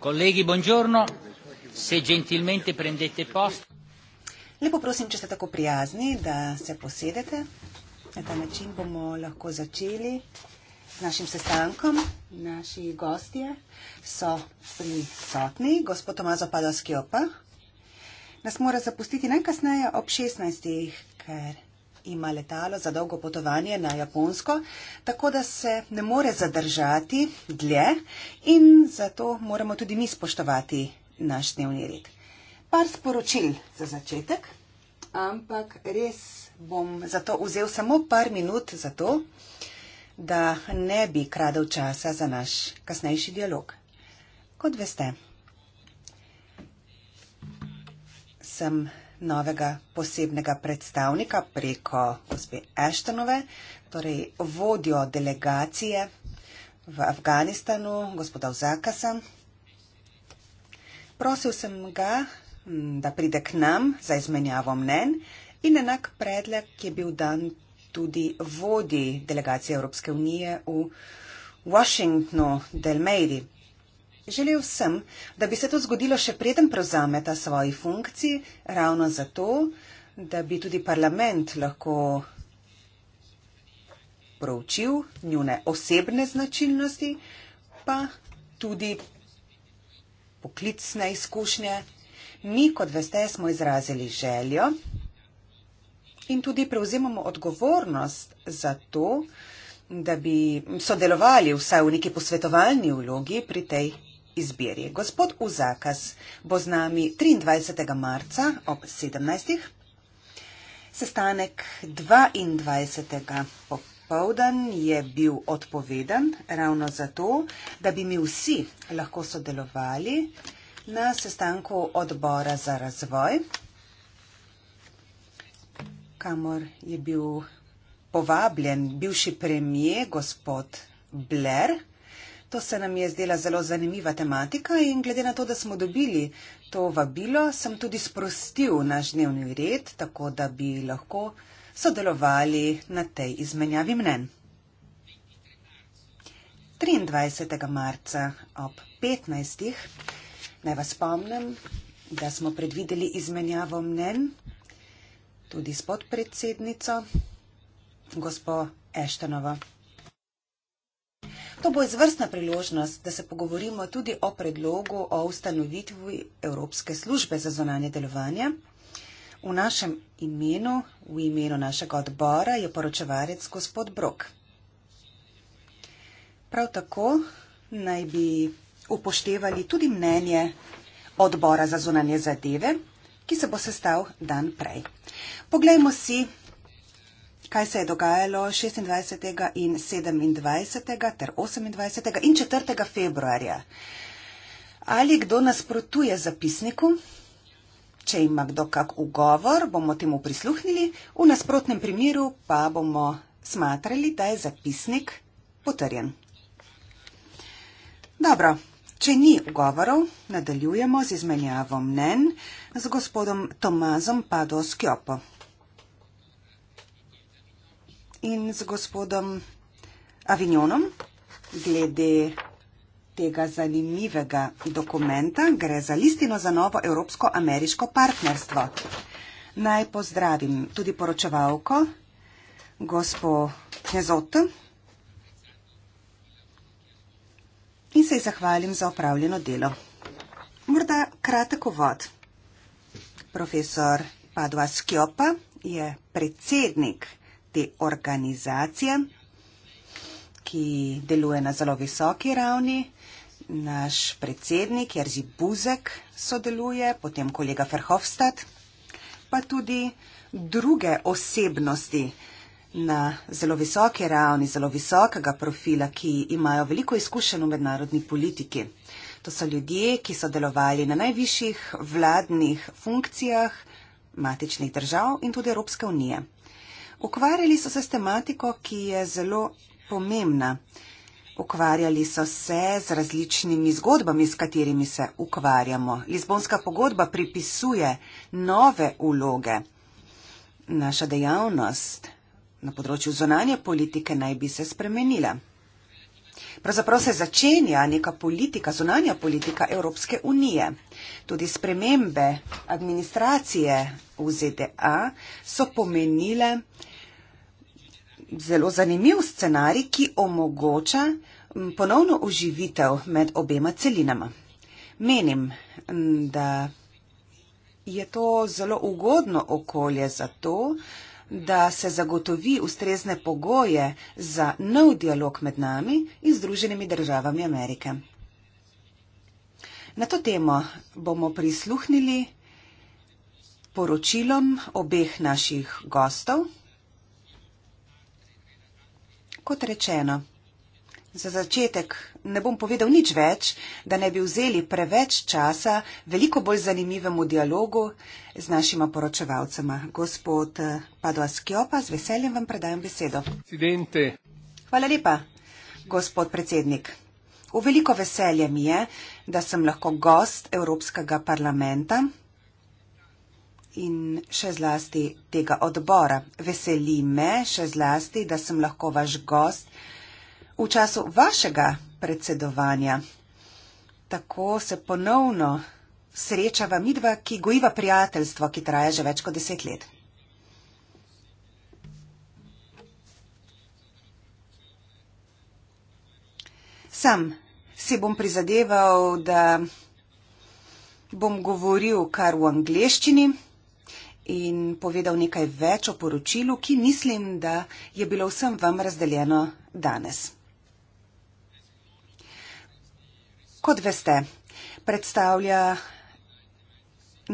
Kolegi, buongiorno. Se gentilmente prendete posto. Lepo prosim, če ste tako prijazni, da se posedete. Na ta način bomo lahko začeli našim sestankom. Naši gostje so prisotni. Gospod Tomazo Padoskjopa nas mora zapustiti najkasneje ob 16. ker ima letalo za dolgo potovanje na Japonsko, tako da se ne more zadržati dlje in zato moramo tudi mi spoštovati naš dnevni red. Par sporočil za začetek, ampak res bom zato vzel samo par minut za to, da ne bi kradel časa za naš kasnejši dialog. Kot veste, sem novega posebnega predstavnika preko gospe Eštonove, torej vodjo delegacije v Afganistanu, gospoda Vzakasa. Prosil sem ga, da pride k nam za izmenjavo mnen in enak predlog je bil dan tudi vodi delegacije Evropske unije v Washingtonu del Meiri. Želel sem, da bi se to zgodilo še preden prevzameta svoji funkciji, ravno zato, da bi tudi parlament lahko proučil njune osebne značilnosti, pa tudi poklicne izkušnje. Mi, kot veste, smo izrazili željo in tudi prevzemamo odgovornost za to, da bi sodelovali vsaj v neki posvetovalni vlogi pri tej izbiri. Gospod Uzakas bo z nami 23. marca ob 17. Sestanek 22. popovdan je bil odpovedan ravno zato, da bi mi vsi lahko sodelovali na sestanku odbora za razvoj, kamor je bil povabljen bivši premije gospod Blair. To se nam je zdela zelo zanimiva tematika in glede na to, da smo dobili to vabilo, sem tudi sprostil naš dnevni red, tako da bi lahko sodelovali na tej izmenjavi mnen. 23. marca ob 15. naj vas spomnim, da smo predvideli izmenjavo mnen tudi s podpredsednico, gospod Eštanova. To bo izvrstna priložnost, da se pogovorimo tudi o predlogu o ustanovitvi Evropske službe za zonanje delovanje. V našem imenu, v imenu našega odbora, je poročevalec gospod Brok. Prav tako naj bi upoštevali tudi mnenje odbora za zunanje zadeve, ki se bo sestav dan prej. Poglejmo si kaj se je dogajalo 26. in 27. ter 28. in 4. februarja. Ali kdo nasprotuje zapisniku? Če ima kdo kak ugovor, bomo temu prisluhnili, v nasprotnem primeru pa bomo smatrali, da je zapisnik potrjen. Dobro, če ni ugovorov, nadaljujemo z izmenjavo mnen z gospodom Tomazom Padoskjopo in z gospodom Avignonom glede tega zanimivega dokumenta. Gre za listino za novo evropsko-ameriško partnerstvo. Naj pozdravim tudi poročevalko, gospod Knezot. In se ji zahvalim za opravljeno delo. Morda kratek uvod. Profesor Padua Skjopa je predsednik te organizacije, ki deluje na zelo visoki ravni. Naš predsednik Jerzy Buzek sodeluje, potem kolega Ferhofstad, pa tudi druge osebnosti na zelo visoki ravni, zelo visokega profila, ki imajo veliko izkušen v mednarodni politiki. To so ljudje, ki so delovali na najvišjih vladnih funkcijah matičnih držav in tudi Evropske unije. Ukvarjali so se s tematiko, ki je zelo pomembna. Ukvarjali so se z različnimi zgodbami, s katerimi se ukvarjamo. Lizbonska pogodba pripisuje nove uloge. Naša dejavnost na področju zonanje politike naj bi se spremenila. Pravzaprav se začenja neka politika, zonanja politika Evropske unije. Tudi spremembe administracije v ZDA so pomenile zelo zanimiv scenarij, ki omogoča ponovno oživitev med obema celinama. Menim, da je to zelo ugodno okolje za to, da se zagotovi ustrezne pogoje za nov dialog med nami in združenimi državami Amerike. Na to temo bomo prisluhnili poročilom obeh naših gostov. Kot rečeno, za začetek ne bom povedal nič več, da ne bi vzeli preveč časa veliko bolj zanimivemu dialogu z našima poročevalcema. Gospod Padoaskjopa, z veseljem vam predajam besedo. Hvala lepa, gospod predsednik. V veliko veselje mi je, da sem lahko gost Evropskega parlamenta in še zlasti tega odbora. Veseli me še zlasti, da sem lahko vaš gost v času vašega predsedovanja. Tako se ponovno srečava midva, ki gojiva prijateljstvo, ki traja že več kot deset let. Sam si bom prizadeval, da bom govoril kar v angleščini in povedal nekaj več o poročilu, ki mislim, da je bilo vsem vam razdeljeno danes. Kot veste, predstavlja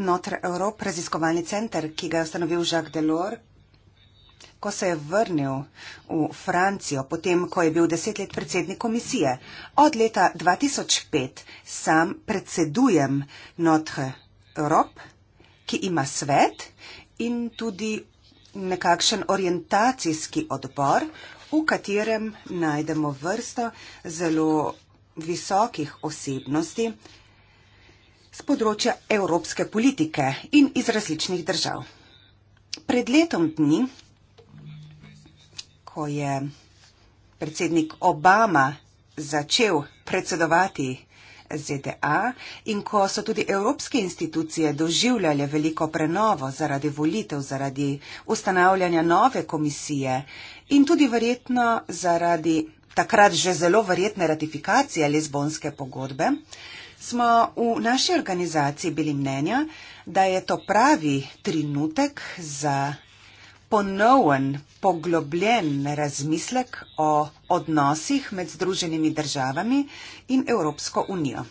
Notre Europe raziskovalni center, ki ga je ustanovil Jacques Delors ko se je vrnil v Francijo, potem, ko je bil deset let predsednik komisije. Od leta 2005 sam predsedujem Notre Europe, ki ima svet in tudi nekakšen orientacijski odbor, v katerem najdemo vrsto zelo visokih osebnosti z področja evropske politike in iz različnih držav. Pred letom dni ko je predsednik Obama začel predsedovati ZDA in ko so tudi evropske institucije doživljale veliko prenovo zaradi volitev, zaradi ustanavljanja nove komisije in tudi verjetno zaradi takrat že zelo verjetne ratifikacije Lizbonske pogodbe, smo v naši organizaciji bili mnenja, da je to pravi trenutek za ponoven, poglobljen razmislek o odnosih med Združenimi državami in Evropsko unijo.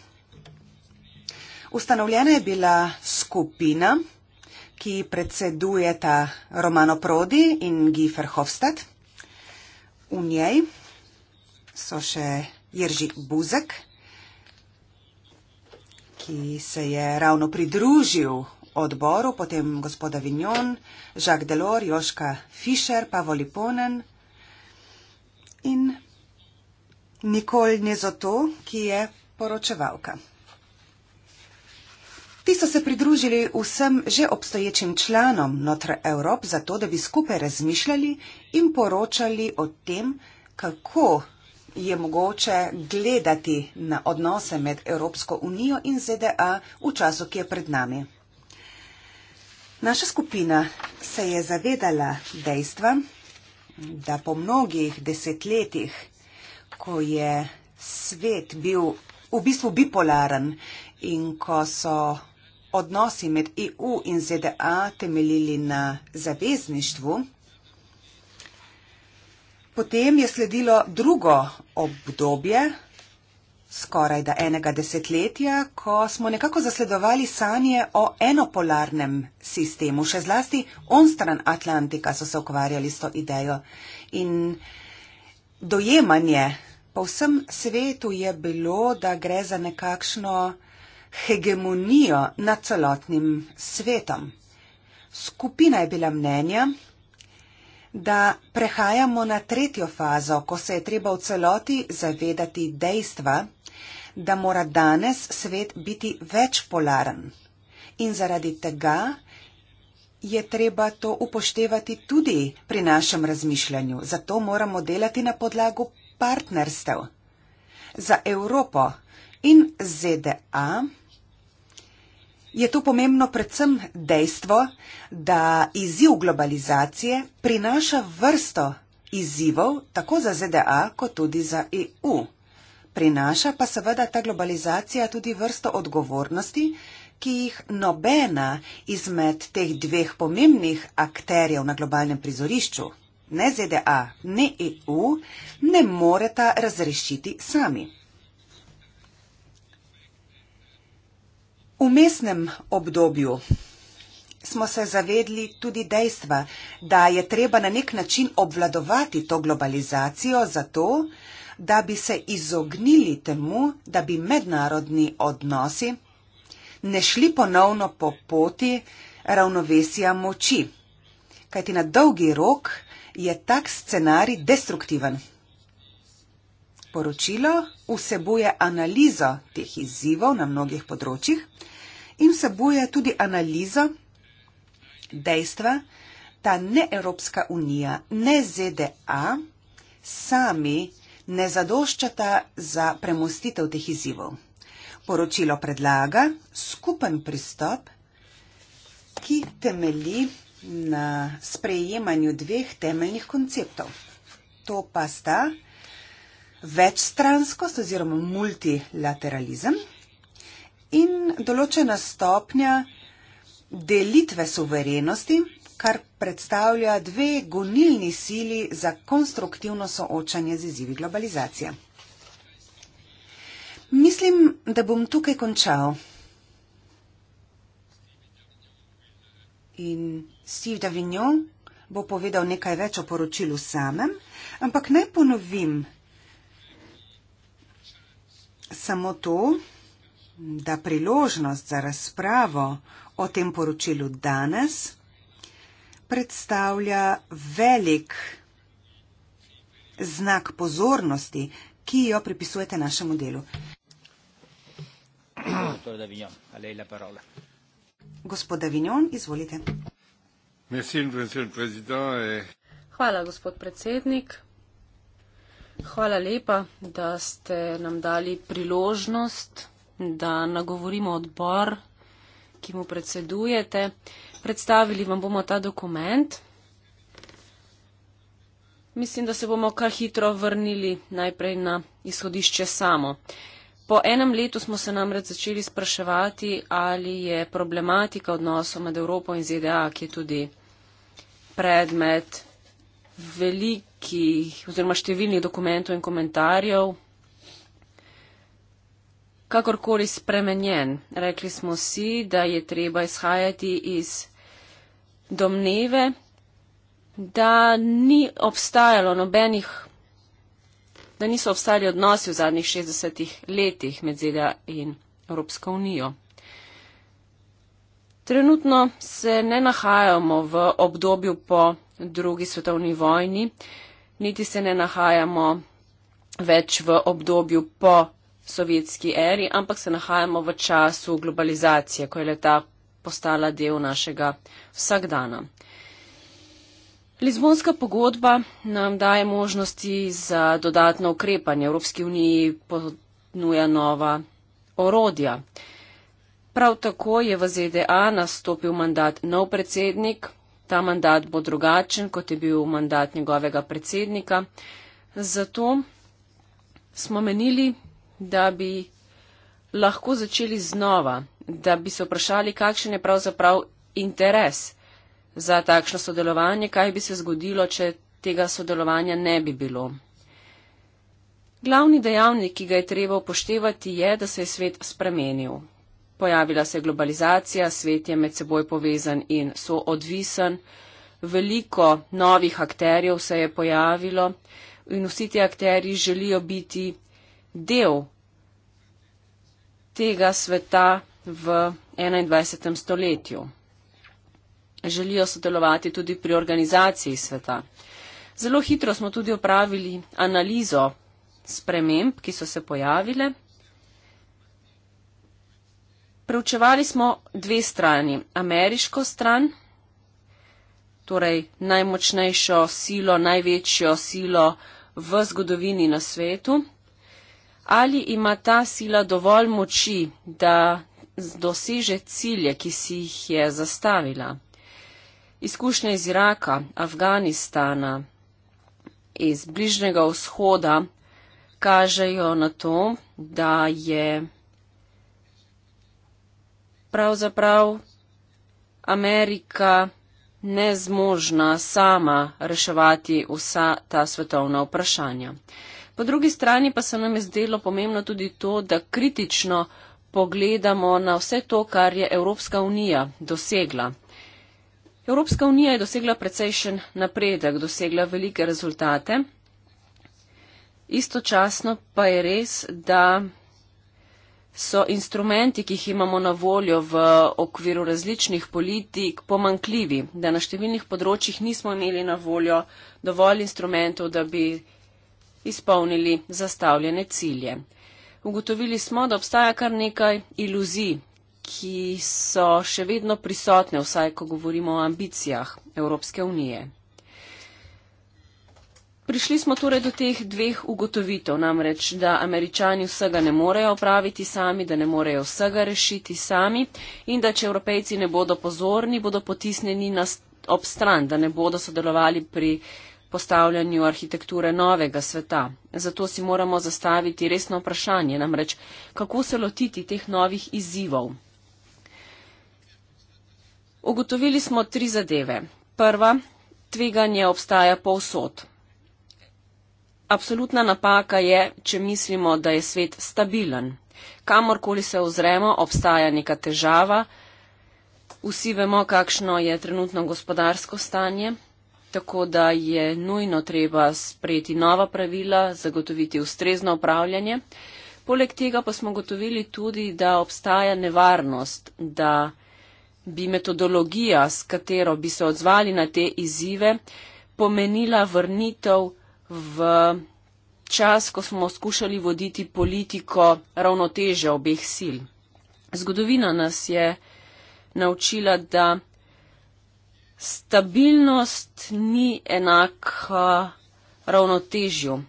Ustanovljena je bila skupina, ki predsedujeta Romano Prodi in Gifer Hofstad. V njej so še Jerži Buzek, ki se je ravno pridružil odboru, potem gospoda Vignon, Jacques Delor, Joška Fischer, Pavo Liponen in Nicole Nezoto, ki je poročevalka. Ti so se pridružili vsem že obstoječim članom notra Evrop, zato da bi skupaj razmišljali in poročali o tem, kako je mogoče gledati na odnose med Evropsko unijo in ZDA v času, ki je pred nami. Naša skupina se je zavedala dejstva, da po mnogih desetletjih, ko je svet bil v bistvu bipolaren in ko so odnosi med EU in ZDA temeljili na zavezništvu, potem je sledilo drugo obdobje, skoraj da enega desetletja, ko smo nekako zasledovali sanje o enopolarnem sistemu, še zlasti onstran Atlantika so se ukvarjali s to idejo. In dojemanje po vsem svetu je bilo, da gre za nekakšno hegemonijo nad celotnim svetom. Skupina je bila mnenja, da prehajamo na tretjo fazo, ko se je treba v celoti zavedati dejstva, da mora danes svet biti večpolaren. In zaradi tega je treba to upoštevati tudi pri našem razmišljanju. Zato moramo delati na podlagu partnerstev. Za Evropo in ZDA je to pomembno predvsem dejstvo, da izziv globalizacije prinaša vrsto izzivov tako za ZDA kot tudi za EU. Prinaša pa seveda ta globalizacija tudi vrsto odgovornosti, ki jih nobena izmed teh dveh pomembnih akterjev na globalnem prizorišču, ne ZDA, ne EU, ne moreta razrešiti sami. V mestnem obdobju smo se zavedli tudi dejstva, da je treba na nek način obvladovati to globalizacijo zato, da bi se izognili temu, da bi mednarodni odnosi ne šli ponovno po poti ravnovesja moči. Kajti na dolgi rok je tak scenarij destruktiven poročilo vsebuje analizo teh izzivov na mnogih področjih in vsebuje tudi analizo dejstva, da ne Evropska unija, ne ZDA sami ne zadoščata za premostitev teh izzivov. Poročilo predlaga skupen pristop, ki temeli na sprejemanju dveh temeljnih konceptov. To pa sta večstranskost oziroma multilateralizem in določena stopnja delitve suverenosti, kar predstavlja dve gonilni sili za konstruktivno soočanje z izzivi globalizacije. Mislim, da bom tukaj končal. In Steve Davignon bo povedal nekaj več o poročilu samem, ampak naj ponovim, samo to, da priložnost za razpravo o tem poročilu danes predstavlja velik znak pozornosti, ki jo pripisujete našemu delu. Gospod Davignon, izvolite. Hvala, gospod predsednik. Hvala lepa, da ste nam dali priložnost, da nagovorimo odbor, ki mu predsedujete. Predstavili vam bomo ta dokument. Mislim, da se bomo kar hitro vrnili najprej na izhodišče samo. Po enem letu smo se namreč začeli spraševati, ali je problematika odnosov med Evropo in ZDA, ki je tudi predmet velik ki, oziroma številnih dokumentov in komentarjev, kakorkoli spremenjen. Rekli smo si, da je treba izhajati iz domneve, da ni obstajalo nobenih, da niso obstajali odnosi v zadnjih 60 letih med ZDA in Evropsko unijo. Trenutno se ne nahajamo v obdobju po drugi svetovni vojni, niti se ne nahajamo več v obdobju po sovjetski eri, ampak se nahajamo v času globalizacije, ko je leta postala del našega vsakdana. Lizbonska pogodba nam daje možnosti za dodatno ukrepanje. Evropski uniji ponuja nova orodja. Prav tako je v ZDA nastopil mandat nov predsednik, Ta mandat bo drugačen, kot je bil mandat njegovega predsednika. Zato smo menili, da bi lahko začeli znova, da bi se vprašali, kakšen je pravzaprav interes za takšno sodelovanje, kaj bi se zgodilo, če tega sodelovanja ne bi bilo. Glavni dejavnik, ki ga je treba upoštevati, je, da se je svet spremenil pojavila se globalizacija, svet je med seboj povezan in soodvisen, veliko novih akterjev se je pojavilo in vsi ti akteri želijo biti del tega sveta v 21. stoletju. Želijo sodelovati tudi pri organizaciji sveta. Zelo hitro smo tudi opravili analizo sprememb, ki so se pojavile. Preučevali smo dve strani. Ameriško stran, torej najmočnejšo silo, največjo silo v zgodovini na svetu. Ali ima ta sila dovolj moči, da doseže cilje, ki si jih je zastavila? Izkušnje iz Iraka, Afganistana, iz Bližnjega vzhoda kažejo na to, da je pravzaprav Amerika nezmožna sama reševati vsa ta svetovna vprašanja. Po drugi strani pa se nam je zdelo pomembno tudi to, da kritično pogledamo na vse to, kar je Evropska unija dosegla. Evropska unija je dosegla precejšen napredek, dosegla velike rezultate. Istočasno pa je res, da so instrumenti, ki jih imamo na voljo v okviru različnih politik, pomankljivi, da na številnih področjih nismo imeli na voljo dovolj instrumentov, da bi izpolnili zastavljene cilje. Ugotovili smo, da obstaja kar nekaj iluzij, ki so še vedno prisotne, vsaj ko govorimo o ambicijah Evropske unije. Prišli smo torej do teh dveh ugotovitev, namreč, da američani vsega ne morejo opraviti sami, da ne morejo vsega rešiti sami in da če evropejci ne bodo pozorni, bodo potisneni na ob stran, da ne bodo sodelovali pri postavljanju arhitekture novega sveta. Zato si moramo zastaviti resno vprašanje, namreč, kako se lotiti teh novih izzivov. Ugotovili smo tri zadeve. Prva, tveganje obstaja povsod. Absolutna napaka je, če mislimo, da je svet stabilen. Kamorkoli se ozremo, obstaja neka težava. Vsi vemo, kakšno je trenutno gospodarsko stanje, tako da je nujno treba sprejeti nova pravila, zagotoviti ustrezno upravljanje. Poleg tega pa smo gotovili tudi, da obstaja nevarnost, da bi metodologija, s katero bi se odzvali na te izzive, pomenila vrnitev v čas, ko smo skušali voditi politiko ravnoteže obeh sil. Zgodovina nas je naučila, da stabilnost ni enak ravnotežju,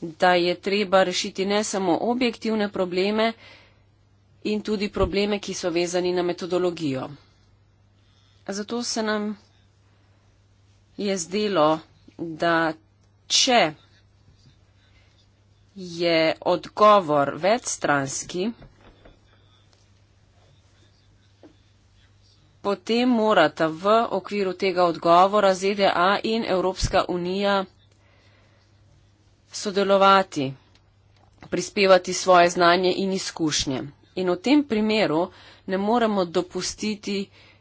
da je treba rešiti ne samo objektivne probleme in tudi probleme, ki so vezani na metodologijo. Zato se nam je zdelo, da če je odgovor večstranski, potem morata v okviru tega odgovora ZDA in Evropska unija sodelovati, prispevati svoje znanje in izkušnje. In v tem primeru ne moremo dopustiti,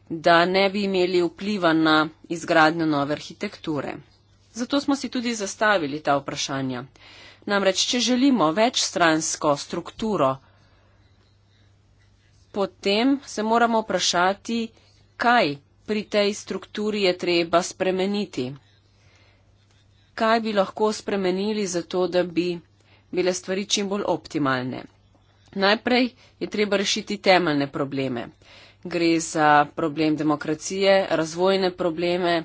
da ne bi imeli vpliva na izgradnjo nove arhitekture. Zato smo si tudi zastavili ta vprašanja. Namreč, če želimo večstransko strukturo, potem se moramo vprašati, kaj pri tej strukturi je treba spremeniti. Kaj bi lahko spremenili zato, da bi bile stvari čim bolj optimalne. Najprej je treba rešiti temeljne probleme. Gre za problem demokracije, razvojne probleme,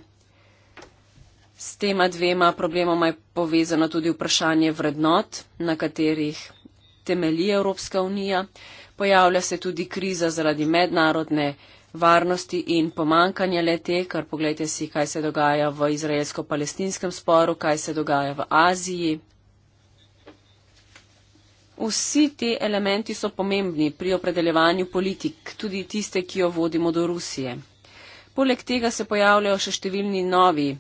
S tema dvema problemoma je povezano tudi vprašanje vrednot, na katerih temelji Evropska unija. Pojavlja se tudi kriza zaradi mednarodne varnosti in pomankanja lete, kar pogledajte si, kaj se dogaja v izraelsko-palestinskem sporu, kaj se dogaja v Aziji. Vsi ti elementi so pomembni pri opredeljevanju politik, tudi tiste, ki jo vodimo do Rusije. Poleg tega se pojavljajo še številni novi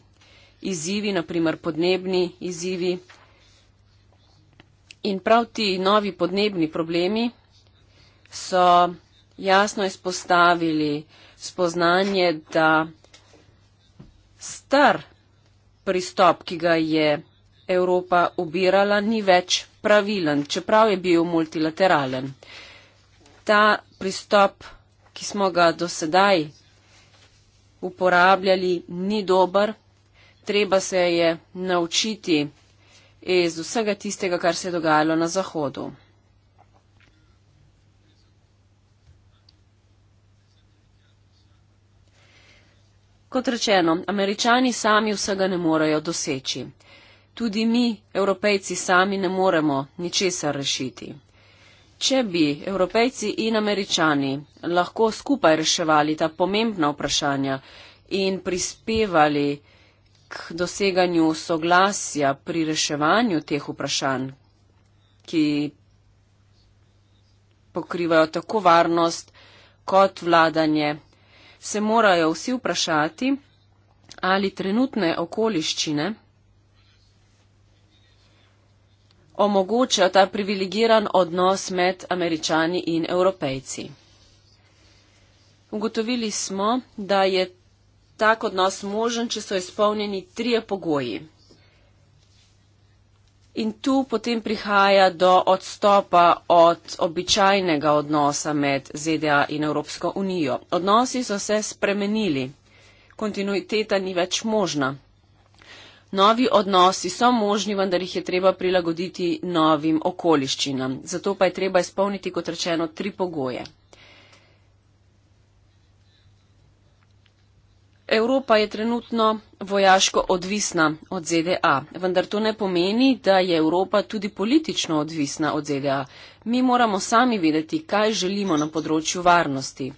izzivi, naprimer podnebni izzivi. In prav ti novi podnebni problemi so jasno izpostavili spoznanje, da star pristop, ki ga je Evropa ubirala, ni več pravilen, čeprav je bil multilateralen. Ta pristop, ki smo ga do sedaj uporabljali, ni dober treba se je naučiti iz vsega tistega, kar se je dogajalo na Zahodu. Kot rečeno, američani sami vsega ne morejo doseči. Tudi mi, evropejci, sami ne moremo ničesar rešiti. Če bi evropejci in američani lahko skupaj reševali ta pomembna vprašanja in prispevali, k doseganju soglasja pri reševanju teh vprašanj, ki pokrivajo tako varnost kot vladanje, se morajo vsi vprašati, ali trenutne okoliščine omogočajo ta privilegiran odnos med američani in evropejci. Ugotovili smo, da je tak odnos možen, če so izpolnjeni trije pogoji. In tu potem prihaja do odstopa od običajnega odnosa med ZDA in Evropsko unijo. Odnosi so se spremenili, kontinuiteta ni več možna. Novi odnosi so možni, vendar jih je treba prilagoditi novim okoliščinam. Zato pa je treba izpolniti, kot rečeno, tri pogoje. Evropa je trenutno vojaško odvisna od ZDA, vendar to ne pomeni, da je Evropa tudi politično odvisna od ZDA. Mi moramo sami vedeti, kaj želimo na področju varnosti.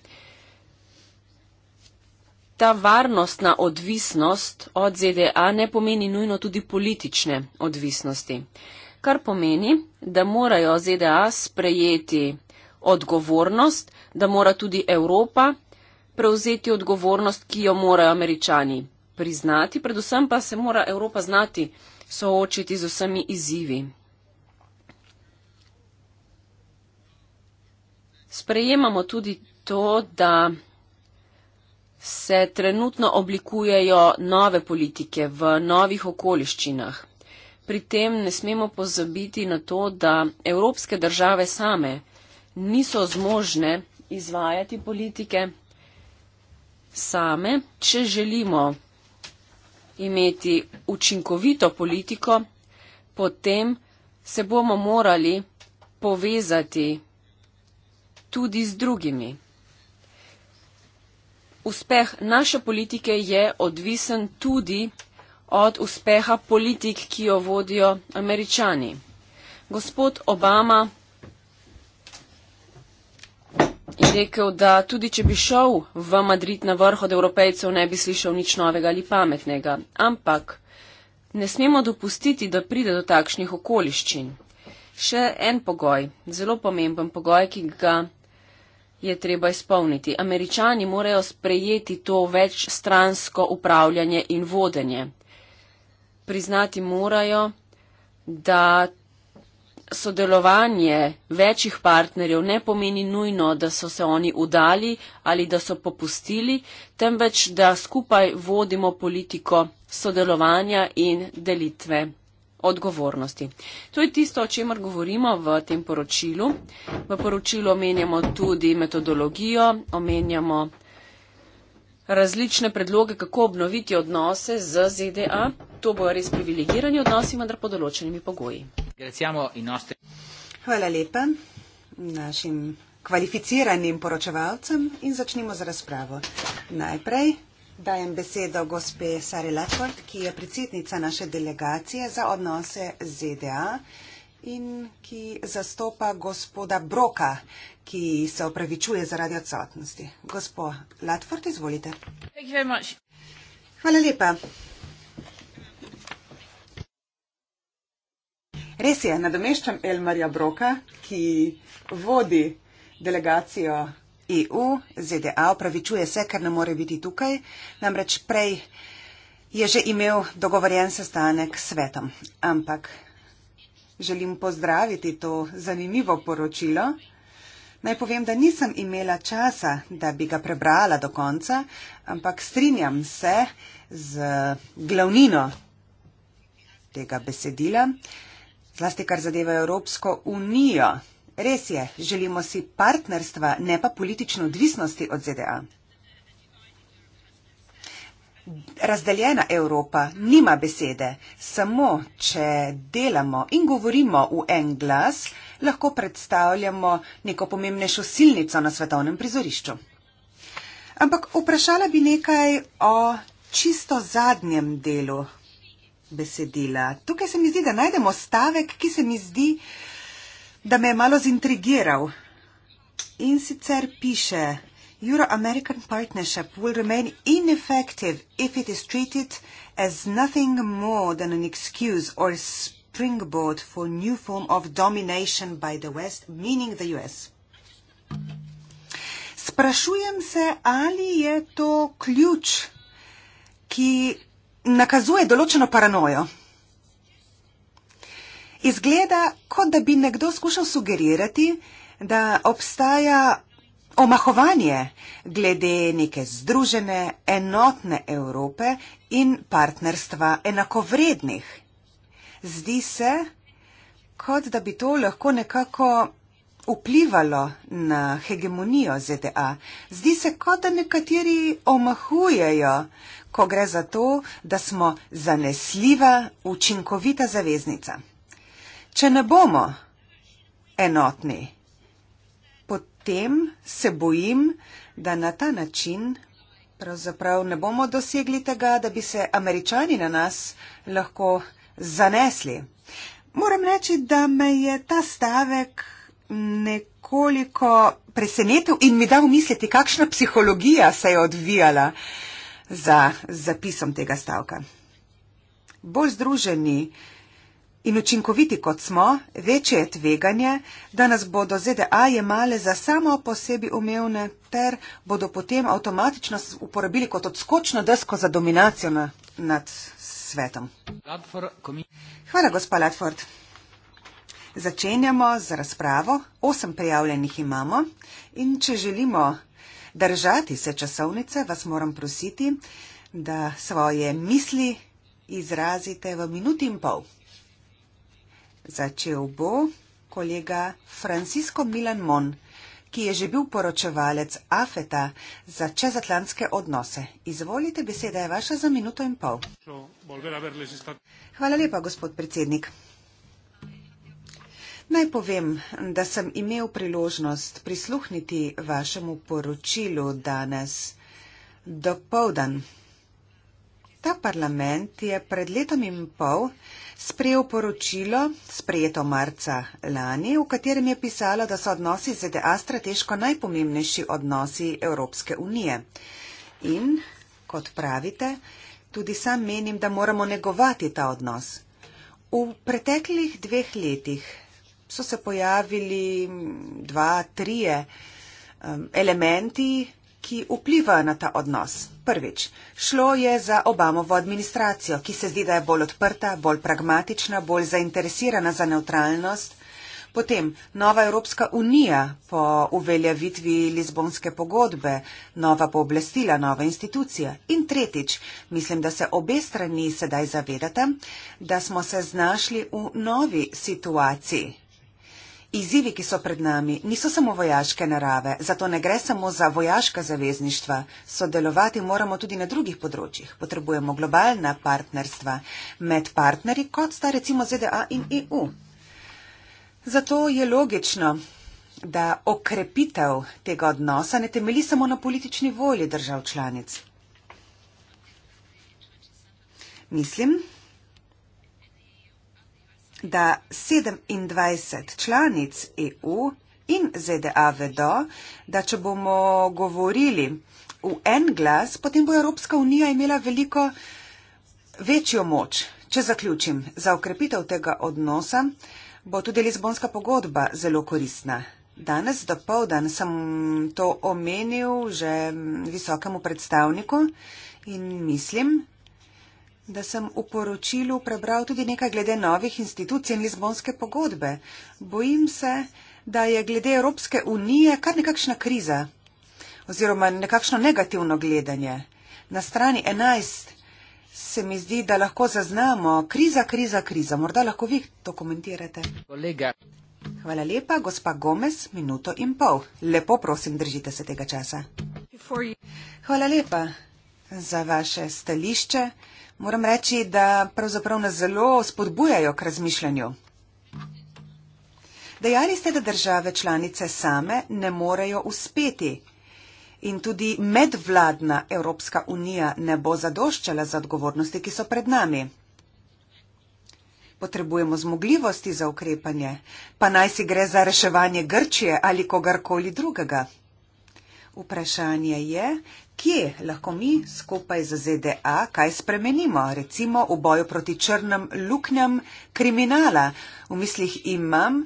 Ta varnostna odvisnost od ZDA ne pomeni nujno tudi politične odvisnosti, kar pomeni, da morajo ZDA sprejeti odgovornost, da mora tudi Evropa prevzeti odgovornost, ki jo morajo američani priznati, predvsem pa se mora Evropa znati soočiti z vsemi izzivi. Sprejemamo tudi to, da se trenutno oblikujejo nove politike v novih okoliščinah. Pri tem ne smemo pozabiti na to, da evropske države same niso zmožne izvajati politike same. Če želimo imeti učinkovito politiko, potem se bomo morali povezati tudi z drugimi. Uspeh naše politike je odvisen tudi od uspeha politik, ki jo vodijo američani. Gospod Obama je rekel, da tudi če bi šel v Madrid na vrh od evropejcev, ne bi slišal nič novega ali pametnega. Ampak ne smemo dopustiti, da pride do takšnih okoliščin. Še en pogoj, zelo pomemben pogoj, ki ga je treba izpolniti. Američani morajo sprejeti to večstransko upravljanje in vodenje. Priznati morajo, da sodelovanje večjih partnerjev ne pomeni nujno, da so se oni udali ali da so popustili, temveč da skupaj vodimo politiko sodelovanja in delitve odgovornosti. To je tisto, o čemer govorimo v tem poročilu. V poročilu omenjamo tudi metodologijo, omenjamo različne predloge, kako obnoviti odnose z ZDA. To bojo res privilegirani odnosi, vendar pod določenimi pogoji. Hvala lepa našim kvalificiranim poročevalcem in začnimo z razpravo. Najprej dajem besedo gospe Sari Lefort, ki je predsednica naše delegacije za odnose z ZDA in ki zastopa gospoda Broka, ki se opravičuje zaradi odsotnosti. Gospod Latford, izvolite. Hvala lepa. Res je, nadomeščam Elmarja Broka, ki vodi delegacijo EU, ZDA, opravičuje se, ker ne more biti tukaj, namreč prej je že imel dogovorjen sestanek s svetom. Ampak želim pozdraviti to zanimivo poročilo. Naj povem, da nisem imela časa, da bi ga prebrala do konca, ampak strinjam se z glavnino tega besedila, zlasti kar zadeva Evropsko unijo. Res je, želimo si partnerstva, ne pa politične odvisnosti od ZDA. Razdeljena Evropa nima besede. Samo, če delamo in govorimo v en glas, lahko predstavljamo neko pomembnejšo silnico na svetovnem prizorišču. Ampak vprašala bi nekaj o čisto zadnjem delu besedila. Tukaj se mi zdi, da najdemo stavek, ki se mi zdi, da me je malo zintrigiral. In sicer piše, Euro-American partnership will remain ineffective if it is treated as nothing more than an excuse or a springboard for a new form of domination by the West, meaning the US. Sprašujem se, ali je to ključ, ki nakazuje določeno paranojo. Izgleda, kot da bi nekdo skušal sugerirati, da obstaja omahovanje glede neke združene, enotne Evrope in partnerstva enakovrednih. Zdi se, kot da bi to lahko nekako vplivalo na hegemonijo ZDA. Zdi se, kot da nekateri omahujejo, ko gre za to, da smo zanesljiva, učinkovita zaveznica. Če ne bomo enotni, tem se bojim, da na ta način pravzaprav ne bomo dosegli tega, da bi se američani na nas lahko zanesli. Moram reči, da me je ta stavek nekoliko presenetil in mi dal misliti, kakšna psihologija se je odvijala za zapisom tega stavka. Bolj združeni, In učinkoviti kot smo, večje je tveganje, da nas bodo ZDA jemale za samo po sebi umevne, ter bodo potem avtomatično uporabili kot odskočno desko za dominacijo na, nad svetom. Ladford, Hvala, gospa Latford. Začenjamo z razpravo. Osem prijavljenih imamo in če želimo držati se časovnice, vas moram prositi, da svoje misli izrazite v minuti in pol. Začel bo kolega Francisco Milan Mon, ki je že bil poročevalec AFETA za čezatlantske odnose. Izvolite, beseda je vaša za minuto in pol. Hvala lepa, gospod predsednik. Naj povem, da sem imel priložnost prisluhniti vašemu poročilu danes do povdan. Ta parlament je pred letom in pol sprejel poročilo, sprejeto marca lani, v katerem je pisalo, da so odnosi z ZDA strateško najpomembnejši odnosi Evropske unije. In, kot pravite, tudi sam menim, da moramo negovati ta odnos. V preteklih dveh letih so se pojavili dva, trije um, elementi, ki vplivajo na ta odnos. Prvič, šlo je za Obamovo administracijo, ki se zdi, da je bolj odprta, bolj pragmatična, bolj zainteresirana za neutralnost. Potem nova Evropska unija po uveljavitvi Lizbonske pogodbe, nova pooblastila, nova institucija. In tretjič, mislim, da se obe strani sedaj zavedate, da smo se znašli v novi situaciji. Izzivi, ki so pred nami, niso samo vojaške narave, zato ne gre samo za vojaška zavezništva. Sodelovati moramo tudi na drugih področjih. Potrebujemo globalna partnerstva med partnerji, kot sta recimo ZDA in EU. Zato je logično, da okrepitev tega odnosa ne temeli samo na politični volji držav članic. Mislim, da 27 članic EU in ZDA vedo, da če bomo govorili v en glas, potem bo Evropska unija imela veliko večjo moč. Če zaključim, za okrepitev tega odnosa bo tudi Lizbonska pogodba zelo koristna. Danes do povdan sem to omenil že visokemu predstavniku in mislim, da sem v poročilu prebral tudi nekaj glede novih institucij in Lizbonske pogodbe. Bojim se, da je glede Evropske unije kar nekakšna kriza oziroma nekakšno negativno gledanje. Na strani 11 se mi zdi, da lahko zaznamo kriza, kriza, kriza. Morda lahko vi to komentirate. Kolega. Hvala lepa, gospa Gomez, minuto in pol. Lepo prosim, držite se tega časa. Hvala lepa za vaše stališče moram reči, da pravzaprav nas zelo spodbujajo k razmišljanju. Dejali ste, da države članice same ne morejo uspeti in tudi medvladna Evropska unija ne bo zadoščala za odgovornosti, ki so pred nami. Potrebujemo zmogljivosti za ukrepanje, pa naj si gre za reševanje Grčije ali kogarkoli drugega. Vprašanje je, kje lahko mi skupaj z ZDA kaj spremenimo, recimo v boju proti črnem luknjam kriminala. V mislih imam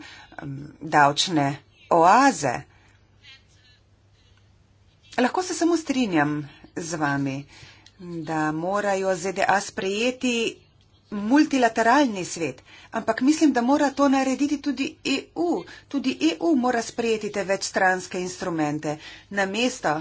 davčne oaze. Lahko se samo strinjam z vami, da morajo ZDA sprejeti multilateralni svet, ampak mislim, da mora to narediti tudi EU. Tudi EU mora sprejeti te večstranske instrumente. Namesto,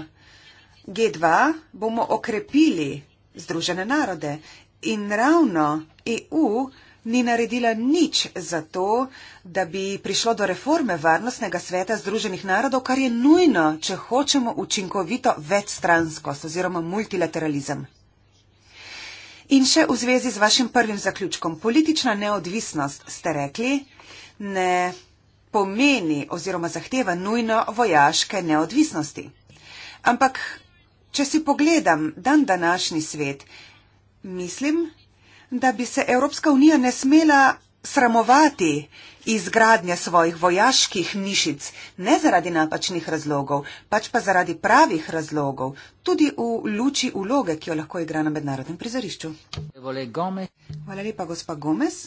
G2 bomo okrepili Združene narode in ravno EU ni naredila nič za to, da bi prišlo do reforme Varnostnega sveta Združenih narodov, kar je nujno, če hočemo učinkovito večstranskost oziroma multilateralizem. In še v zvezi z vašim prvim zaključkom. Politična neodvisnost, ste rekli, ne pomeni oziroma zahteva nujno vojaške neodvisnosti. Ampak Če si pogledam dan današnji svet, mislim, da bi se Evropska unija ne smela sramovati izgradnje svojih vojaških mišic, ne zaradi napačnih razlogov, pač pa zaradi pravih razlogov, tudi v luči uloge, ki jo lahko igra na mednarodnem prizorišču. Hvala lepa, gospa Gomez.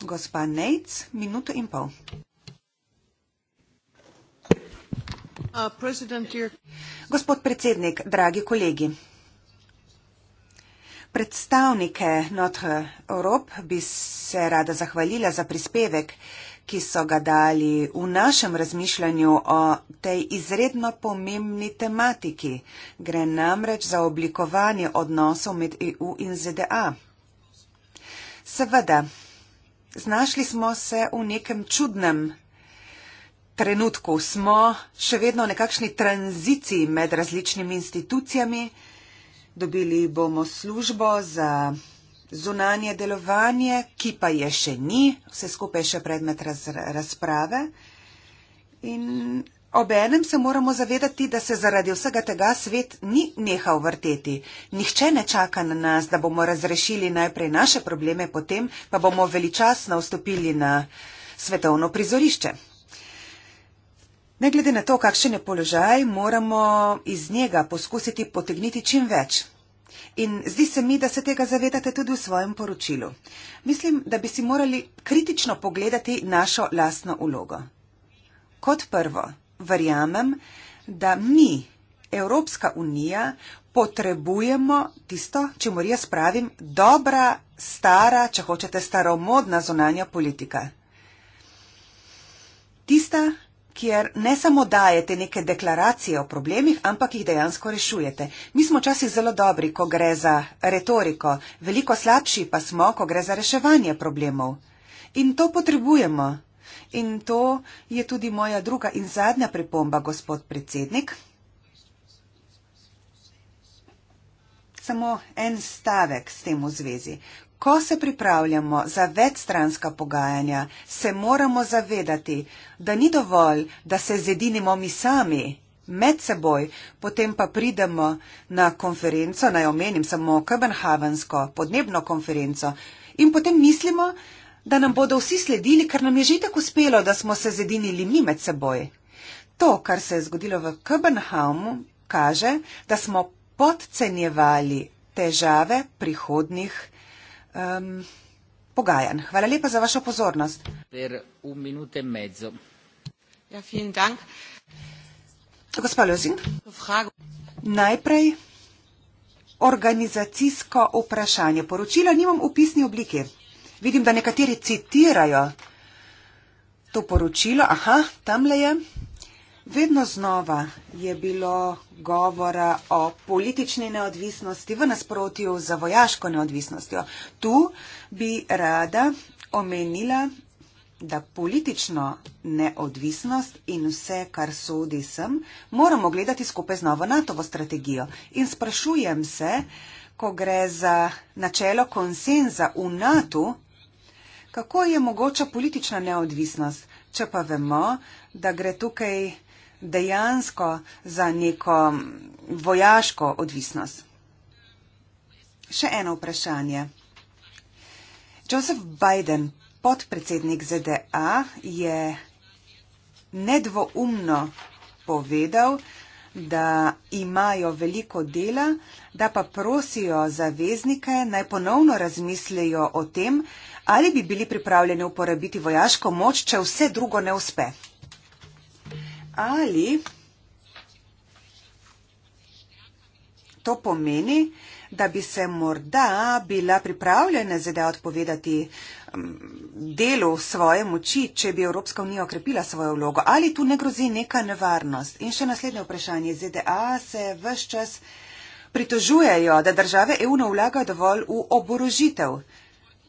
Gospa Nejc, minuto in pol. Gospod predsednik, dragi kolegi. Predstavnike Notre Europe bi se rada zahvalila za prispevek, ki so ga dali v našem razmišljanju o tej izredno pomembni tematiki. Gre namreč za oblikovanje odnosov med EU in ZDA. Seveda, znašli smo se v nekem čudnem trenutku smo še vedno v nekakšni tranziciji med različnimi institucijami. Dobili bomo službo za zunanje delovanje, ki pa je še ni, vse skupaj je še predmet raz, razprave. In obenem se moramo zavedati, da se zaradi vsega tega svet ni nehal vrteti. Nihče ne čaka na nas, da bomo razrešili najprej naše probleme, potem pa bomo veličasno vstopili na svetovno prizorišče. Ne glede na to, kakšen je položaj, moramo iz njega poskusiti potegniti čim več. In zdi se mi, da se tega zavedate tudi v svojem poročilu. Mislim, da bi si morali kritično pogledati našo lastno ulogo. Kot prvo, verjamem, da mi, Evropska unija, potrebujemo tisto, če mora jaz pravim, dobra, stara, če hočete, staromodna zunanja politika. Tista, kjer ne samo dajete neke deklaracije o problemih, ampak jih dejansko rešujete. Mi smo včasih zelo dobri, ko gre za retoriko, veliko slabši pa smo, ko gre za reševanje problemov. In to potrebujemo. In to je tudi moja druga in zadnja pripomba, gospod predsednik. Samo en stavek s tem v zvezi. Ko se pripravljamo za večstranska pogajanja, se moramo zavedati, da ni dovolj, da se zedinimo mi sami med seboj, potem pa pridemo na konferenco, naj omenim samo Kebenhavensko podnebno konferenco, in potem mislimo, da nam bodo vsi sledili, ker nam je že tako uspelo, da smo se zedinili mi med seboj. To, kar se je zgodilo v Kebenhavnu, kaže, da smo podcenjevali težave prihodnih generacij um, pogajanj. Hvala lepa za vašo pozornost. E ja, Gospa Lozin, najprej organizacijsko vprašanje. Poročila nimam v pisni obliki. Vidim, da nekateri citirajo to poročilo. Aha, tamle je. Vedno znova je bilo govora o politični neodvisnosti v nasprotju z vojaško neodvisnostjo. Tu bi rada omenila, da politično neodvisnost in vse, kar sodi sem, moramo gledati skupaj z novo NATO-vo strategijo. In sprašujem se, ko gre za načelo konsenza v NATO, kako je mogoča politična neodvisnost, če pa vemo, da gre tukaj dejansko za neko vojaško odvisnost. Še eno vprašanje. Joseph Biden, podpredsednik ZDA, je nedvoumno povedal, da imajo veliko dela, da pa prosijo zaveznike naj ponovno razmislijo o tem, ali bi bili pripravljeni uporabiti vojaško moč, če vse drugo ne uspe ali to pomeni, da bi se morda bila pripravljena ZDA odpovedati delu svoje moči, če bi Evropska unija okrepila svojo vlogo. Ali tu ne grozi neka nevarnost? In še naslednje vprašanje. ZDA se vse čas pritožujejo, da države EU ne vlagajo dovolj v oborožitev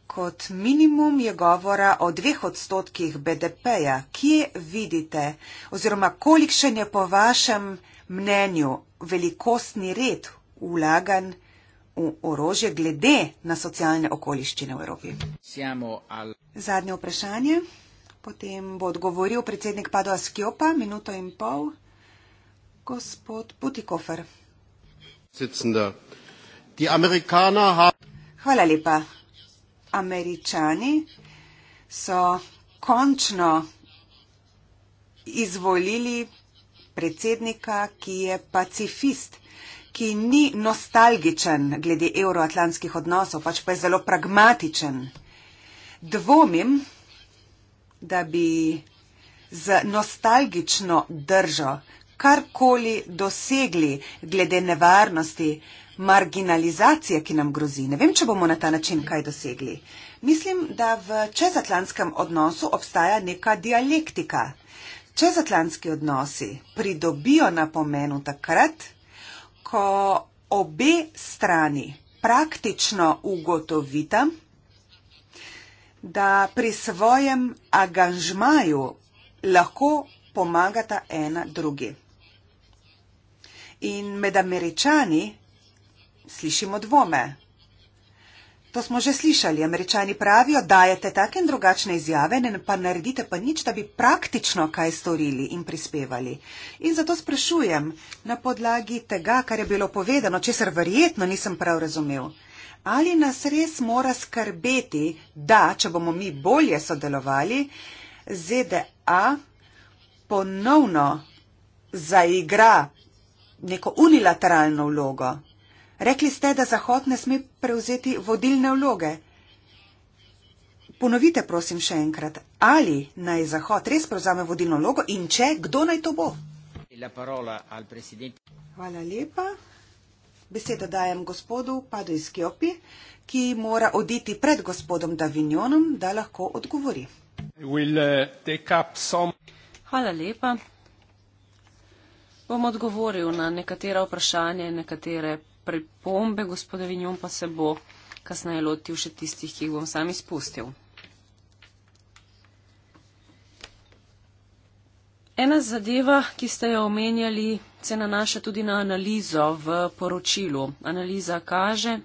kot minimum je govora o dveh odstotkih BDP-ja. Kje vidite oziroma kolikšen je po vašem mnenju velikostni red vlagan v orožje glede na socialne okoliščine v Evropi? Al... Zadnje vprašanje. Potem bo odgovoril predsednik Pado Askiopa, minuto in pol, gospod Putikofer. Hvala lepa američani so končno izvolili predsednika, ki je pacifist, ki ni nostalgičen glede euroatlantskih odnosov, pač pa je zelo pragmatičen. Dvomim, da bi z nostalgično držo karkoli dosegli glede nevarnosti, marginalizacije, ki nam grozi. Ne vem, če bomo na ta način kaj dosegli. Mislim, da v čezatlantskem odnosu obstaja neka dialektika. Čezatlantski odnosi pridobijo na pomenu takrat, ko obe strani praktično ugotovita, da pri svojem angažmaju lahko pomagata ena drugi. In med američani slišimo dvome. To smo že slišali. Američani pravijo, dajete take in drugačne izjave, ne pa naredite pa nič, da bi praktično kaj storili in prispevali. In zato sprašujem na podlagi tega, kar je bilo povedano, česar verjetno nisem prav razumel. Ali nas res mora skrbeti, da, če bomo mi bolje sodelovali, ZDA ponovno zaigra neko unilateralno vlogo? Rekli ste, da Zahod ne sme prevzeti vodilne vloge. Ponovite, prosim, še enkrat, ali naj Zahod res prevzame vodilno vlogo in če, kdo naj to bo? Hvala lepa. Besedo dajem gospodu Padu iz Kjopi, ki mora oditi pred gospodom Davignonom, da lahko odgovori. Eh, Hvala lepa. Bom odgovoril na nekatera vprašanja in nekatere prepombe, gospod Avignon pa se bo kasneje lotil še tistih, ki jih bom sam izpustil. Ena zadeva, ki ste jo omenjali, se nanaša tudi na analizo v poročilu. Analiza kaže,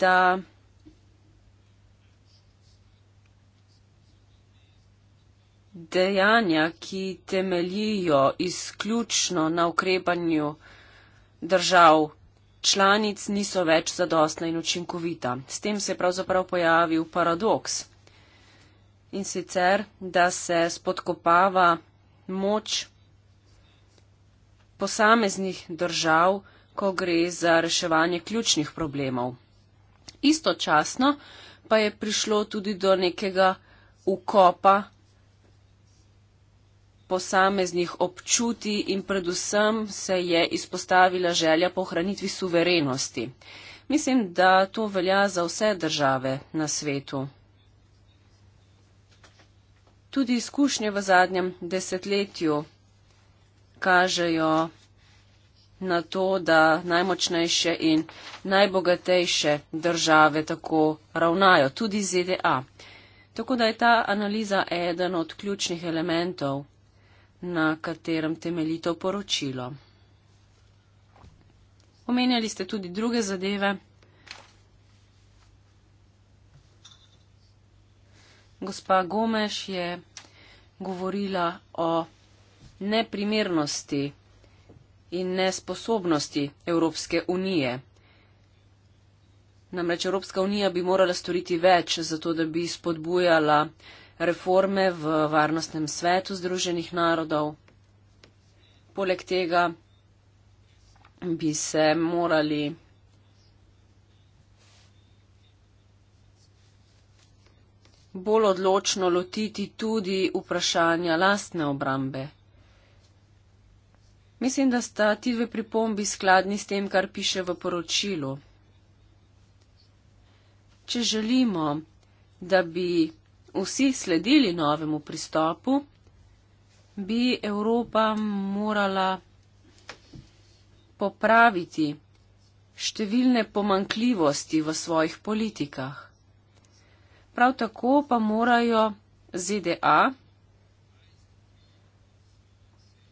da dejanja, ki temeljijo izključno na ukrepanju držav članic niso več zadostna in učinkovita. S tem se je pravzaprav pojavil paradoks. In sicer, da se spodkopava moč posameznih držav, ko gre za reševanje ključnih problemov. Istočasno pa je prišlo tudi do nekega ukopa posameznih občuti in predvsem se je izpostavila želja po ohranitvi suverenosti. Mislim, da to velja za vse države na svetu. Tudi izkušnje v zadnjem desetletju kažejo na to, da najmočnejše in najbogatejše države tako ravnajo, tudi ZDA. Tako da je ta analiza eden od ključnih elementov na katerem temeljito poročilo. Omenjali ste tudi druge zadeve. Gospa Gomeš je govorila o neprimernosti in nesposobnosti Evropske unije. Namreč Evropska unija bi morala storiti več za to, da bi spodbujala reforme v Varnostnem svetu Združenih narodov. Poleg tega bi se morali bolj odločno lotiti tudi vprašanja lastne obrambe. Mislim, da sta ti dve pripombi skladni s tem, kar piše v poročilu. Če želimo, da bi vsi sledili novemu pristopu, bi Evropa morala popraviti številne pomankljivosti v svojih politikah. Prav tako pa morajo ZDA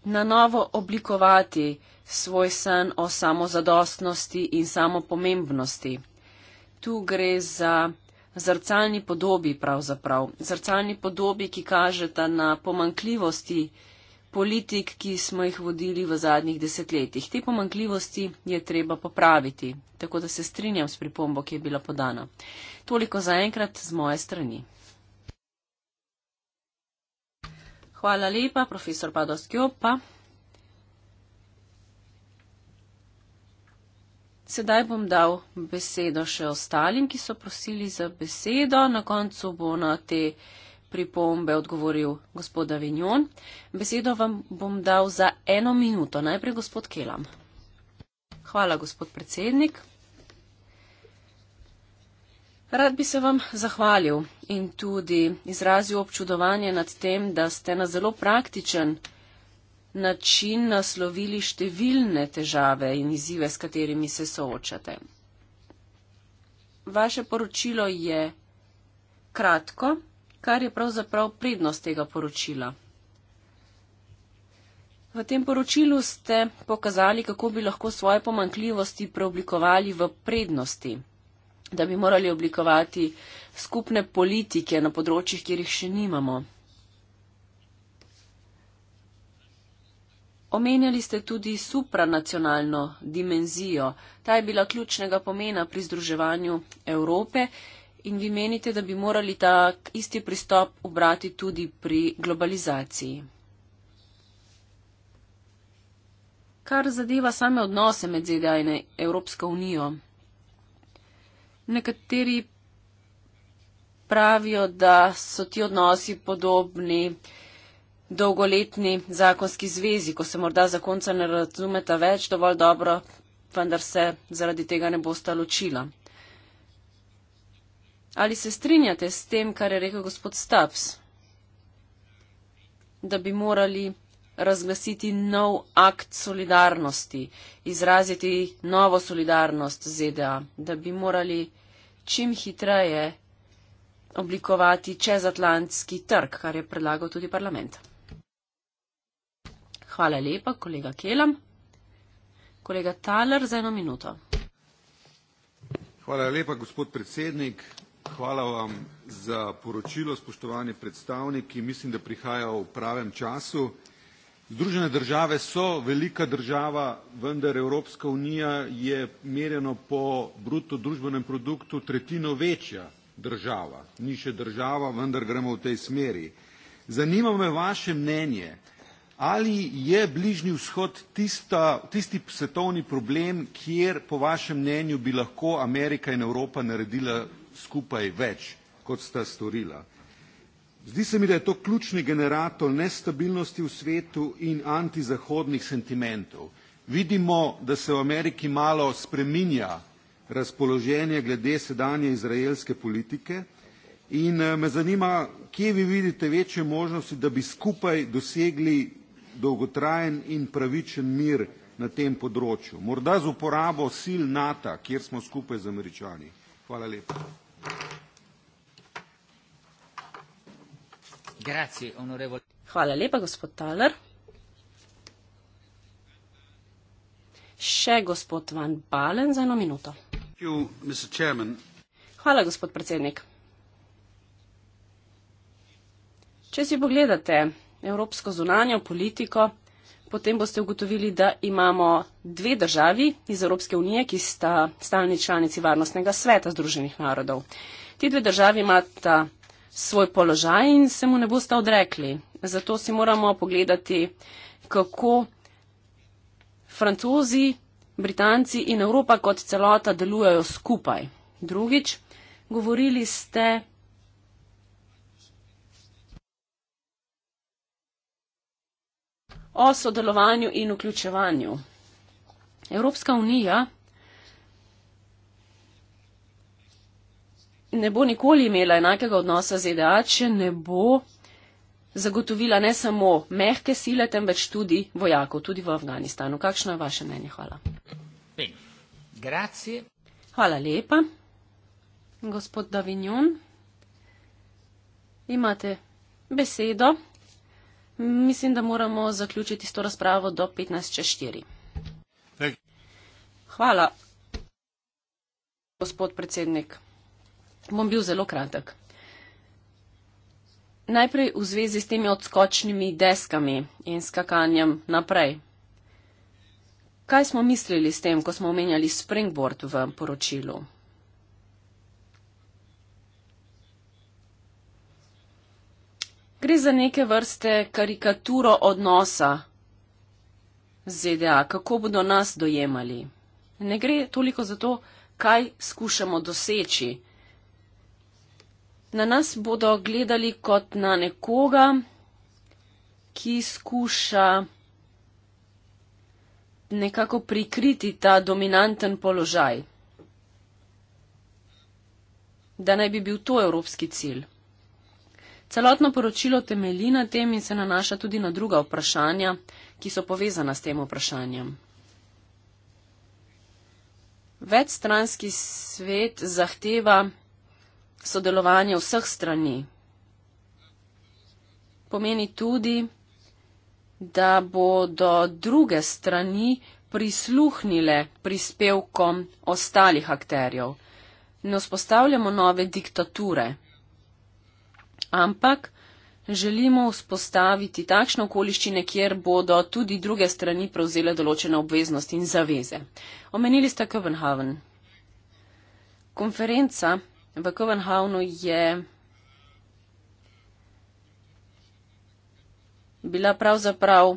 na novo oblikovati svoj san o samozadostnosti in samopomembnosti. Tu gre za zrcalni podobi pravzaprav, zrcalni podobi, ki kažeta na pomankljivosti politik, ki smo jih vodili v zadnjih desetletjih. Te pomankljivosti je treba popraviti, tako da se strinjam s pripombo, ki je bila podana. Toliko zaenkrat z moje strani. Hvala lepa, profesor Padoskjo, pa. Doskjo, pa. Sedaj bom dal besedo še ostalim, ki so prosili za besedo. Na koncu bo na te pripombe odgovoril gospod Avignon. Besedo vam bom dal za eno minuto. Najprej gospod Kelam. Hvala, gospod predsednik. Rad bi se vam zahvalil in tudi izrazil občudovanje nad tem, da ste na zelo praktičen način način naslovili številne težave in izzive, s katerimi se soočate. Vaše poročilo je kratko, kar je pravzaprav prednost tega poročila. V tem poročilu ste pokazali, kako bi lahko svoje pomankljivosti preoblikovali v prednosti, da bi morali oblikovati skupne politike na področjih, kjer jih še nimamo. Omenjali ste tudi supranacionalno dimenzijo. Ta je bila ključnega pomena pri združevanju Evrope in vi menite, da bi morali ta isti pristop obrati tudi pri globalizaciji. Kar zadeva same odnose med ZDA in Evropsko unijo. Nekateri pravijo, da so ti odnosi podobni dolgoletni zakonski zvezi, ko se morda zakonca ne razumeta več dovolj dobro, vendar se zaradi tega ne bosta ločila. Ali se strinjate s tem, kar je rekel gospod Stubbs, da bi morali razglasiti nov akt solidarnosti, izraziti novo solidarnost ZDA, da bi morali čim hitreje oblikovati čezatlantski trg, kar je predlagal tudi parlament. Hvala lepa, kolega Kelam. Kolega Taler, za eno minuto. Hvala lepa, gospod predsednik. Hvala vam za poročilo, spoštovani predstavniki. Mislim, da prihaja v pravem času. Združene države so velika država, vendar Evropska unija je merjeno po bruto družbenem produktu tretjino večja država. Ni še država, vendar gremo v tej smeri. Zanima me vaše mnenje ali je bližnji vzhod tista, tisti svetovni problem, kjer po vašem mnenju bi lahko Amerika in Evropa naredila skupaj več, kot sta storila. Zdi se mi, da je to ključni generator nestabilnosti v svetu in antizahodnih sentimentov. Vidimo, da se v Ameriki malo spreminja razpoloženje glede sedanje izraelske politike in eh, me zanima, kje vi vidite večje možnosti, da bi skupaj dosegli dolgotrajen in pravičen mir na tem področju. Morda z uporabo sil NATO, kjer smo skupaj z američani. Hvala lepa. Hvala lepa, gospod Taler. Še gospod Van Balen za eno minuto. Hvala, gospod predsednik. Če si pogledate evropsko zunanjo politiko, potem boste ugotovili, da imamo dve državi iz Evropske unije, ki sta stalni članici Varnostnega sveta Združenih narodov. Ti dve državi imata svoj položaj in se mu ne boste odrekli. Zato si moramo pogledati, kako francozi, britanci in Evropa kot celota delujejo skupaj. Drugič, govorili ste o sodelovanju in vključevanju. Evropska unija ne bo nikoli imela enakega odnosa z EDA, če ne bo zagotovila ne samo mehke sile, temveč tudi vojakov, tudi v Afganistanu. Kakšno je vaše mnenje? Hvala. Hvala lepa. Gospod Davignon, imate besedo. Mislim, da moramo zaključiti s to razpravo do 15.04. Hvala, gospod predsednik. Bom bil zelo kratek. Najprej v zvezi s temi odskočnimi deskami in skakanjem naprej. Kaj smo mislili s tem, ko smo omenjali springboard v poročilu? Gre za neke vrste karikaturo odnosa ZDA, kako bodo nas dojemali. Ne gre toliko za to, kaj skušamo doseči. Na nas bodo gledali kot na nekoga, ki skuša nekako prikriti ta dominanten položaj. Da naj bi bil to evropski cilj. Celotno poročilo temelji na tem in se nanaša tudi na druga vprašanja, ki so povezana s tem vprašanjem. Večstranski svet zahteva sodelovanje vseh strani. Pomeni tudi, da bodo druge strani prisluhnile prispevkom ostalih akterjev. Ne vzpostavljamo nove diktature. Ampak želimo vzpostaviti takšne okoliščine, kjer bodo tudi druge strani prevzele določene obveznosti in zaveze. Omenili ste Kovenhaven. Konferenca v Kovenhavnu je bila pravzaprav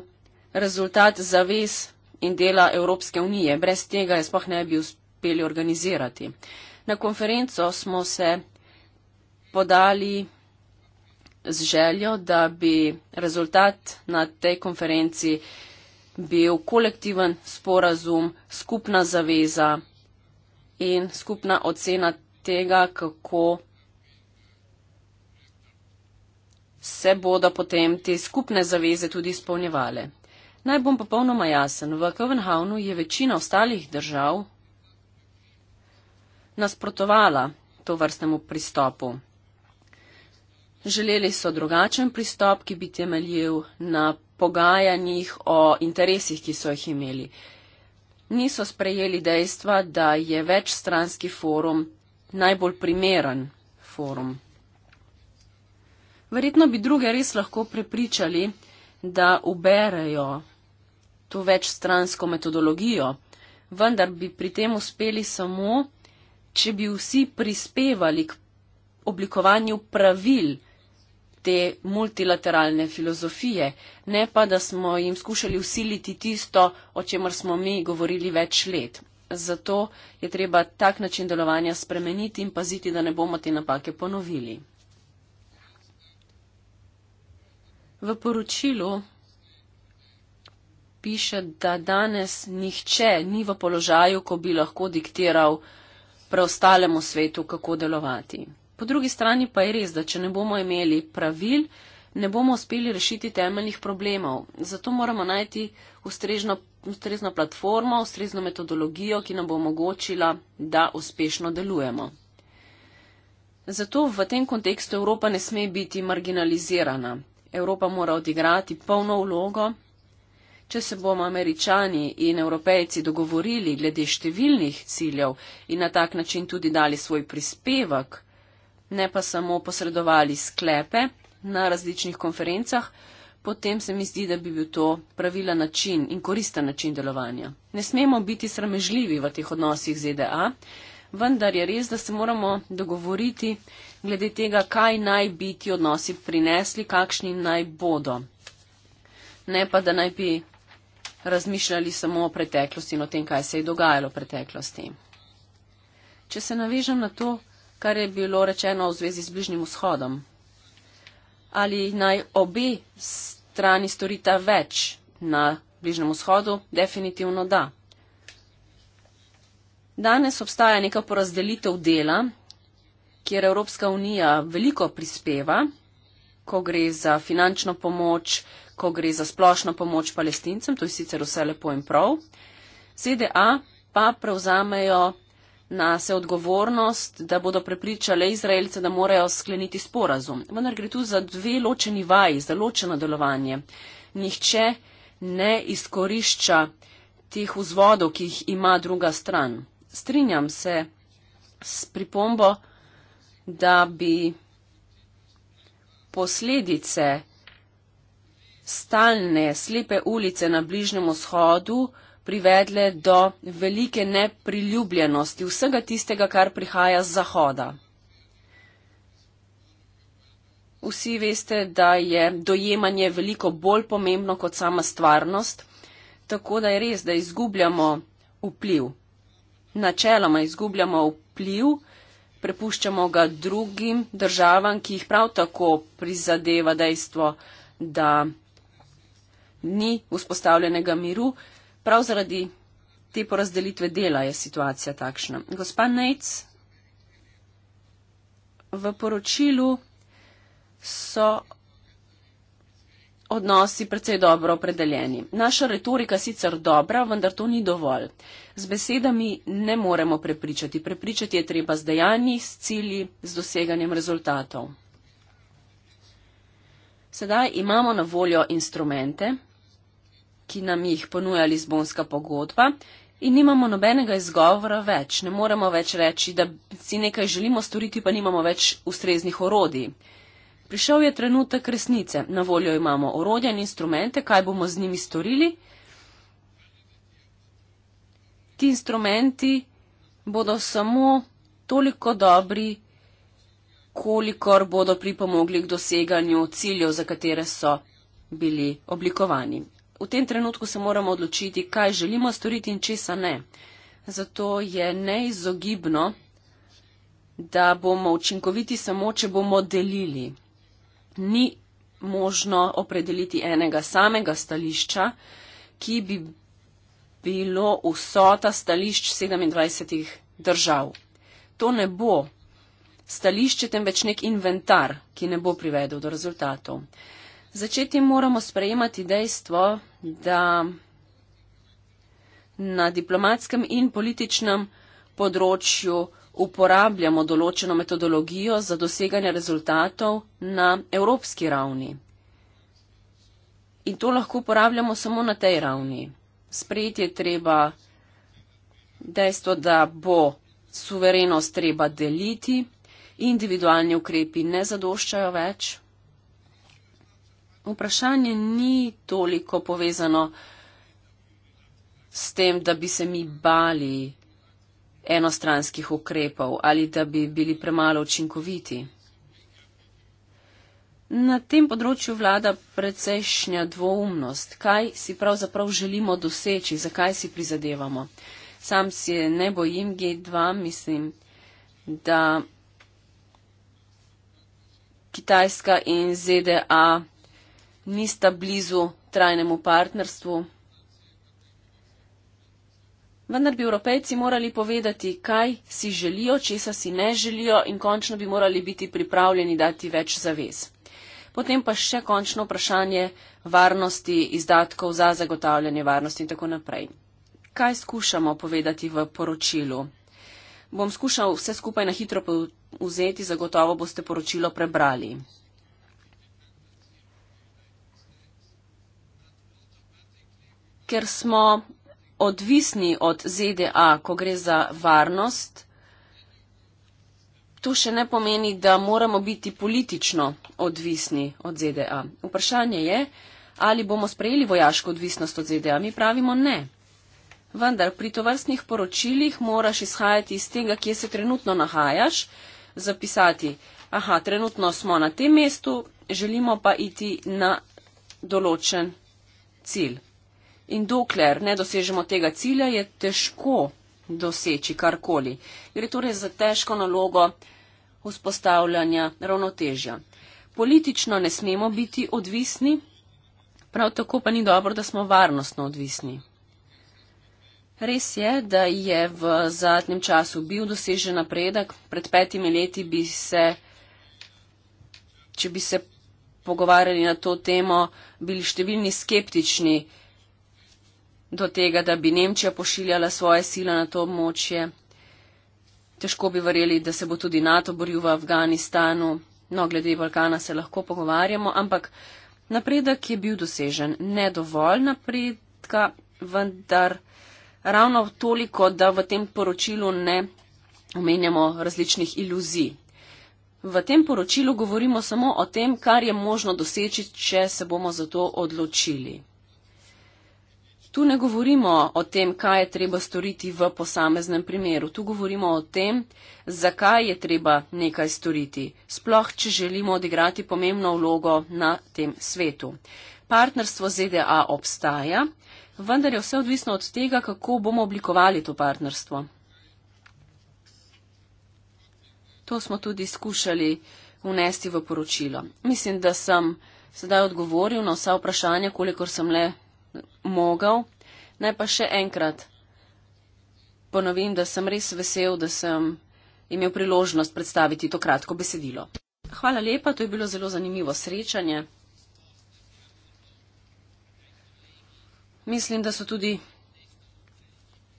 rezultat zavez in dela Evropske unije. Brez tega je spoh ne bi uspeli organizirati. Na konferenco smo se podali z željo, da bi rezultat na tej konferenci bil kolektiven sporazum, skupna zaveza in skupna ocena tega, kako se bodo potem te skupne zaveze tudi izpolnjevale. Naj bom popolnoma jasen, v Kovenhavnu je večina ostalih držav nasprotovala to vrstnemu pristopu. Želeli so drugačen pristop, ki bi temeljil na pogajanjih o interesih, ki so jih imeli. Niso sprejeli dejstva, da je večstranski forum najbolj primeren forum. Verjetno bi druge res lahko prepričali, da uberejo to večstransko metodologijo, vendar bi pri tem uspeli samo, če bi vsi prispevali k oblikovanju pravil, te multilateralne filozofije, ne pa da smo jim skušali usiliti tisto, o čemer smo mi govorili več let. Zato je treba tak način delovanja spremeniti in paziti, da ne bomo te napake ponovili. V poročilu piše, da danes nihče ni v položaju, ko bi lahko diktiral preostalemu svetu, kako delovati. Po drugi strani pa je res, da če ne bomo imeli pravil, ne bomo uspeli rešiti temeljnih problemov. Zato moramo najti ustrežno, ustrezno platformo, ustrezno metodologijo, ki nam bo omogočila, da uspešno delujemo. Zato v tem kontekstu Evropa ne sme biti marginalizirana. Evropa mora odigrati polno vlogo. Če se bomo američani in evropejci dogovorili glede številnih ciljev in na tak način tudi dali svoj prispevek, ne pa samo posredovali sklepe na različnih konferencah, potem se mi zdi, da bi bil to pravila način in koristen način delovanja. Ne smemo biti sramežljivi v teh odnosih z EDA, vendar je res, da se moramo dogovoriti glede tega, kaj naj bi ti odnosi prinesli, kakšni naj bodo. Ne pa, da naj bi razmišljali samo o preteklosti in o tem, kaj se je dogajalo v preteklosti. Če se navežem na to, kar je bilo rečeno v zvezi z Bližnjim vzhodom. Ali naj obi strani storita več na Bližnjem vzhodu? Definitivno da. Danes obstaja neka porazdelitev dela, kjer Evropska unija veliko prispeva, ko gre za finančno pomoč, ko gre za splošno pomoč palestincem, to je sicer vse lepo in prav. ZDA e pa prevzamejo na se odgovornost, da bodo prepričali Izraelce, da morajo skleniti sporazum. Vendar gre tu za dve ločeni vaji, za ločeno delovanje. Nihče ne izkorišča teh vzvodov, ki jih ima druga stran. Strinjam se s pripombo, da bi posledice stalne slepe ulice na Bližnjem vzhodu privedle do velike nepriljubljenosti vsega tistega, kar prihaja z Zahoda. Vsi veste, da je dojemanje veliko bolj pomembno kot sama stvarnost, tako da je res, da izgubljamo vpliv. Načeloma izgubljamo vpliv, prepuščamo ga drugim državam, ki jih prav tako prizadeva dejstvo, da ni vzpostavljenega miru, Prav zaradi te porazdelitve dela je situacija takšna. Gospa Nejc, v poročilu so odnosi precej dobro opredeljeni. Naša retorika sicer dobra, vendar to ni dovolj. Z besedami ne moremo prepričati. Prepričati je treba z dejanji, s cilji, z doseganjem rezultatov. Sedaj imamo na voljo instrumente, ki nam jih ponuja Lizbonska pogodba. In nimamo nobenega izgovora več, ne moremo več reči, da si nekaj želimo storiti, pa nimamo več ustreznih orodij. Prišel je trenutek resnice, na voljo imamo orodje in instrumente, kaj bomo z njimi storili. Ti instrumenti bodo samo toliko dobri, kolikor bodo pripomogli k doseganju ciljev, za katere so bili oblikovani v tem trenutku se moramo odločiti, kaj želimo storiti in česa ne. Zato je neizogibno, da bomo učinkoviti samo, če bomo delili. Ni možno opredeliti enega samega stališča, ki bi bilo vsota stališč 27 držav. To ne bo stališče, temveč nek inventar, ki ne bo privedel do rezultatov začeti moramo sprejemati dejstvo, da na diplomatskem in političnem področju uporabljamo določeno metodologijo za doseganje rezultatov na evropski ravni. In to lahko uporabljamo samo na tej ravni. Sprejeti je treba dejstvo, da bo suverenost treba deliti, individualni ukrepi ne zadoščajo več vprašanje ni toliko povezano s tem, da bi se mi bali enostranskih ukrepov ali da bi bili premalo učinkoviti. Na tem področju vlada precejšnja dvoumnost, kaj si pravzaprav želimo doseči, zakaj si prizadevamo. Sam si ne bojim G2, mislim, da Kitajska in ZDA nista blizu trajnemu partnerstvu. Vendar bi evropejci morali povedati, kaj si želijo, česa si ne želijo in končno bi morali biti pripravljeni dati več zavez. Potem pa še končno vprašanje varnosti, izdatkov za zagotavljanje varnosti in tako naprej. Kaj skušamo povedati v poročilu? Bom skušal vse skupaj na hitro povzeti, zagotovo boste poročilo prebrali. ker smo odvisni od ZDA, ko gre za varnost, to še ne pomeni, da moramo biti politično odvisni od ZDA. Vprašanje je, ali bomo sprejeli vojaško odvisnost od ZDA. Mi pravimo ne. Vendar pri tovrstnih poročilih moraš izhajati iz tega, kje se trenutno nahajaš, zapisati, aha, trenutno smo na tem mestu, želimo pa iti na določen cilj. In dokler ne dosežemo tega cilja, je težko doseči karkoli. Gre torej za težko nalogo vzpostavljanja ravnotežja. Politično ne smemo biti odvisni, prav tako pa ni dobro, da smo varnostno odvisni. Res je, da je v zadnjem času bil dosežen napredek. Pred petimi leti bi se, če bi se pogovarjali na to temo, bili številni skeptični do tega, da bi Nemčija pošiljala svoje sile na to območje. Težko bi verjeli, da se bo tudi NATO boril v Afganistanu. No, glede Balkana se lahko pogovarjamo, ampak napredek je bil dosežen. Ne dovolj napredka, vendar ravno toliko, da v tem poročilu ne omenjamo različnih iluzij. V tem poročilu govorimo samo o tem, kar je možno doseči, če se bomo za to odločili. Tu ne govorimo o tem, kaj je treba storiti v posameznem primeru. Tu govorimo o tem, zakaj je treba nekaj storiti, sploh če želimo odigrati pomembno vlogo na tem svetu. Partnerstvo ZDA obstaja, vendar je vse odvisno od tega, kako bomo oblikovali to partnerstvo. To smo tudi skušali unesti v poročilo. Mislim, da sem sedaj odgovoril na vsa vprašanja, kolikor sem le mogel. Naj pa še enkrat ponovim, da sem res vesel, da sem imel priložnost predstaviti to kratko besedilo. Hvala lepa, to je bilo zelo zanimivo srečanje. Mislim, da so tudi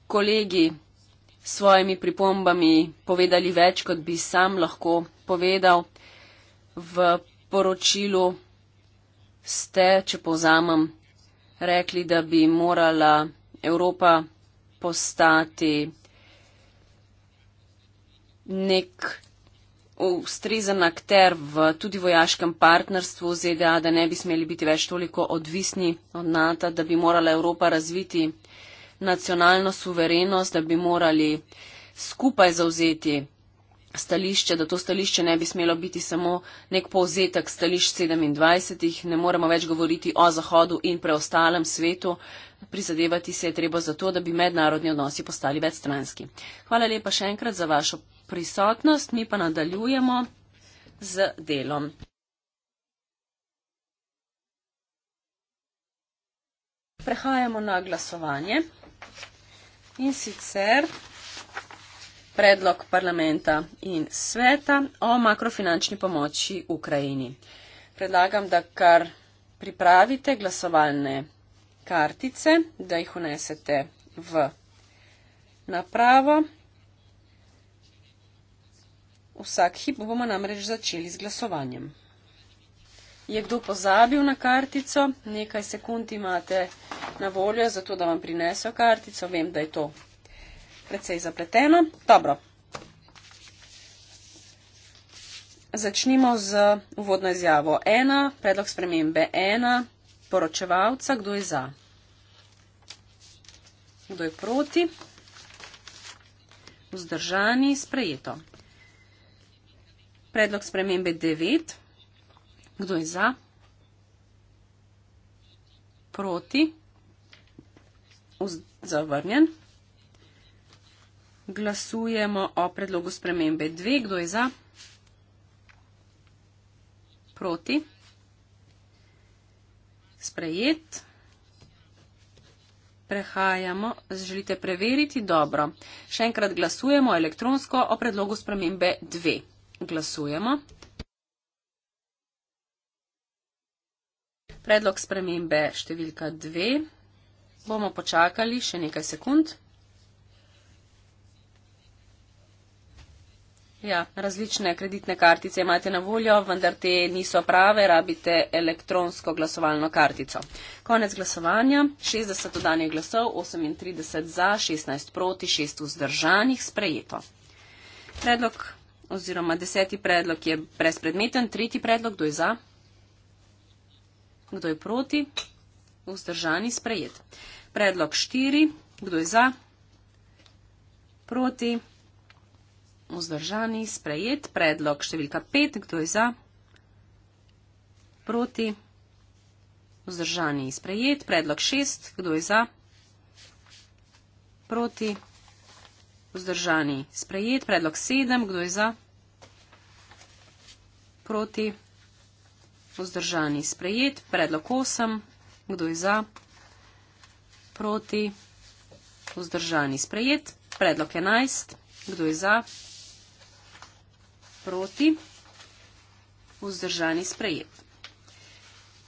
kolegi s svojimi pripombami povedali več, kot bi sam lahko povedal. V poročilu ste, če povzamem, rekli, da bi morala Evropa postati nek ustrezen akter v tudi vojaškem partnerstvu ZDA, da ne bi smeli biti več toliko odvisni od NATO, da bi morala Evropa razviti nacionalno suverenost, da bi morali skupaj zauzeti stališče, da to stališče ne bi smelo biti samo nek povzetek stališč 27. Ne moremo več govoriti o Zahodu in preostalem svetu. Prizadevati se je treba za to, da bi mednarodni odnosi postali večstranski. Hvala lepa še enkrat za vašo prisotnost. Mi pa nadaljujemo z delom. Prehajamo na glasovanje. In sicer predlog parlamenta in sveta o makrofinančni pomoči Ukrajini. Predlagam, da kar pripravite glasovalne kartice, da jih unesete v napravo. Vsak hip bomo namreč začeli z glasovanjem. Je kdo pozabil na kartico? Nekaj sekund imate na voljo, zato da vam prineso kartico. Vem, da je to precej zapleteno. Dobro. Začnimo z uvodno izjavo. Ena, predlog spremembe ena, poročevalca, kdo je za, kdo je proti, vzdržani, sprejeto. Predlog spremembe devet, kdo je za, proti, zavrnjen glasujemo o predlogu spremembe. Dve, kdo je za? Proti? Sprejet. Prehajamo. Želite preveriti? Dobro. Še enkrat glasujemo elektronsko o predlogu spremembe 2. Glasujemo. Predlog spremembe številka 2. Bomo počakali še nekaj sekund. Ja, različne kreditne kartice imate na voljo, vendar te niso prave, rabite elektronsko glasovalno kartico. Konec glasovanja, 60 dodanih glasov, 38 za, 16 proti, 6 vzdržanih, sprejeto. Predlog oziroma deseti predlog je brezpredmeten, tretji predlog, kdo je za, kdo je proti, vzdržani, sprejet. Predlog štiri, kdo je za, proti vzdržani, sprejet predlog številka 5, kdo je za, proti, vzdržani, sprejet predlog 6, kdo je za, proti, vzdržani, sprejet predlog 7, kdo je za, proti, vzdržani, sprejet predlog 8, kdo je za, proti, vzdržani, sprejet predlog 11, kdo je za, proti, proti, vzdržani sprejet.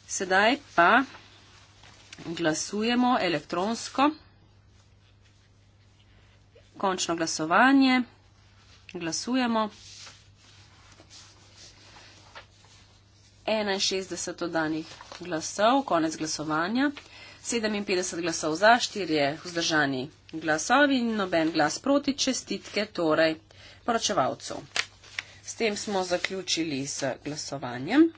Sedaj pa glasujemo elektronsko. Končno glasovanje. Glasujemo. 61 oddanih glasov, konec glasovanja. 57 glasov za, 4 vzdržani glasovi in noben glas proti čestitke torej poročevalcu. S tem smo zaključili z glasovanjem.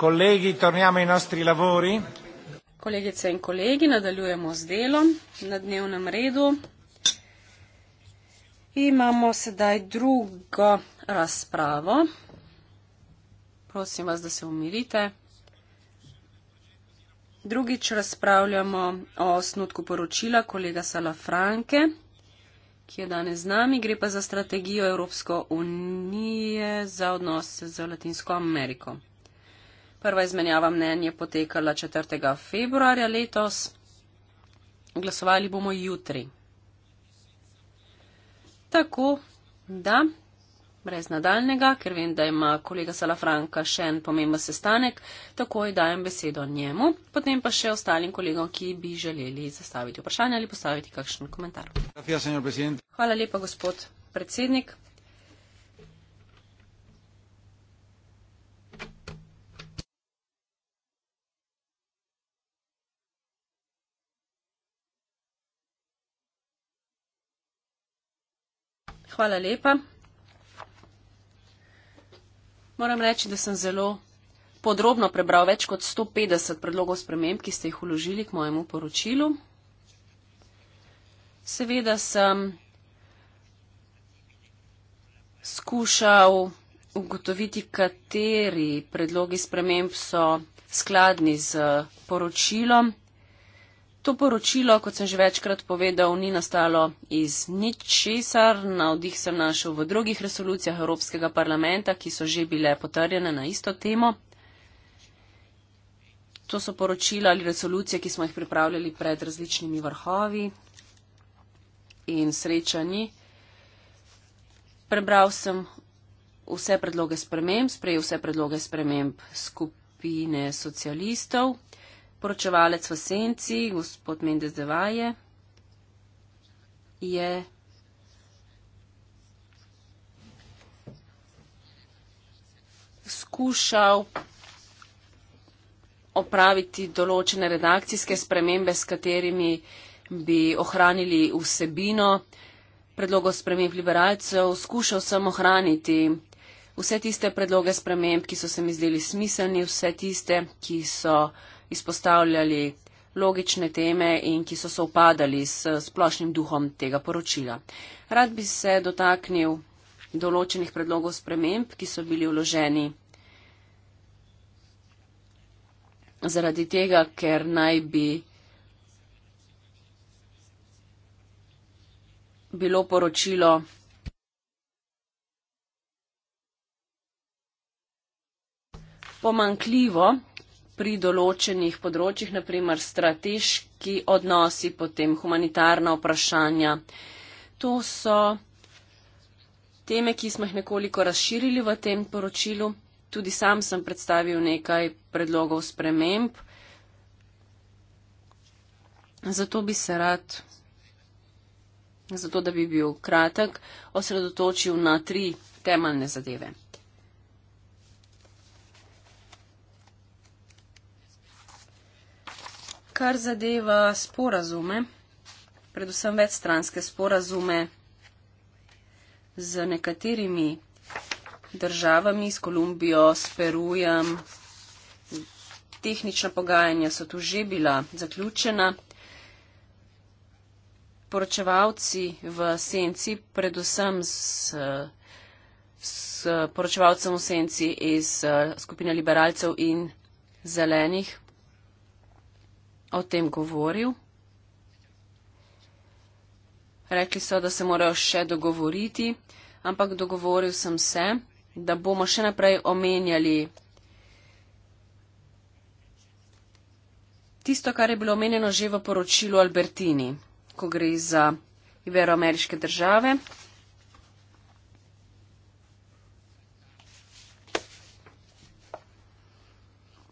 Kolegi, torniamo ai nostri lavori. Kolegice in kolegi, nadaljujemo z delom na dnevnem redu. Imamo sedaj drugo razpravo. Prosim vas, da se umirite. Drugič razpravljamo o osnutku poročila kolega Salafranke, ki je danes z nami. Gre pa za strategijo Evropsko unije za odnose z Latinsko Ameriko. Prva izmenjava mnenja je potekala 4. februarja letos. Glasovali bomo jutri. Tako, da, brez nadaljnega, ker vem, da ima kolega Salafranka še en pomemben sestanek, takoj dajem besedo njemu, potem pa še ostalim kolegom, ki bi želeli zastaviti vprašanje ali postaviti kakšen komentar. Hvala lepa, gospod predsednik. hvala lepa. Moram reči, da sem zelo podrobno prebral več kot 150 predlogov sprememb, ki ste jih uložili k mojemu poročilu. Seveda sem skušal ugotoviti, kateri predlogi sprememb so skladni z poročilom To poročilo, kot sem že večkrat povedal, ni nastalo iz ničesar. Na vdih sem našel v drugih resolucijah Evropskega parlamenta, ki so že bile potrjene na isto temo. To so poročila ali resolucije, ki smo jih pripravljali pred različnimi vrhovi in srečanji. Prebral sem vse predloge sprememb, sprejel vse predloge sprememb skupine socialistov poročevalec v senci, gospod Mendes de Valle, je skušal opraviti določene redakcijske spremembe, s katerimi bi ohranili vsebino predlogov sprememb liberalcev. Skušal sem ohraniti vse tiste predloge sprememb, ki so se mi zdeli smiselni, vse tiste, ki so uh, izpostavljali logične teme in ki so se upadali s splošnim duhom tega poročila. Rad bi se dotaknil določenih predlogov sprememb, ki so bili vloženi zaradi tega, ker naj bi bilo poročilo pomankljivo pri določenih področjih, naprimer strateški odnosi, potem humanitarna vprašanja. To so teme, ki smo jih nekoliko razširili v tem poročilu. Tudi sam sem predstavil nekaj predlogov sprememb. Zato bi se rad, zato da bi bil kratek, osredotočil na tri temeljne zadeve. kar zadeva sporazume, predvsem večstranske sporazume z nekaterimi državami, s Kolumbijo, s Perujem. Tehnična pogajanja so tu že bila zaključena. Poročevalci v senci, predvsem s, s poročevalcem v senci iz eh, skupine liberalcev in zelenih, o tem govoril. Rekli so, da se morajo še dogovoriti, ampak dogovoril sem se, da bomo še naprej omenjali tisto, kar je bilo omenjeno že v poročilu Albertini, ko gre za iberoameriške države.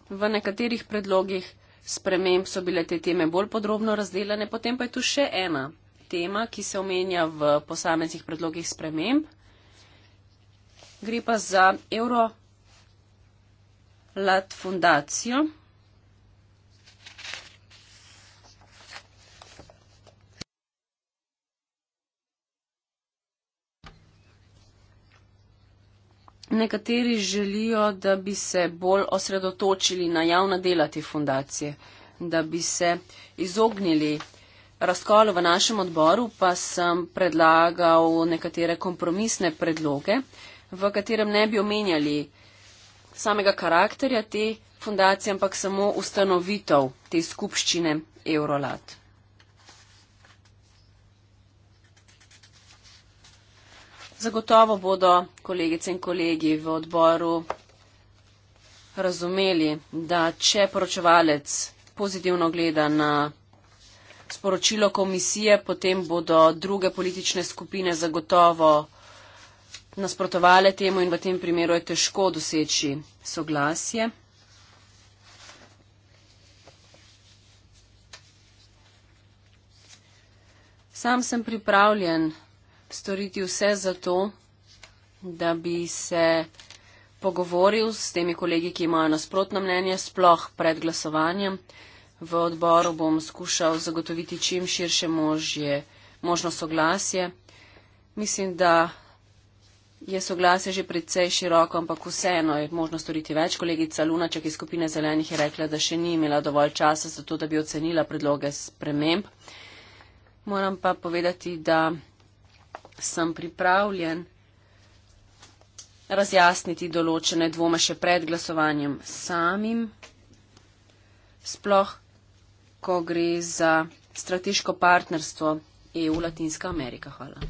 V nekaterih predlogih sprememb so bile te teme bolj podrobno razdeljene, potem pa je tu še ena tema, ki se omenja v posameznih predlogih sprememb. Gre pa za Euro Lat Fundacijo, Nekateri želijo, da bi se bolj osredotočili na javna dela te fundacije, da bi se izognili razkolu v našem odboru, pa sem predlagal nekatere kompromisne predloge, v katerem ne bi omenjali samega karakterja te fundacije, ampak samo ustanovitev te skupščine Eurolat. Zagotovo bodo kolegice in kolegi v odboru razumeli, da če poročevalec pozitivno gleda na sporočilo komisije, potem bodo druge politične skupine zagotovo nasprotovale temu in v tem primeru je težko doseči soglasje. Sam sem pripravljen storiti vse za to, da bi se pogovoril s temi kolegi, ki imajo nasprotno mnenje, sploh pred glasovanjem. V odboru bom skušal zagotoviti čim širše možje, možno soglasje. Mislim, da je soglasje že precej široko, ampak vseeno je možno storiti več. Kolegica Lunaček iz skupine zelenih je rekla, da še ni imela dovolj časa za to, da bi ocenila predloge sprememb. Moram pa povedati, da sem pripravljen razjasniti določene dvome še pred glasovanjem samim, sploh ko gre za strateško partnerstvo EU-Latinska Amerika. Hvala.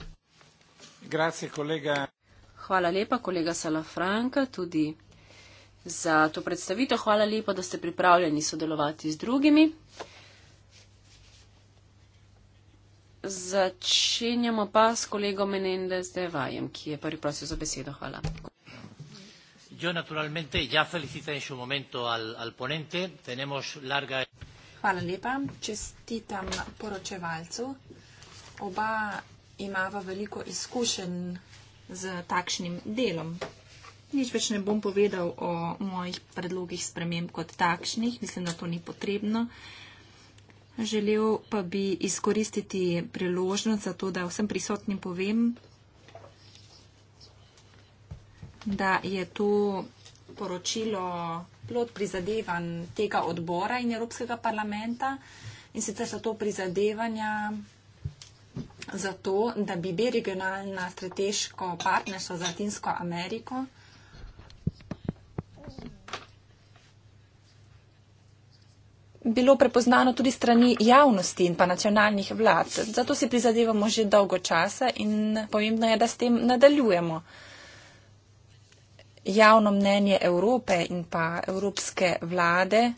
Grazie, kolega. Hvala lepa, kolega Salafranka, tudi za to predstavitev. Hvala lepa, da ste pripravljeni sodelovati z drugimi. Začenjamo pa s kolegom Menendez de Vajem, ki je prvi prosil za besedo. Hvala. Yo naturalmente ya felicité en su momento al, al ponente. Tenemos larga. Hvala lepa. Čestitam poročevalcu. Oba imava veliko izkušenj z takšnim delom. Nič več ne bom povedal o mojih predlogih sprememb kot takšnih. Mislim, da to ni potrebno. Uh, Želel pa bi izkoristiti priložnost za to, da vsem prisotnim povem, da je to poročilo plot prizadevan tega odbora in Evropskega parlamenta in sicer so to prizadevanja za to, da bi bi regionalna strateško partnerstvo za Latinsko Ameriko bilo prepoznano tudi strani javnosti in pa nacionalnih vlad. Zato si prizadevamo že dolgo časa in pomembno je, da s tem nadaljujemo. Javno mnenje Evrope in pa evropske vlade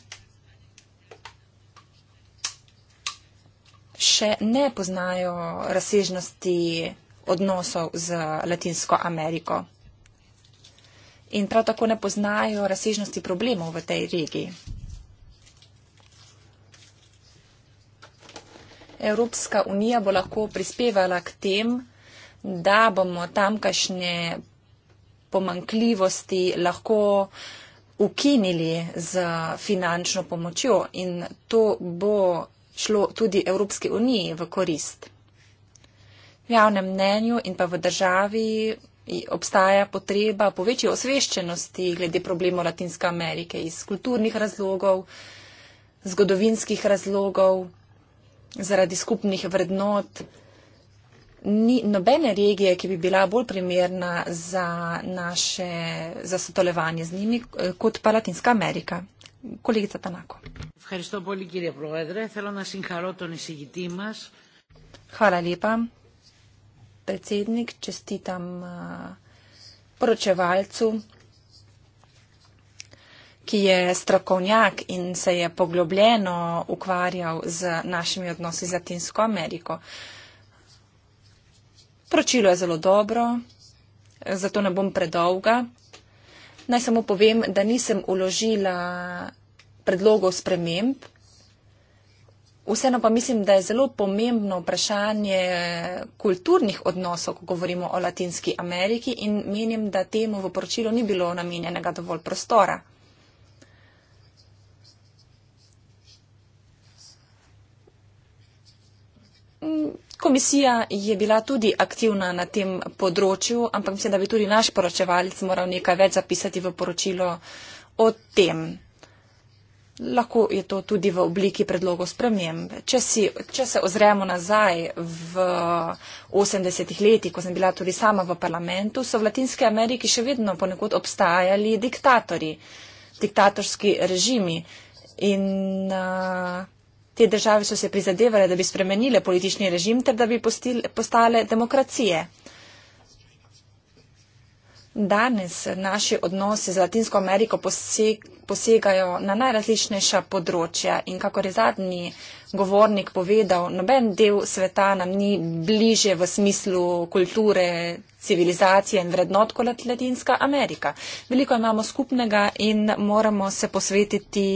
še ne poznajo razsežnosti odnosov z Latinsko Ameriko. In prav tako ne poznajo razsežnosti problemov v tej regiji. Evropska unija bo lahko prispevala k tem, da bomo tamkajšnje pomankljivosti lahko ukinili z finančno pomočjo in to bo šlo tudi Evropski uniji v korist. V javnem mnenju in pa v državi obstaja potreba po večji osveščenosti glede problemov Latinske Amerike iz kulturnih razlogov, zgodovinskih razlogov zaradi skupnih vrednot. Ni nobene regije, ki bi bila bolj primerna za naše za sodelovanje z njimi, kot pa Latinska Amerika. Kolegica Tanako. Hvala lepa, predsednik. Čestitam eh, poročevalcu ki je strokovnjak in se je poglobljeno ukvarjal z našimi odnosi z Latinsko Ameriko. Pročilo je zelo dobro, zato ne bom predolga. Naj samo povem, da nisem uložila predlogov sprememb. Vseeno pa mislim, da je zelo pomembno vprašanje kulturnih odnosov, ko govorimo o Latinski Ameriki in menim, da temu v poročilu ni bilo namenjenega dovolj prostora. Komisija je bila tudi aktivna na tem področju, ampak mislim, da bi tudi naš poročevalec moral nekaj več zapisati v poročilo o tem. Lahko je to tudi v obliki predlogov sprememb. Če, si, če se ozremo nazaj v 80-ih letih, ko sem bila tudi sama v parlamentu, so v Latinske Ameriki še vedno ponekod obstajali diktatorji, diktatorski režimi. In, uh, Te države so se prizadevale, da bi spremenile politični režim ter da bi postale demokracije. Danes naši odnosi z Latinsko Ameriko posegajo na najrazličnejša področja in kako je zadnji govornik povedal, noben del sveta nam ni bliže v smislu kulture, civilizacije in vrednot kot Latinska Amerika. Veliko imamo skupnega in moramo se posvetiti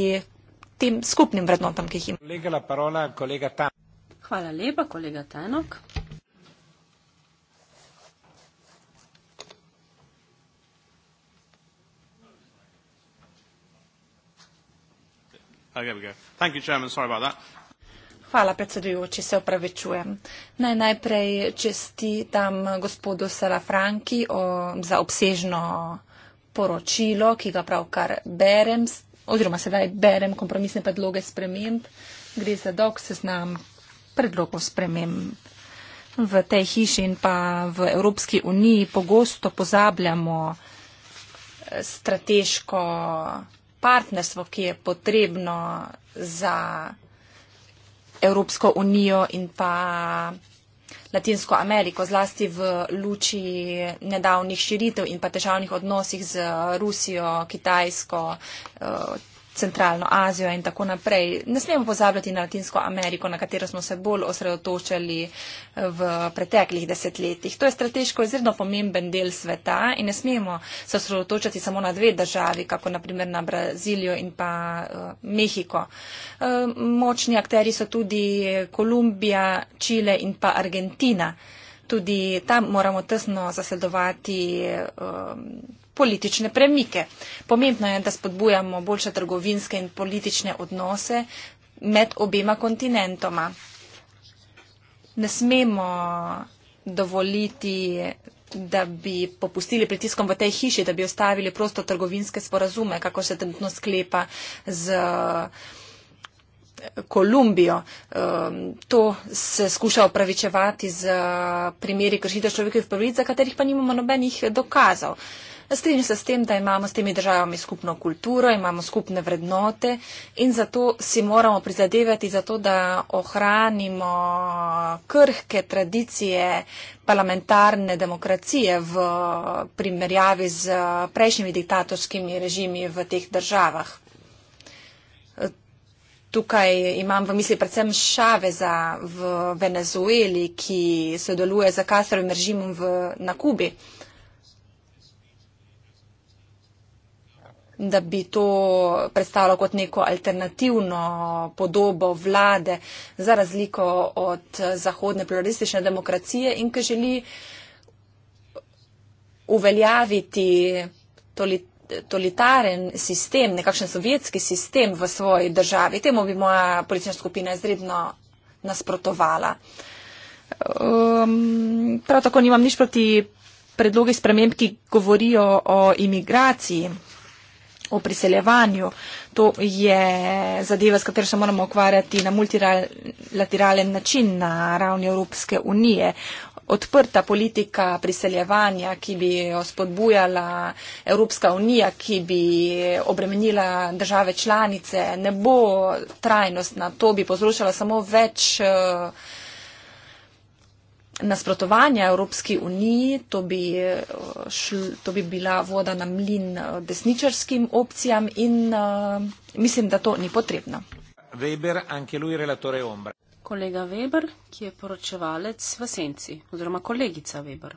tem skupnim vrednotam, ki jih ima. Legala parola, kolega Tan. Hvala lepa, kolega Tanok. Hvala, predsedujoči, se upravičujem. Naj najprej čestitam gospodu Salafranki za obsežno poročilo, ki ga pravkar berem, oziroma sedaj berem kompromisne predloge sprememb, gre za dolg seznam predlogov sprememb. V tej hiši in pa v Evropski uniji pogosto pozabljamo eh, strateško partnerstvo, ki je potrebno za Evropsko unijo in pa Latinsko Ameriko, zlasti v luči nedavnih širitev in pa težavnih odnosih z Rusijo, Kitajsko, eh, Centralno Azijo in tako naprej. Ne smemo pozabljati na Latinsko Ameriko, na katero smo se bolj osredotočali v preteklih desetletjih. To je strateško izredno pomemben del sveta in ne smemo se osredotočati samo na dve državi, kako naprimer na Brazilijo in pa uh, Mehiko. Uh, močni akteri so tudi Kolumbija, Čile in pa Argentina. Tudi tam moramo tesno zasledovati. Uh, politične premike. Pomembno je, da spodbujamo boljše trgovinske in politične odnose med obema kontinentoma. Ne smemo dovoliti, da bi popustili pritiskom v tej hiši, da bi ostavili prosto trgovinske sporazume, kako se trenutno sklepa z eh, Kolumbijo. Ehm, to se skuša opravičevati z eh, primeri kršitev človekovih pravic, za katerih pa nimamo nobenih dokazov. Strinjam se s tem, da imamo s temi državami skupno kulturo, imamo skupne vrednote in zato si moramo prizadevati za to, da ohranimo krhke tradicije parlamentarne demokracije v primerjavi z prejšnjimi diktatorskimi režimi v teh državah. Tukaj imam v misli predvsem Šaveza v Venezueli, ki sodeluje z Kastrovim režimom v, na Kubi. da bi to predstavljalo kot neko alternativno podobo vlade za razliko od zahodne pluralistične demokracije in ki želi uveljaviti totalitaren sistem, nekakšen sovjetski sistem v svoji državi. Temu bi moja politična skupina izredno nasprotovala. Um, prav tako nimam nič proti predlogi sprememb, ki govorijo o imigraciji o priseljevanju. To je zadeva, s katero se moramo ukvarjati na multilateralen način na ravni Evropske unije. Odprta politika priseljevanja, ki bi jo spodbujala Evropska unija, ki bi obremenila države članice, ne bo trajnostna. To bi povzročala samo več. Uh, nasprotovanja Evropski uniji, to bi, šl, to bi bila voda na mlin eh, desničarskim opcijam in uh, mislim, da to ni potrebno. Weber, anche lui relatore ombra. Kolega Weber, ki je poročevalec v Senci, oziroma kolegica Weber.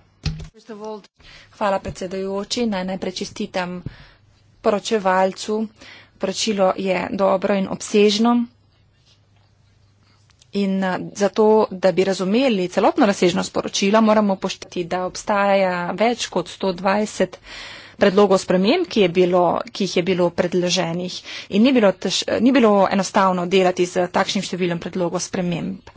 Hvala predsedajoči, naj najprej čestitam poročevalcu. Poročilo je dobro in obsežno. In eh, zato, da bi razumeli celotno razsežnost poročila, moramo poštiti, da obstaja več kot 120 predlogov sprememb, ki, ki jih je bilo predloženih. In ni bilo, tež, eh, ni bilo enostavno delati z takšnim številom predlogov sprememb.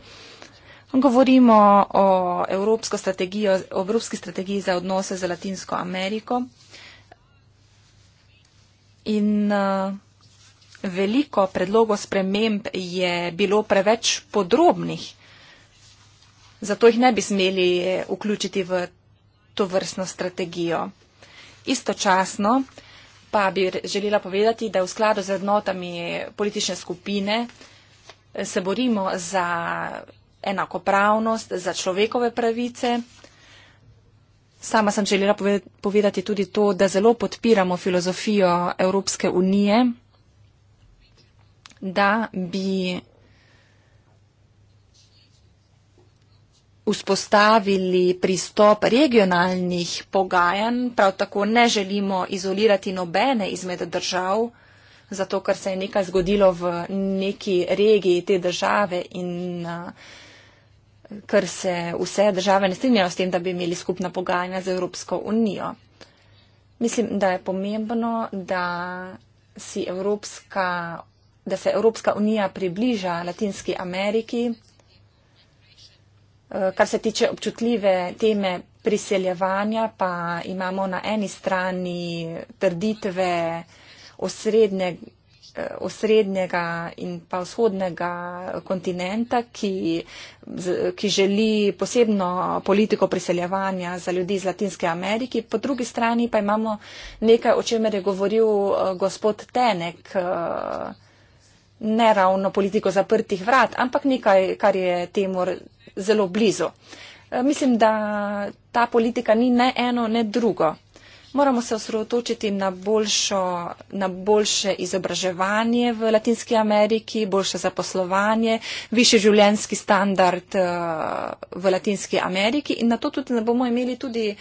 Govorimo o Evropski strategiji, strategiji za odnose z Latinsko Ameriko. In uh, veliko predlogov sprememb je bilo preveč podrobnih, zato jih ne bi smeli eh, vključiti v to vrstno strategijo. Istočasno pa bi želela povedati, da v skladu z vrednotami politične skupine eh, se borimo za enakopravnost, za človekove pravice. Sama sem želela povedati tudi to, da zelo podpiramo filozofijo Evropske unije da bi vzpostavili pristop regionalnih pogajanj, prav tako ne želimo izolirati nobene izmed držav, zato ker se je nekaj zgodilo v neki regiji te države in ker se vse države ne strinjajo s tem, da bi imeli skupna pogajanja z Evropsko unijo. Mislim, da je pomembno, da si Evropska da se Evropska unija približa Latinski Ameriki, eh, kar se tiče občutljive teme priseljevanja, pa imamo na eni strani trditve osredne, eh, osrednjega in pa vzhodnega kontinenta, ki, ki želi posebno politiko priseljevanja za ljudi iz Latinske Amerike. Po drugi strani pa imamo nekaj, o čemer je govoril eh, gospod Tenek ne ravno politiko zaprtih vrat, ampak nekaj, kar je temu zelo blizu. E, mislim, da ta politika ni ne eno, ne drugo moramo se osredotočiti na, boljšo, na boljše izobraževanje v Latinski Ameriki, boljše zaposlovanje, više življenski standard eh, v Latinski Ameriki in na to tudi ne bomo imeli, tudi,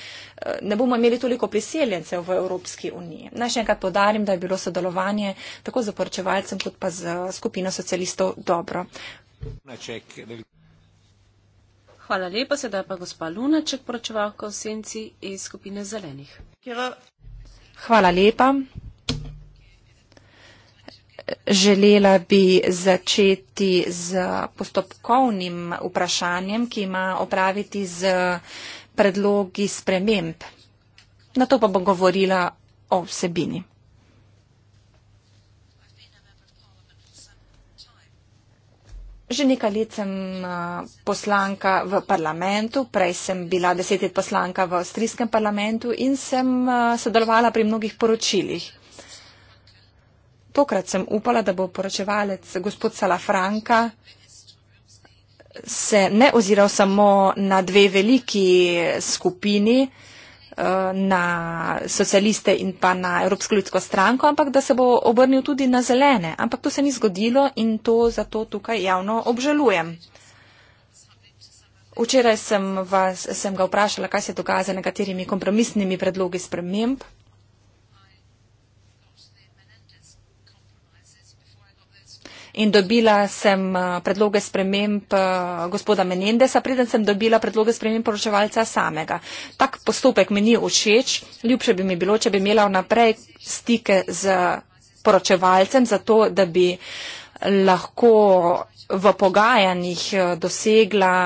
eh, ne bomo imeli toliko priseljencev v Evropski uniji. Naj še enkrat podarim, da je bilo sodelovanje tako z poročevalcem kot pa z skupino socialistov dobro. Hvala lepa, sedaj pa gospa Lunaček, poročevalka v senci iz skupine zelenih. Hvala lepa. Želela bi začeti z postopkovnim vprašanjem, ki ima opraviti z predlogi sprememb. Na to pa bom govorila o vsebini. Že nekaj let sem eh, poslanka v parlamentu, prej sem bila deset let poslanka v avstrijskem parlamentu in sem eh, sodelovala pri mnogih poročilih. Tokrat sem upala, da bo poročevalec gospod Salafranka se ne oziral samo na dve veliki skupini, Eh, na socialiste in pa na Evropsko ljudsko stranko, ampak da se bo obrnil tudi na zelene. Ampak to se ni zgodilo in to zato tukaj javno obžalujem. Včeraj sem, vas, sem ga vprašala, kaj se dogaja z nekaterimi kompromisnimi predlogi sprememb. in dobila sem eh, predloge sprememb eh, gospoda Menendesa, preden sem dobila predloge sprememb poročevalca samega. Tak postopek mi ni všeč, ljubše bi mi bilo, če bi imela vnaprej stike z poročevalcem, zato da bi lahko v pogajanjih eh, dosegla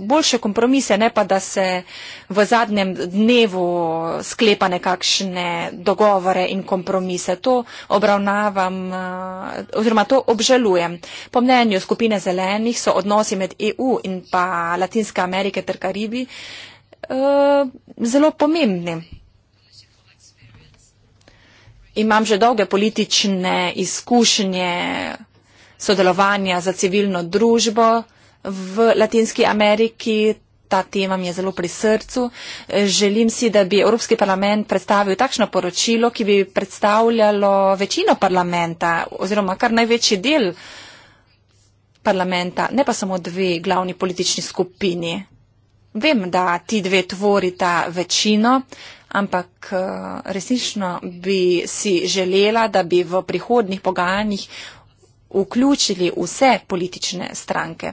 boljše kompromise, ne pa da se v zadnjem dnevu sklepa nekakšne dogovore in kompromise. To obravnavam eh, oziroma to obžalujem. Po mnenju skupine zelenih so odnosi med EU in pa Latinske Amerike ter Karibi eh, zelo pomembni. Imam že dolge politične izkušnje sodelovanja za civilno družbo v Latinski Ameriki. Ta tema mi je zelo pri srcu. Želim si, da bi Evropski parlament predstavil takšno poročilo, ki bi predstavljalo večino parlamenta oziroma kar največji del parlamenta, ne pa samo dve glavni politični skupini. Vem, da ti dve tvorita večino, ampak eh, resnično bi si želela, da bi v prihodnih pogajanjih vključili vse politične stranke.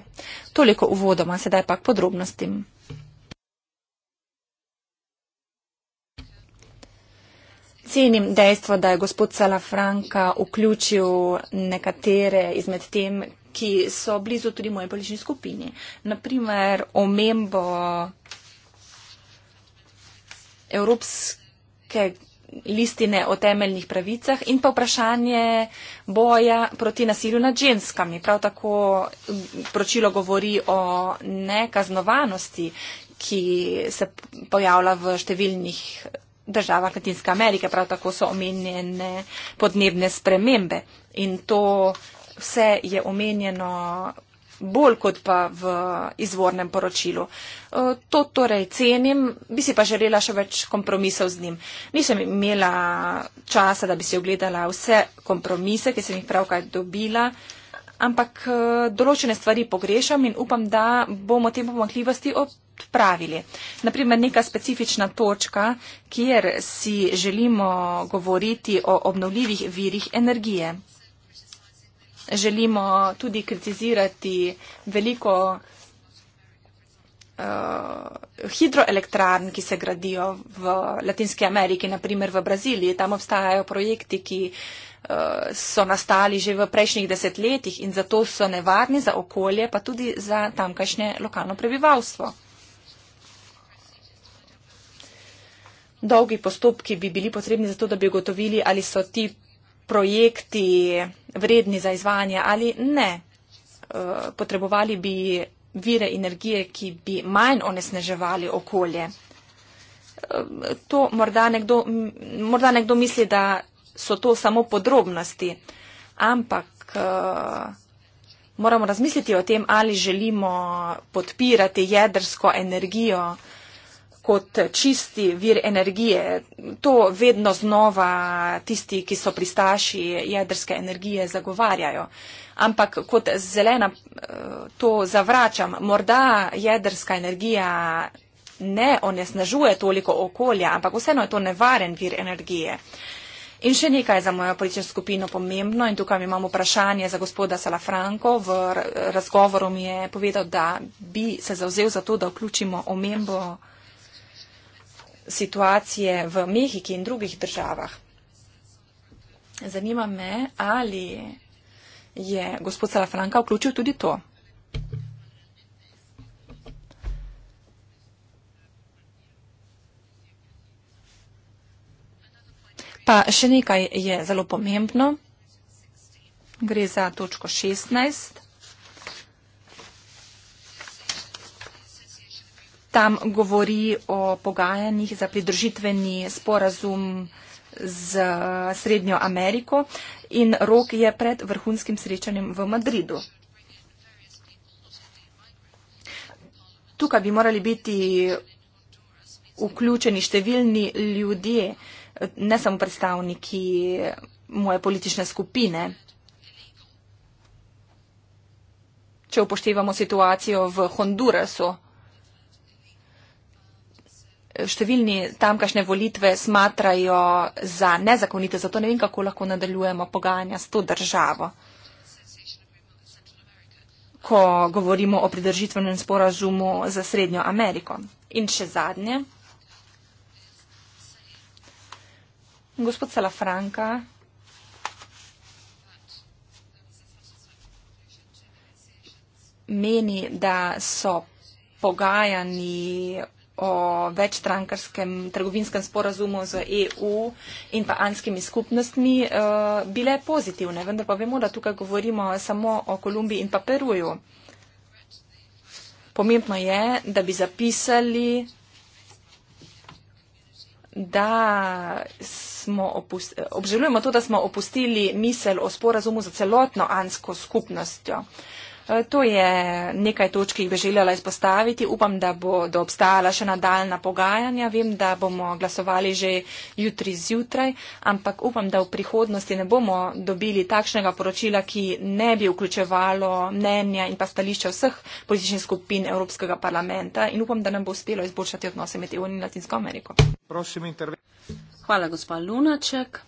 Toliko uvodoma, sedaj pa k podrobnostim. Cenim dejstvo, da je gospod Salafranka vključil nekatere izmed tem, ki so blizu tudi moje politični skupini. Naprimer, omembo Evropske listine o temeljnih pravicah in pa vprašanje boja proti nasilju nad ženskami. Prav tako pročilo govori o nekaznovanosti, ki se pojavlja v številnih državah Latinske Amerike, prav tako so omenjene podnebne spremembe. In to vse je omenjeno bolj kot pa v izvornem poročilu. E, to torej cenim, bi si pa želela še več kompromisov z njim. Nisem imela časa, da bi si ogledala vse kompromise, ki sem jih pravkaj dobila, ampak e, določene stvari pogrešam in upam, da bomo te pomakljivosti odpravili. Naprimer, neka specifična točka, kjer si želimo govoriti o obnovljivih virih energije želimo tudi kritizirati veliko uh, hidroelektrarn, ki se gradijo v Latinski Ameriki, naprimer v Braziliji. Tam obstajajo projekti, ki eh, so nastali že v prejšnjih desetletjih in zato so nevarni za okolje, pa tudi za tamkajšnje lokalno prebivalstvo. Dolgi postopki bi bili potrebni za to, da bi ugotovili, ali so ti projekti vredni za izvajanje ali ne. Eh, potrebovali bi vire energije, ki bi manj onesneževali okolje. Eh, to morda nekdo, morda nekdo misli, da so to samo podrobnosti, ampak eh, moramo razmisliti o tem, ali želimo podpirati jedrsko energijo kot čisti vir energije. To vedno znova tisti, ki so pristaši jedrske energije, zagovarjajo. Ampak kot zelena eh, to zavračam. Morda jedrska energija ne onesnažuje toliko okolja, ampak vseeno je to nevaren vir energije. In še nekaj je za mojo politično skupino pomembno in tukaj imamo vprašanje za gospoda Salafranko. V razgovoru mi je povedal, da bi se zauzel za to, da vključimo omembo situacije v Mehiki in drugih državah. Zanima me, ali je gospod Salafranka vključil tudi to. Pa še nekaj je zelo pomembno. Gre za točko 16. Tam govori o pogajanjih za pridružitveni sporazum z Srednjo Ameriko in rok je pred vrhunskim srečanjem v Madridu. Tukaj bi morali biti vključeni številni ljudje, ne samo predstavniki moje politične skupine. Če upoštevamo situacijo v Hondurasu, številni tamkašnje volitve smatrajo za nezakonite, zato ne vem, kako lahko nadaljujemo pogajanja s to državo. Ko govorimo o pridržitvenem sporazumu za Srednjo Ameriko. In še zadnje. Gospod Salafranka. Meni, da so pogajani o večstrankarskem trgovinskem sporazumu z EU in pa anskimi skupnostmi eh, bile pozitivne, vendar pa vemo, da tukaj govorimo samo o Kolumbiji in pa Peruju. Pomembno je, da bi zapisali, da smo obželujemo to, da smo opustili misel o sporazumu za celotno ansko skupnostjo. E, to je nekaj točk, ki bi želela izpostaviti. Upam, da bodo obstajala še nadaljna pogajanja. Vem, da bomo glasovali že jutri zjutraj, ampak upam, da v prihodnosti ne bomo dobili takšnega poročila, ki ne bi vključevalo mnenja in pa stališča vseh političnih skupin Evropskega parlamenta. In upam, da nam bo uspelo izboljšati odnose med EU in Latinsko Ameriko. Prosim, Hvala, gospod Lunaček.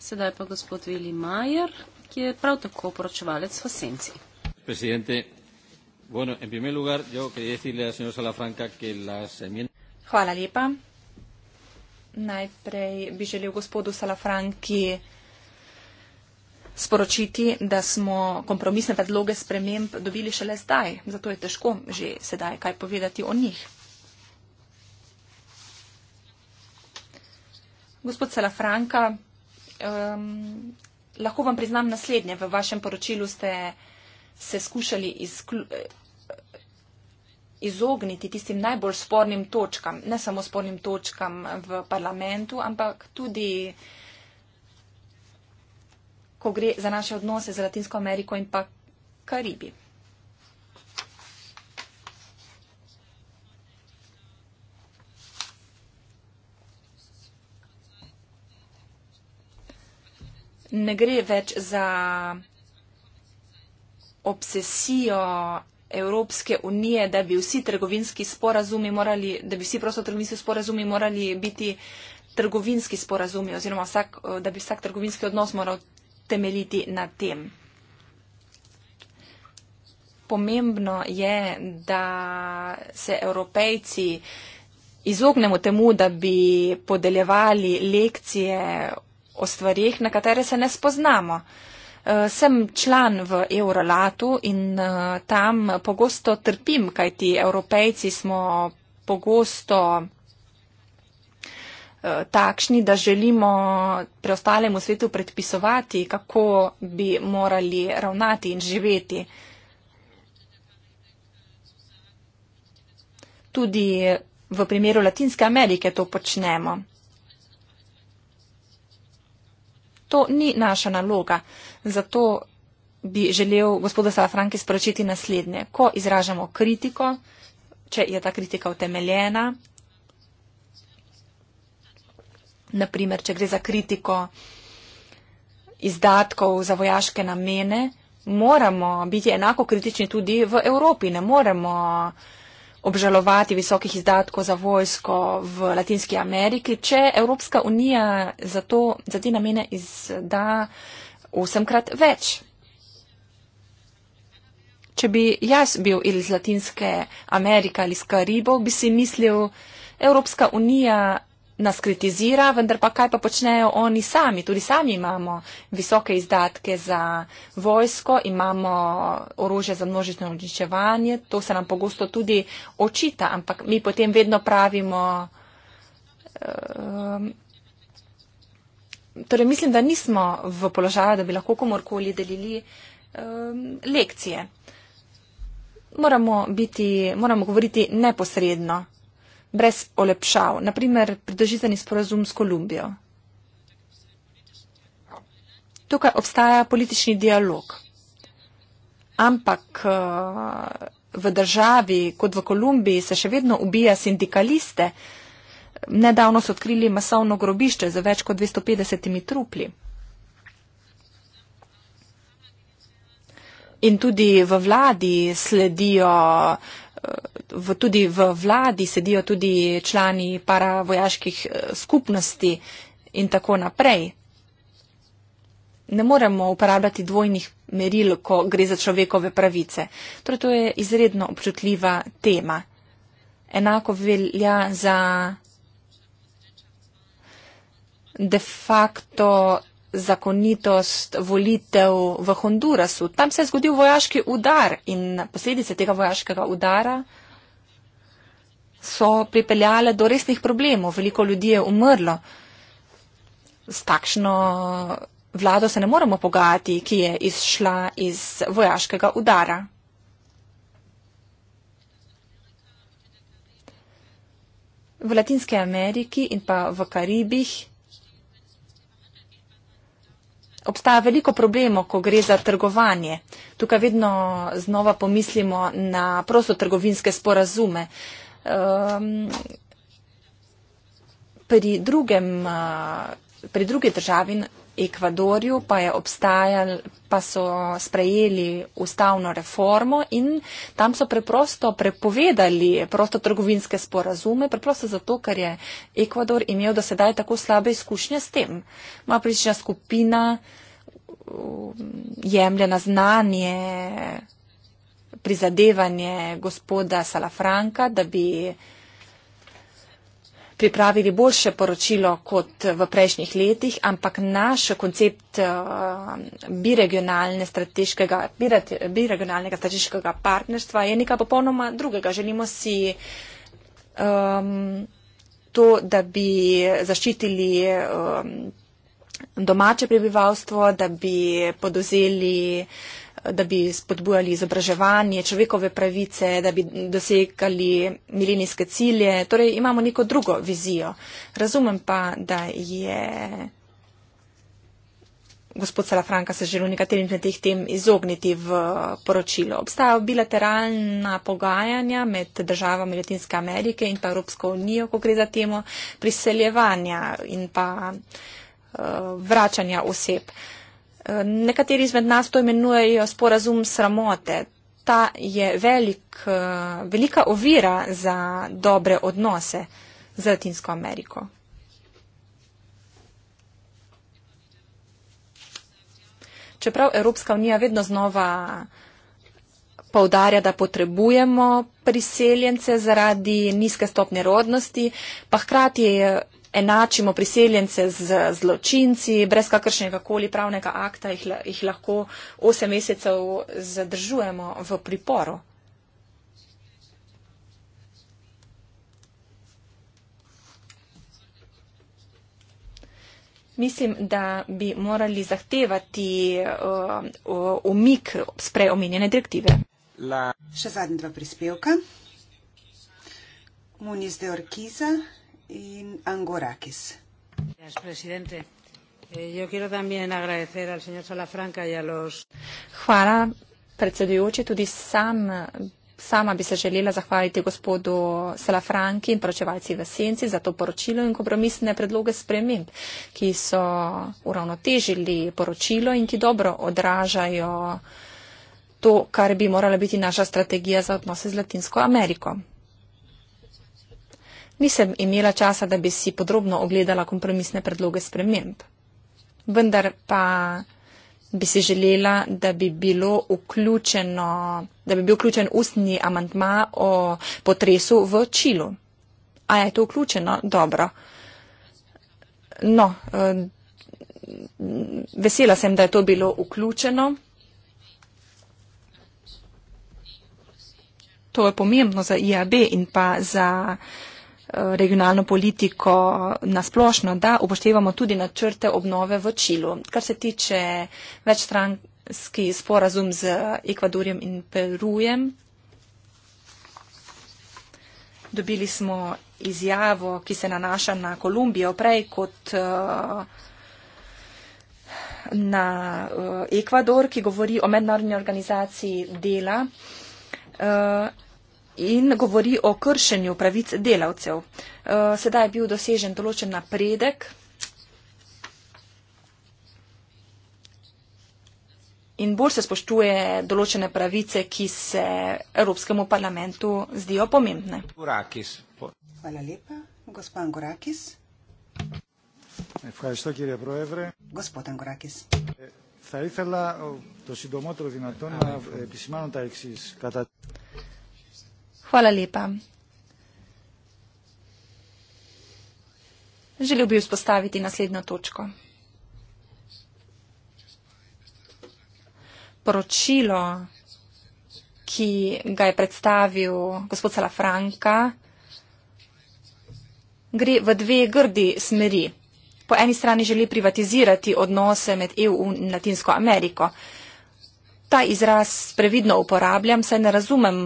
Sedaj pa gospod Vili Majer, ki je prav tako poročevalec v Senci presidente. Bueno, en primer lugar, yo quería decirle al señor Salafranca que las enmiendas. Hvala lepa. Najprej bi želel gospodu Salafranki sporočiti, da smo kompromisne predloge sprememb dobili šele zdaj, zato je težko že sedaj kaj povedati o njih. Gospod Salafranka, um, lahko vam priznam naslednje. V vašem poročilu ste se skušali eh, izogniti tistim najbolj spornim točkam, ne samo spornim točkam v parlamentu, ampak tudi, ko gre za naše odnose z Latinsko Ameriko in pa Karibi. Ne gre več za obsesijo Evropske unije, da bi vsi trgovinski sporazumi morali, da bi vsi prostotrgovinski sporazumi morali biti trgovinski sporazumi oziroma vsak, da bi vsak trgovinski odnos moral temeljiti na tem. Pomembno je, da se evropejci izognemo temu, da bi podeljevali lekcije o stvarih, na katere se ne spoznamo. Eh, sem član v Eurolatu in eh, tam pogosto trpim, kajti evropejci smo pogosto eh, takšni, da želimo preostalemu svetu predpisovati, kako bi morali ravnati in živeti. Tudi v primeru Latinske Amerike to počnemo. To ni naša naloga. Zato bi želel gospodu Salafranki sporočiti naslednje. Ko izražamo kritiko, če je ta kritika utemeljena, naprimer, če gre za kritiko izdatkov za vojaške namene, moramo biti enako kritični tudi v Evropi. Ne moremo obžalovati visokih izdatkov za vojsko v Latinski Ameriki, če Evropska unija za, to, za te namene izda osemkrat več. Če bi jaz bil iz Latinske Amerike ali iz Karibov, bi si mislil, Evropska unija nas kritizira, vendar pa kaj pa počnejo oni sami. Tudi sami imamo visoke izdatke za vojsko, imamo orožje za množično uničevanje, to se nam pogosto tudi očita, ampak mi potem vedno pravimo. Um, torej mislim, da nismo v položaju, da bi lahko komorkoli delili um, lekcije. Moramo, biti, moramo govoriti neposredno, brez olepšav. Naprimer, pridržitveni sporazum s Kolumbijo. Tukaj obstaja politični dialog. Ampak eh, v državi, kot v Kolumbiji, se še vedno ubija sindikaliste, Nedavno so odkrili masovno grobišče za več kot 250 trupli. In tudi v vladi sledijo. Eh, v, tudi v vladi sedijo tudi člani paravojaških eh, skupnosti in tako naprej. Ne moremo uporabljati dvojnih meril, ko gre za človekove pravice. Torej, to je izredno občutljiva tema. Enako velja za de facto zakonitost volitev v Hondurasu. Tam se je zgodil vojaški udar in posledice tega vojaškega udara so pripeljale do resnih problemov. Veliko ljudi je umrlo. S takšno vlado se ne moremo pogajati, ki je izšla iz vojaškega udara. V Latinske Ameriki in pa v Karibih obstaja veliko problemov, ko gre za trgovanje. Tukaj vedno znova pomislimo na prostotrgovinske sporazume. Um, pri, drugem, uh, pri drugi državi Ekvadorju pa, obstajal, pa so sprejeli ustavno reformo in tam so preprosto prepovedali prostotrgovinske sporazume, preprosto zato, ker je Ekvador imel do sedaj tako slabe izkušnje s tem. Moja prična skupina um, jemlja na znanje prizadevanje gospoda Salafranka, da bi pripravili boljše poročilo kot v prejšnjih letih, ampak naš koncept eh, biregionalne strateškega, biregionalnega strateškega partnerstva je nekaj popolnoma drugega. Želimo si um, to, da bi zaščitili um, domače prebivalstvo, da bi podozeli uh, da bi spodbujali izobraževanje, človekove pravice, da bi dosekali milenijske cilje. Torej imamo neko drugo vizijo. Razumem pa, da je gospod Salafranka se želel nekaterim na teh tem izogniti v poročilo. Obstajajo bilateralna pogajanja med državami Latinske Amerike in pa Evropsko unijo, ko gre za temo priseljevanja in pa uh, vračanja oseb. Uh, Nekateri izmed nas to imenujejo sporazum sramote. Ta je velik, eh, velika ovira za dobre odnose z Latinsko Ameriko. Čeprav Evropska unija vedno znova povdarja, da potrebujemo priseljence zaradi nizke stopnje rodnosti, pa hkrati enačimo priseljence z zločinci, brez kakršnega koli pravnega akta jih, jih lahko 8 mesecev zadržujemo v priporu. Mislim, da bi morali zahtevati uh, umik sprej omenjene direktive. La. Še zadnja dva prispevka. Muniz de Orkiza, in Angorakis. Señor presidente, eh, yo quiero también agradecer al señor Salafranca y a los. Hvala, predsedujoči, tudi sam, sama bi se želela zahvaliti gospodu Salafranki in poročevalci v Senci za to poročilo in kompromisne predloge sprememb, ki so uravnotežili poročilo in ki dobro odražajo to, kar bi morala biti naša strategija za odnose z Latinsko Ameriko. Nisem imela časa, da bi si podrobno ogledala kompromisne predloge sprememb. Vendar pa bi si želela, da bi, bilo vključeno, da bi bil vključen ustni amantma o potresu v Čilu. A je to vključeno? Dobro. No, eh, vesela sem, da je to bilo vključeno. To je pomembno za IAB in pa za. Eh, regionalno politiko nasplošno, da upoštevamo tudi načrte obnove v Čilu. Kar se tiče večstranski sporazum z Ekvadorjem in Perujem, dobili smo izjavo, ki se nanaša na Kolumbijo prej kot eh, na eh, Ekvador, ki govori o mednarodni organizaciji dela in govori o kršenju pravic delavcev. Eh, sedaj je bil dosežen določen napredek in bolj se spoštuje določene pravice, ki se Evropskemu parlamentu zdijo pomembne. Gorakis. Hvala lepa, gospod Gorakis. Gospod Gorakis. Θα ήθελα το συντομότερο δυνατόν να επισημάνω τα εξής. Κατά... Hvala lepa. Želel bi vzpostaviti naslednjo točko. Poročilo, ki ga je predstavil gospod Salafranka, gre v dve grdi smeri. Po eni strani želi privatizirati odnose med EU in Latinsko Ameriko. Ta izraz previdno uporabljam, saj ne razumem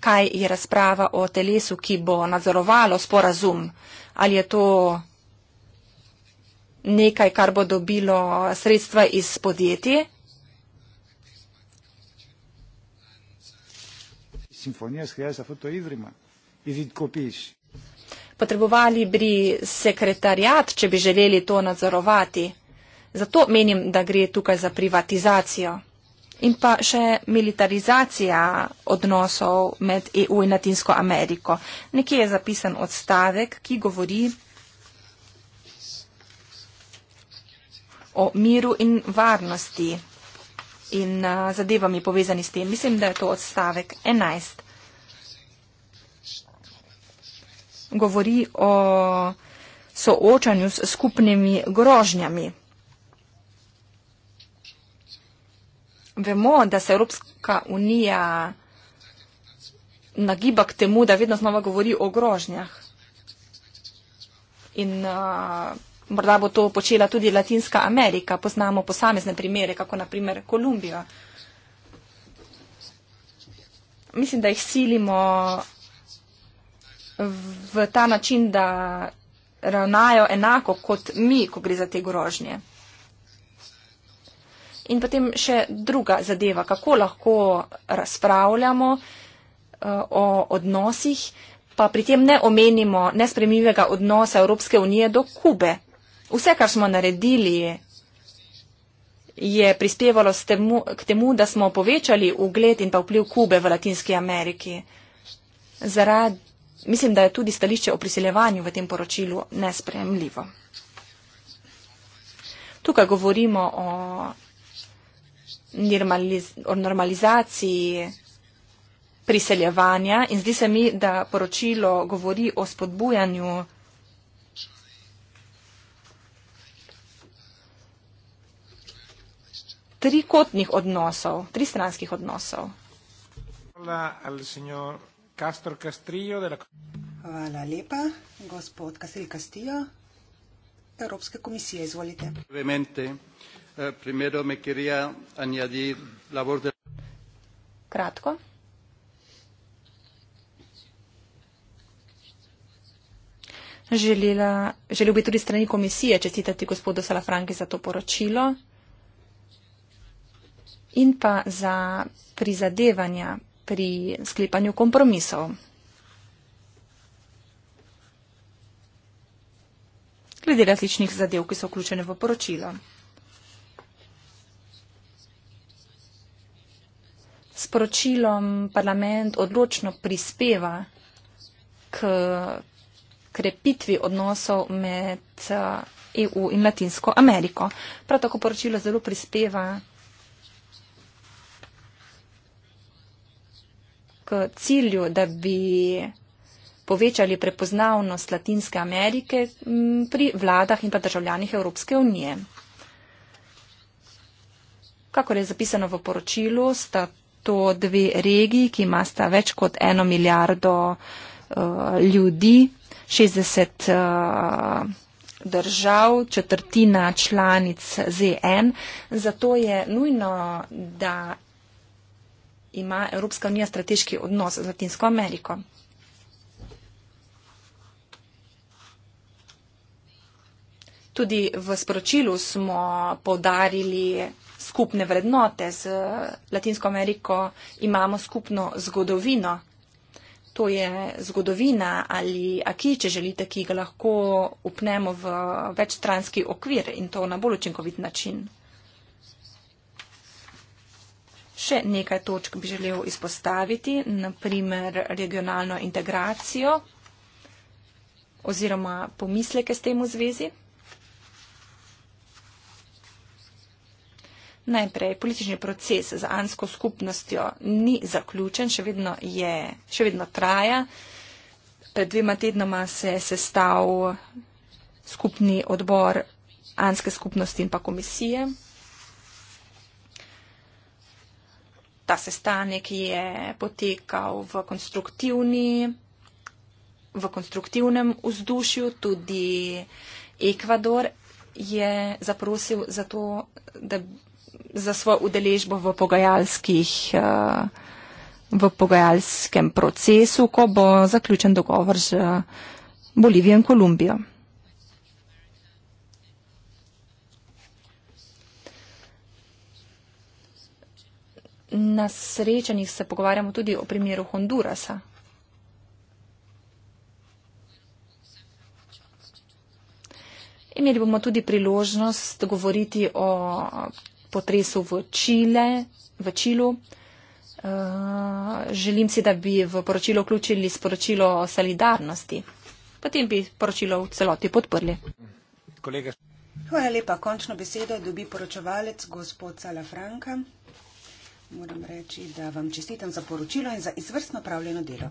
kaj je razprava o telesu, ki bo nadzorovalo sporazum. Ali je to nekaj, kar bo dobilo sredstva iz podjetij? Potrebovali bi sekretarjat, če bi želeli to nadzorovati. Zato menim, da gre tukaj za privatizacijo in pa še militarizacija odnosov med EU in Latinsko Ameriko. Nekje je zapisan odstavek, ki govori o miru in varnosti in zadevami povezani s tem. Mislim, da je to odstavek 11. Govori o soočanju s skupnimi grožnjami. vemo, da se Evropska unija nagiba k temu, da vedno znova govori o grožnjah. In uh, morda bo to počela tudi Latinska Amerika. Poznamo posamezne primere, kako naprimer Kolumbijo. Mislim, da jih silimo v ta način, da ravnajo enako kot mi, ko gre za te grožnje. In potem še druga zadeva, kako lahko razpravljamo eh, o odnosih, pa pri tem ne omenimo nespremljivega odnosa Evropske unije do Kube. Vse, kar smo naredili, je prispevalo temu, k temu, da smo povečali ugled in pa vpliv Kube v Latinski Ameriki. Zarad, mislim, da je tudi stališče o priseljevanju v tem poročilu nespremljivo. Tukaj govorimo o o normalizaciji priseljevanja in zdi se mi, da poročilo govori o spodbujanju trikotnih odnosov, tristranskih odnosov. Hvala, al senjor Castro Castillo. La... Hvala lepa, gospod Castillo Castillo, Evropske komisije, izvolite. Vemente. Eh, primero me quería añadir la voz de. Kratko. Želela, želel bi tudi strani komisije čestitati gospodu Salafranki za to poročilo in pa za prizadevanja pri sklepanju kompromisov. Glede različnih zadev, ki so vključene v poročilo. sporočilom parlament odločno prispeva k krepitvi odnosov med EU eh, e in Latinsko Ameriko. Prav tako poročilo zelo prispeva k cilju, da bi povečali prepoznavnost Latinske Amerike pri vladah in pa državljanih Evropske unije. Kako je zapisano v poročilu, sta to dve regiji, ki imata več kot eno milijardo uh, ljudi, 60 uh, eh, držav, četrtina članic ZN. Zato je nujno, da ima Evropska unija strateški odnos z Latinsko Ameriko. Tudi v sporočilu smo povdarili skupne vrednote, z eh, Latinsko Ameriko imamo skupno zgodovino. To je zgodovina ali aki, če želite, ki ga lahko upnemo v večstranski okvir in to na bolj učinkovit način. Še nekaj točk bi želel izpostaviti, naprimer regionalno integracijo oziroma pomisleke s tem v zvezi. Najprej, politični proces z ansko skupnostjo ni zaključen, še vedno, je, še vedno traja. Pred dvema tednoma se je sestav skupni odbor anske skupnosti in pa komisije. Ta sestanek je potekal v, v konstruktivnem vzdušju, tudi Ekvador je zaprosil za to, da bi za svojo udeležbo v, uh, v pogajalskem procesu, ko bo zaključen dogovor z eh, Bolivijo in Kolumbijo. Na srečanjih se pogovarjamo tudi o primeru Hondurasa. Imeli bomo tudi priložnost govoriti o potresu v, Čile, v Čilu. Uh, želim si, da bi v poročilo vključili sporočilo o solidarnosti. Potem bi poročilo v celoti podprli. Kolega. Hvala lepa. Končno besedo dobi poročevalec gospod Sala Franka. Moram reči, da vam čestitam za poročilo in za izvrstno pravljeno delo.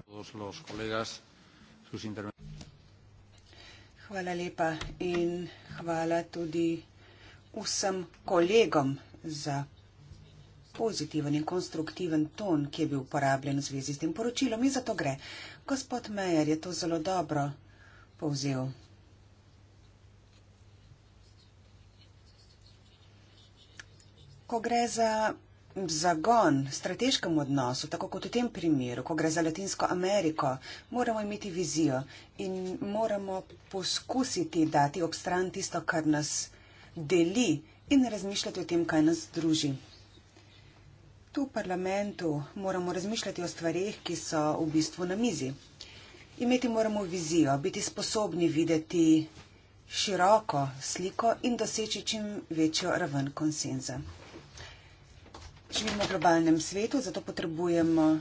Hvala lepa in hvala tudi vsem kolegom za pozitiven in konstruktiven ton, ki je bil uporabljen v zvezi s tem poročilom in zato gre. Gospod Mejer je to zelo dobro povzel. Ko gre za zagon strateškem odnosu, tako kot v tem primeru, ko gre za Latinsko Ameriko, moramo imeti vizijo in moramo poskusiti dati ob stran tisto, kar nas deli in razmišljati o tem, kaj nas druži. Tu v parlamentu moramo razmišljati o stvarih, ki so v bistvu na mizi. Imeti moramo vizijo, biti sposobni videti široko sliko in doseči čim večjo raven konsenza. Živimo v globalnem svetu, zato potrebujemo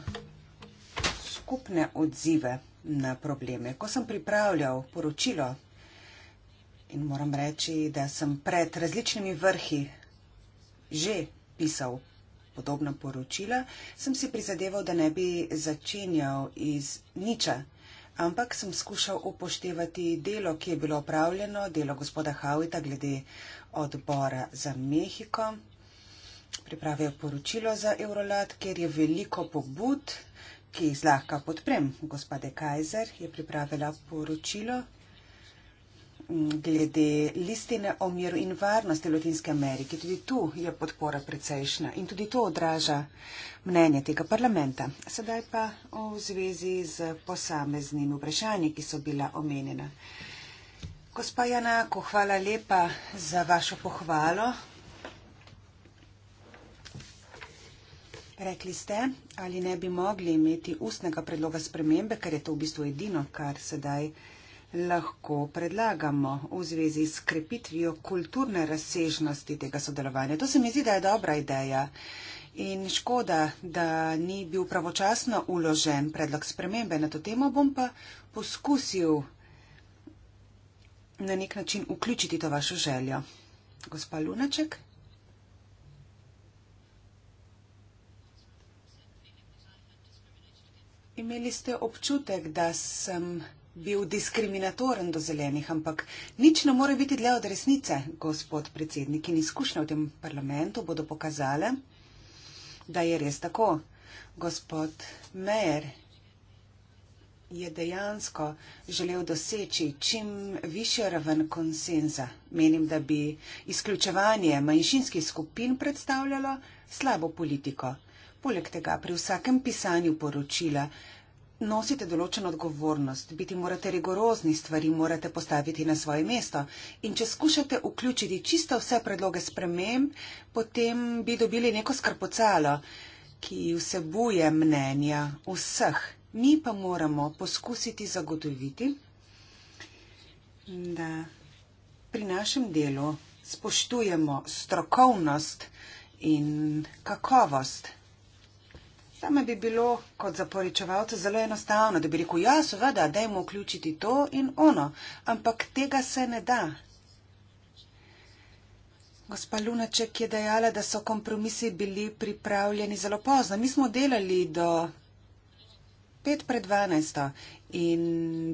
skupne odzive na probleme. Ko sem pripravljal poročilo In moram reči, da sem pred različnimi vrhi že pisal podobna poročila, sem si prizadeval, da ne bi začenjal iz niča, ampak sem skušal upoštevati delo, ki je bilo opravljeno, delo gospoda Hauita glede odbora za Mehiko. Pripravil poročilo za Eurolat, ker je veliko pobud, ki jih zlahka podprem. Gospode Kajzer je pripravila poročilo, glede listine o miru in varnosti v Latinske Amerike. Tudi tu je podpora precejšna in tudi to odraža mnenje tega parlamenta. Sedaj pa o zvezi z posameznimi vprašanji, ki so bila omenjena. Gospa Janako, hvala lepa za vašo pohvalo. Rekli ste, ali ne bi mogli imeti ustnega predloga spremembe, ker je to v bistvu edino, kar sedaj lahko predlagamo v zvezi s krepitvijo kulturne razsežnosti tega sodelovanja. To se mi zdi, da je dobra ideja. In škoda, da ni bil pravočasno uložen predlog spremembe na to temo, bom pa poskusil na nek način vključiti to vašo željo. Gospa Lunaček. Imeli ste občutek, da sem bil diskriminatoren do zelenih, ampak nič ne more biti dlje od resnice, gospod predsednik. In izkušnje v tem parlamentu bodo pokazale, da je res tako. Gospod Mejer je dejansko želel doseči čim višjo raven konsenza. Menim, da bi izključevanje manjšinskih skupin predstavljalo slabo politiko. Poleg tega pri vsakem pisanju poročila nosite določeno odgovornost, biti morate rigorozni, stvari morate postaviti na svoje mesto. In če skušate vključiti čisto vse predloge sprememb, potem bi dobili neko skrpocalo, ki vsebuje mnenja vseh. Mi pa moramo poskusiti zagotoviti, da pri našem delu spoštujemo strokovnost in kakovost. Same bi bilo kot za poričevalce zelo enostavno, da bi rekel, ja, seveda, dajmo vključiti to in ono, ampak tega se ne da. Gospa Lunaček je dejala, da so kompromisi bili pripravljeni zelo pozno. Mi smo delali do pet pred dvanajsto in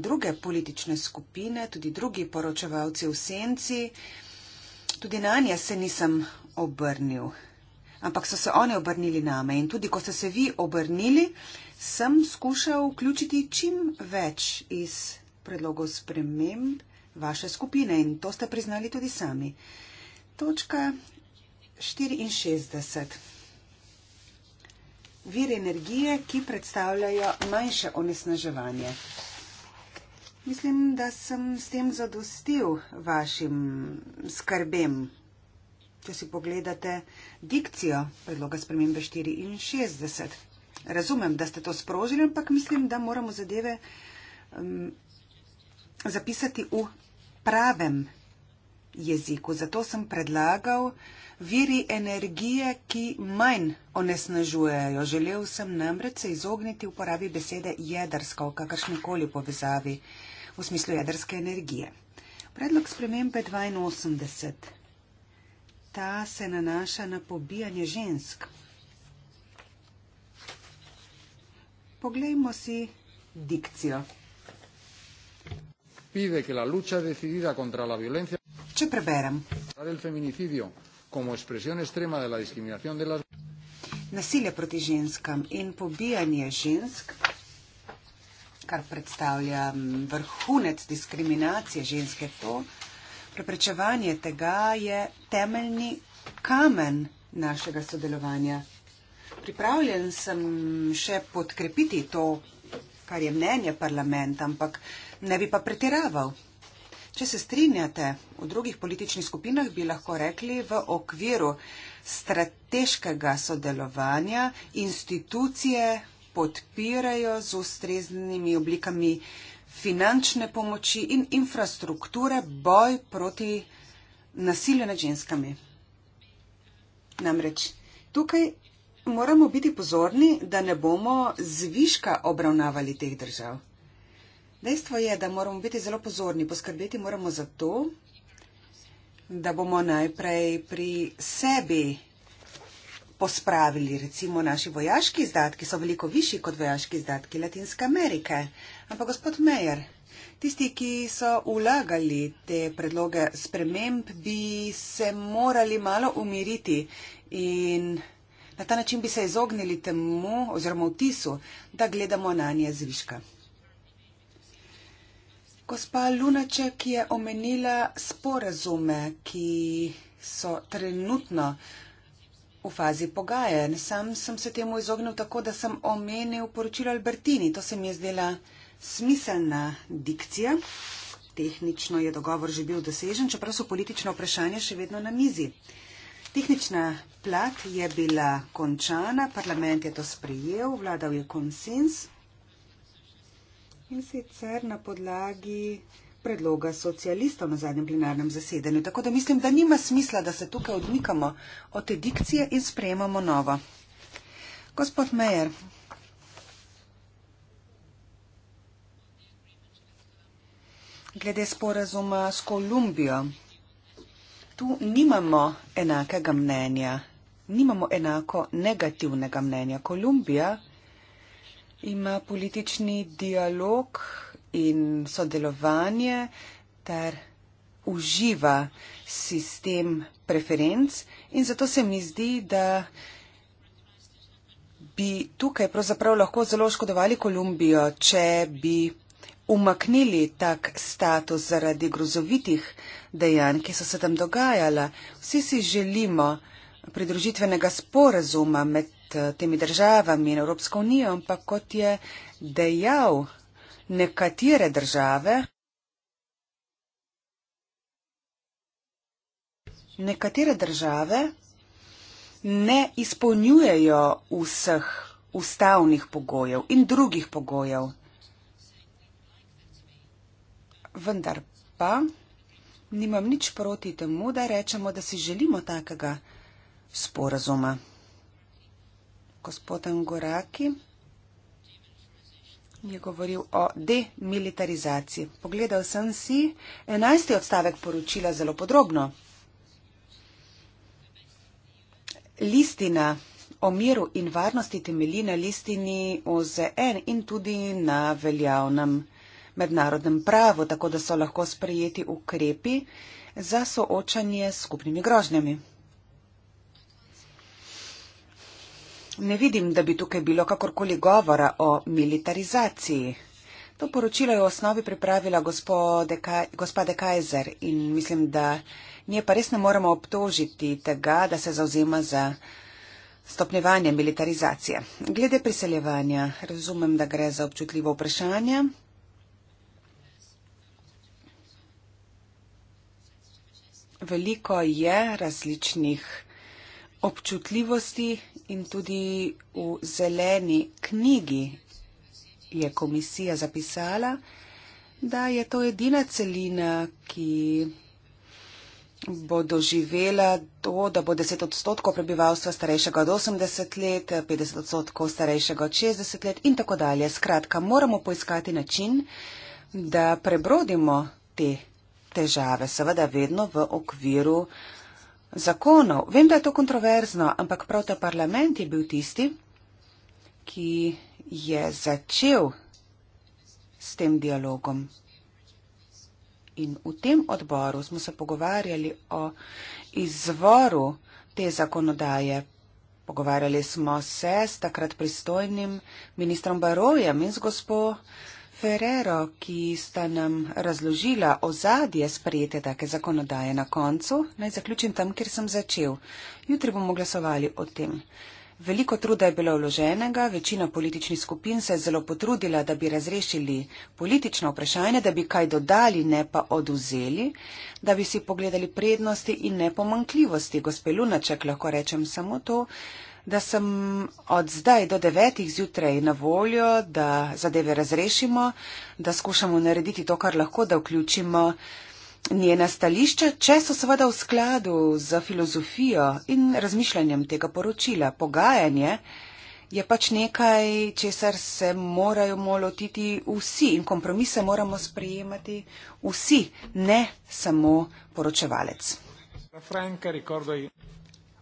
druge politične skupine, tudi drugi poročevalci v senci, tudi na nje se nisem obrnil ampak so se oni obrnili name in tudi ko ste se vi obrnili, sem skušal vključiti čim več iz predlogov sprememb vaše skupine in to ste priznali tudi sami. Točka 64. Vir energije, ki predstavljajo manjše onesnaževanje. Mislim, da sem s tem zadostil vašim skrbem če si pogledate dikcijo predloga spremembe 64. Razumem, da ste to sprožili, ampak mislim, da moramo zadeve um, zapisati v pravem jeziku. Zato sem predlagal viri energije, ki manj onesnažujejo. Želel sem namreč se izogniti uporabi besede jedrska v kakršnikoli povezavi v smislu jedrske energije. Predlog spremembe 82 ta se nanaša na pobijanje žensk. Poglejmo si dikcijo. Pide, da la lucha decidida contra la violencia. Če preberem. Del feminicidio, como expresión extrema de la discriminación de las. Nasilje proti ženskam in pobijanje žensk, kar predstavlja vrhunec diskriminacije ženske, to Preprečevanje tega je temeljni kamen našega sodelovanja. Pripravljen sem še podkrepiti to, kar je mnenje parlamenta, ampak ne bi pa pretiraval. Če se strinjate, v drugih političnih skupinah bi lahko rekli v okviru strateškega sodelovanja institucije podpirajo z ustreznimi oblikami finančne pomoči in infrastrukture boj proti nasilju nad ženskami. Namreč tukaj moramo biti pozorni, da ne bomo zviška obravnavali teh držav. Dejstvo je, da moramo biti zelo pozorni, poskrbeti moramo za to, da bomo najprej pri sebi pospravili. Recimo naši vojaški izdatki so veliko višji kot vojaški izdatki Latinske Amerike. Ampak gospod Mejer, tisti, ki so ulagali te predloge sprememb, bi se morali malo umiriti in na ta način bi se izognili temu oziroma vtisu, da gledamo na nje zviška. Gospa Lunaček je omenila sporazume, ki so trenutno v fazi pogajen. Sam sem se temu izognil tako, da sem omenil poročilo Albertini. To se mi je zdela smiselna dikcija. Tehnično je dogovor že bil dosežen, čeprav so politična vprašanja še vedno na mizi. Tehnična plat je bila končana, parlament je to sprejel, vladal je konsens. In sicer na podlagi predloga socialistov na zadnjem plenarnem zasedanju. Tako da mislim, da nima smisla, da se tukaj odmikamo od te dikcije in sprejemamo novo. Gospod Mejer. Glede sporazuma s Kolumbijo, tu nimamo enakega mnenja, nimamo enako negativnega mnenja. Kolumbija ima politični dialog in sodelovanje ter uživa sistem preferenc in zato se mi zdi, da bi tukaj pravzaprav lahko zelo škodovali Kolumbijo, če bi umaknili tak status zaradi grozovitih dejanj, ki so se tam dogajala. Vsi si želimo pridružitvenega sporazuma med eh, temi državami in Evropsko unijo, ampak kot je dejal nekatere države, nekatere države ne izpolnjujejo vseh ustavnih pogojev in drugih pogojev. Vendar pa nimam nič proti temu, da rečemo, da si želimo takega sporazuma. Gospod Angoraki je govoril o demilitarizaciji. Pogledal sem si enajsti odstavek poročila zelo podrobno. Listina o miru in varnosti temelji na listini OZN in tudi na veljavnem mednarodnem pravu, tako da so lahko sprejeti ukrepi za soočanje s skupnimi grožnjami. Ne vidim, da bi tukaj bilo kakorkoli govora o militarizaciji. To poročilo je v osnovi pripravila gospa De Kaiser in mislim, da nje pa res ne moremo obtožiti tega, da se zauzema za stopnjevanje militarizacije. Glede priseljevanja, razumem, da gre za občutljivo vprašanje. Veliko je različnih občutljivosti in tudi v zeleni knjigi je komisija zapisala, da je to edina celina, ki bo doživela to, da bo 10 odstotkov prebivalstva starejšega od 80 let, 50 odstotkov starejšega od 60 let in tako dalje. Skratka, moramo poiskati način, da prebrodimo te težave, seveda vedno v okviru uh, zakonov. Vem, da je to kontroverzno, ampak prav ta parlament je bil tisti, ki je začel s tem dialogom. In v tem odboru smo se pogovarjali o izvoru te zakonodaje. Pogovarjali smo se s takrat pristojnim ministrom Barojem in z gospod Ferrero, ki sta nam razložila ozadje sprejete take zakonodaje na koncu, naj zaključim tam, kjer sem začel. Jutri bomo glasovali o tem. Veliko truda je bilo vloženega, večina političnih skupin se je zelo potrudila, da bi razrešili politično vprašanje, da bi kaj dodali, ne pa oduzeli, da bi si pogledali prednosti in ne pomankljivosti. Gospe Lunaček, lahko rečem samo to da sem od zdaj do devetih zjutraj na voljo, da zadeve razrešimo, da skušamo narediti to, kar lahko, da vključimo njena stališča, če so seveda v skladu z filozofijo in razmišljanjem tega poročila. Pogajanje je pač nekaj, česar se morajo molotiti vsi in kompromise moramo sprejemati vsi, ne samo poročevalec. Franca, ricordo...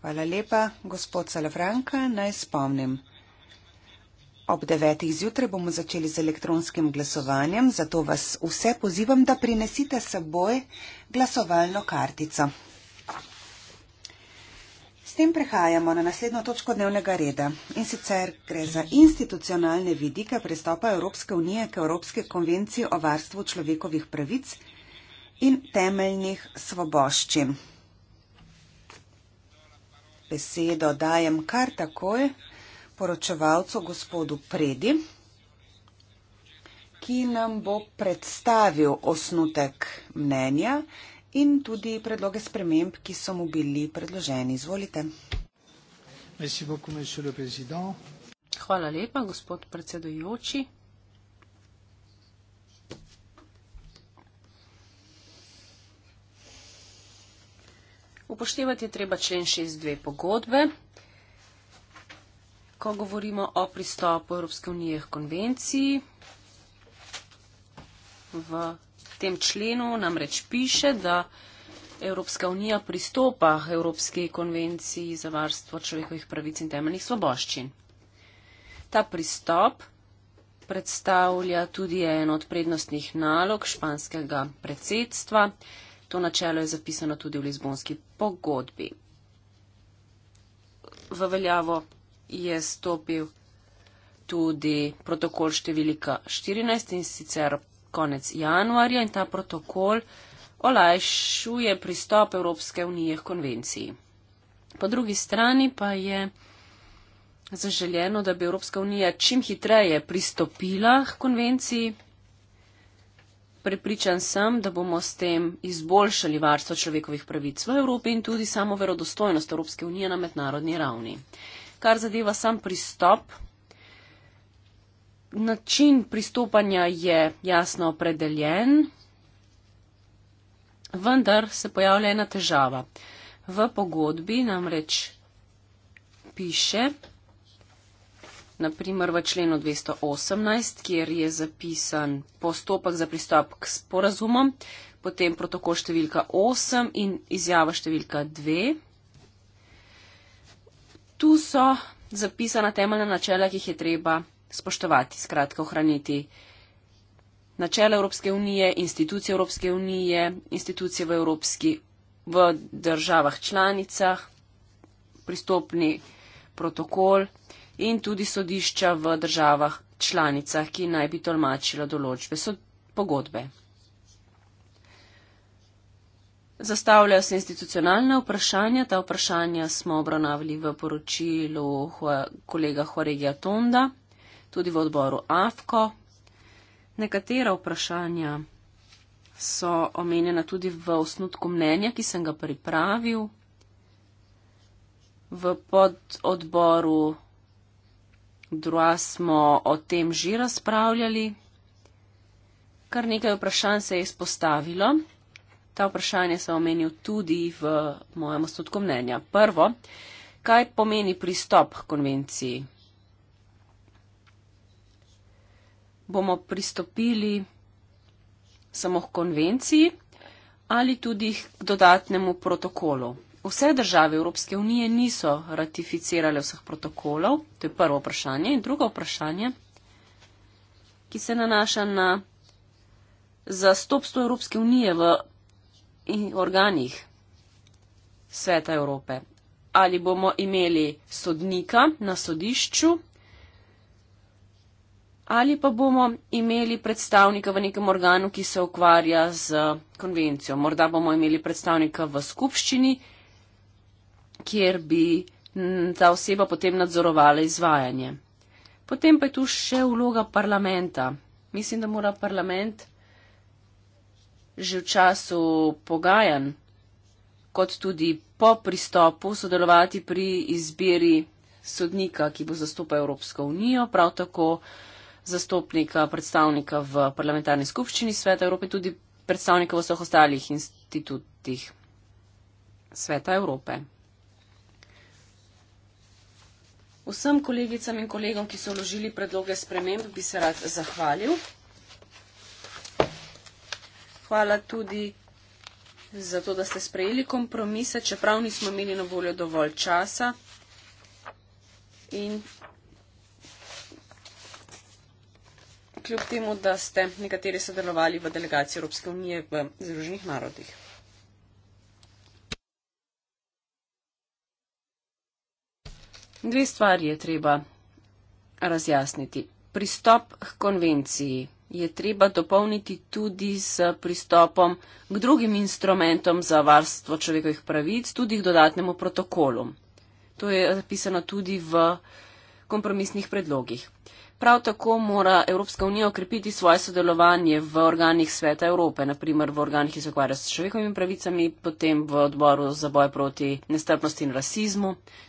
Hvala lepa, gospod Salafranka. Naj spomnim. Ob devetih zjutraj bomo začeli z elektronskim glasovanjem, zato vas vse pozivam, da prinesite s seboj glasovalno kartico. S tem prehajamo na naslednjo točko dnevnega reda in sicer gre za institucionalne vidike pristopa Evropske unije k Evropske konvenciji o varstvu človekovih pravic in temeljnih svoboščin besedo dajem kar takoj poročevalcu gospodu Predi, ki nam bo predstavil osnutek mnenja in tudi predloge sprememb, ki so mu bili predloženi. Izvolite. Hvala lepa, gospod predsedujoči. Upoštevati je treba člen 6.2 pogodbe, ko govorimo o pristopu Evropske unije k konvenciji. V tem členu namreč piše, da Evropska unija pristopa Evropski konvenciji za varstvo človekovih pravic in temeljnih svoboščin. Ta pristop predstavlja tudi eno od prednostnih nalog španskega predsedstva, To načelo je zapisano tudi v Lizbonski pogodbi. V veljavo je stopil tudi protokol številka 14 in sicer konec januarja in ta protokol olajšuje pristop Evropske unije k konvenciji. Po drugi strani pa je zaželjeno, da bi Evropska unija čim hitreje pristopila k konvenciji, Prepričan sem, da bomo s tem izboljšali varstvo človekovih pravic v Evropi in tudi samo verodostojnost Evropske unije na mednarodni ravni. Kar zadeva sam pristop, način pristopanja je jasno opredeljen, vendar se pojavlja ena težava. V pogodbi namreč piše, naprimer v členu 218, kjer je zapisan postopek za pristop k sporazumom, potem protokol številka 8 in izjava številka 2. Tu so zapisana temeljna načela, ki jih je treba spoštovati, skratka ohraniti načela Evropske unije, institucije Evropske unije, institucije v Evropski v državah članicah, pristopni protokol, in tudi sodišča v državah članicah, ki naj bi tolmačila določbe so pogodbe. Zastavljajo se institucionalne vprašanja, ta vprašanja smo obravnavali v poročilu kolega Horegija Tonda, tudi v odboru AFKO. Nekatera vprašanja so omenjena tudi v osnutku mnenja, ki sem ga pripravil v pododboru Drua smo o tem že razpravljali. Kar nekaj vprašanj se je izpostavilo. Ta vprašanja sem omenil tudi v mojem ostotku mnenja. Prvo, kaj pomeni pristop k konvenciji? Bomo pristopili samo k konvenciji ali tudi k dodatnemu protokolu? Vse države Evropske unije niso ratificirale vseh protokolov, to je prvo vprašanje. In drugo vprašanje, ki se nanaša na zastopstvo Evropske unije v organih sveta Evrope. Ali bomo imeli sodnika na sodišču, ali pa bomo imeli predstavnika v nekem organu, ki se ukvarja z konvencijo. Morda bomo imeli predstavnika v skupščini, kjer bi mm, ta oseba potem nadzorovala izvajanje. Potem pa je tu še vloga parlamenta. Mislim, da mora parlament že v času pogajanj, kot tudi po pristopu, sodelovati pri izbiri sodnika, ki bo zastopal Evropsko unijo, prav tako zastopnika, predstavnika v parlamentarni skupščini Sveta Evrope, tudi predstavnika v vseh ostalih institutih Sveta Evrope. Vsem kolegicam in kolegom, ki so vložili predloge sprememb, bi se rad zahvalil. Hvala tudi za to, da ste sprejeli kompromise, čeprav nismo imeli na voljo dovolj časa. In kljub temu, da ste nekateri sodelovali v delegaciji Evropske unije v Združenih narodih. Dve stvari je treba razjasniti. Pristop k konvenciji je treba dopolniti tudi s pristopom k drugim instrumentom za varstvo človekovih pravic, tudi k dodatnemu protokolu. To je zapisano tudi v kompromisnih predlogih. Prav tako mora Evropska unija okrepiti svoje sodelovanje v organih sveta Evrope, naprimer v organih, ki se ukvarjajo s človekovimi pravicami, potem v odboru za boj proti nestrpnosti in rasizmu.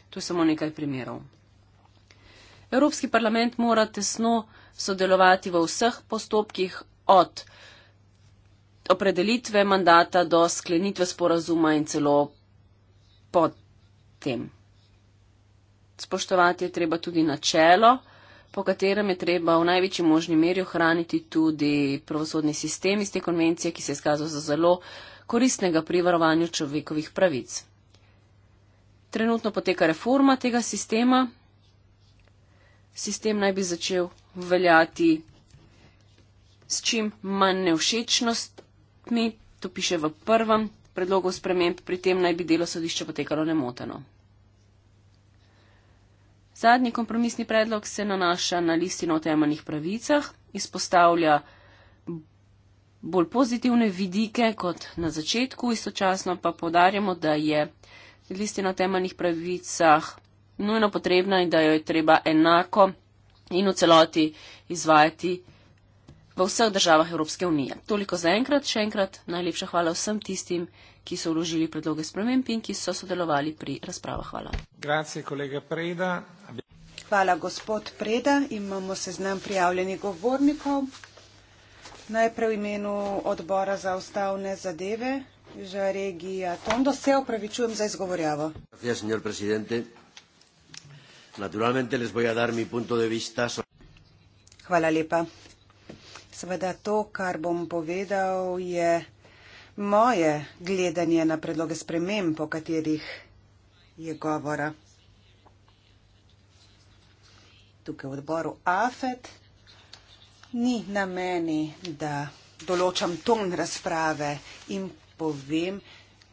Tu je samo nekaj primerov. Evropski parlament mora tesno sodelovati v vseh postopkih od opredelitve mandata do sklenitve sporazuma in celo potem. Spoštovati je treba tudi načelo, po katerem je treba v največji možni meri ohraniti tudi pravosodni sistem iz te konvencije, ki se je skazal za zelo koristnega pri varovanju človekovih pravic. Trenutno poteka reforma tega sistema. Sistem naj bi začel veljati s čim manj nevšečnostmi, to piše v prvem predlogu sprememb, pri tem naj bi delo sodišča potekalo nemoteno. Zadnji kompromisni predlog se nanaša na listino o temeljnih pravicah, izpostavlja bolj pozitivne vidike kot na začetku, istočasno pa podarjamo, da je listina o temeljnih pravicah nujno potrebna in da jo je treba enako in v celoti izvajati v vseh državah Evropske unije. Toliko za enkrat, še enkrat najlepša hvala vsem tistim, ki so vložili predloge sprememb in ki so sodelovali pri razpravah. Hvala. Grazie, Hvala, gospod Preda. Imamo seznam prijavljenih govornikov. Najprej v imenu odbora za ustavne zadeve, že regija Tondo, se opravičujem za izgovorjavo. Hvala lepa. Seveda to, kar bom povedal, je moje gledanje na predloge sprememb, o katerih je govora tukaj v odboru AFET. Ni na meni, da določam ton razprave in povem,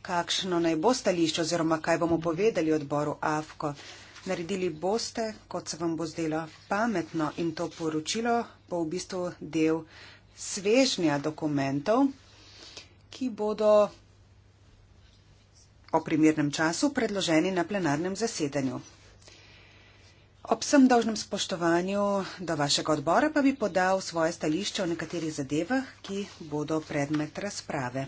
kakšno naj bo stališče oziroma kaj bomo povedali odboru AFKO. Naredili boste, kot se vam bo zdelo pametno in to poročilo bo v bistvu del svežnja dokumentov, ki bodo o primernem času predloženi na plenarnem zasedanju. Ob vsem dožnem spoštovanju do vašega odbora pa bi podal svoje stališče o nekaterih zadevah, ki bodo predmet razprave.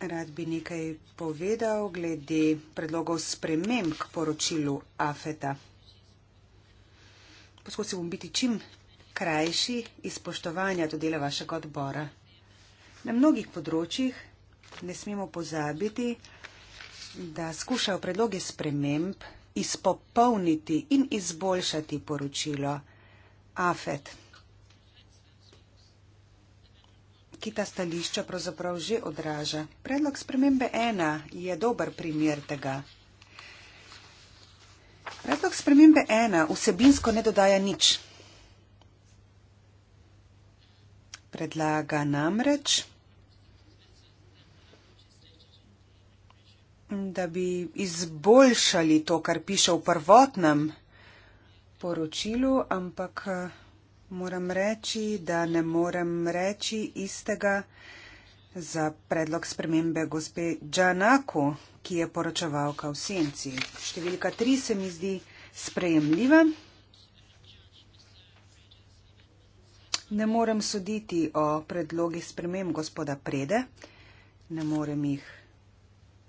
Rad bi nekaj povedal glede predlogov sprememb k poročilu AFETA. Poskusil bom biti čim krajši iz spoštovanja do dela vašega odbora. Na mnogih področjih ne smemo pozabiti, da skušajo predloge sprememb izpopolniti in izboljšati poročilo AFET, ki ta stališča pravzaprav že odraža. Predlog spremembe 1 je dober primer tega. Predlog spremembe 1 vsebinsko ne dodaja nič. Predlaga namreč da bi izboljšali to, kar piše v prvotnem poročilu, ampak eh, moram reči, da ne morem reči istega za predlog spremembe gospe Džanaku, ki je poročevalka v senci. Številka tri se mi zdi sprejemljiva. Ne morem soditi o predlogih spremem gospoda Prede, ne morem jih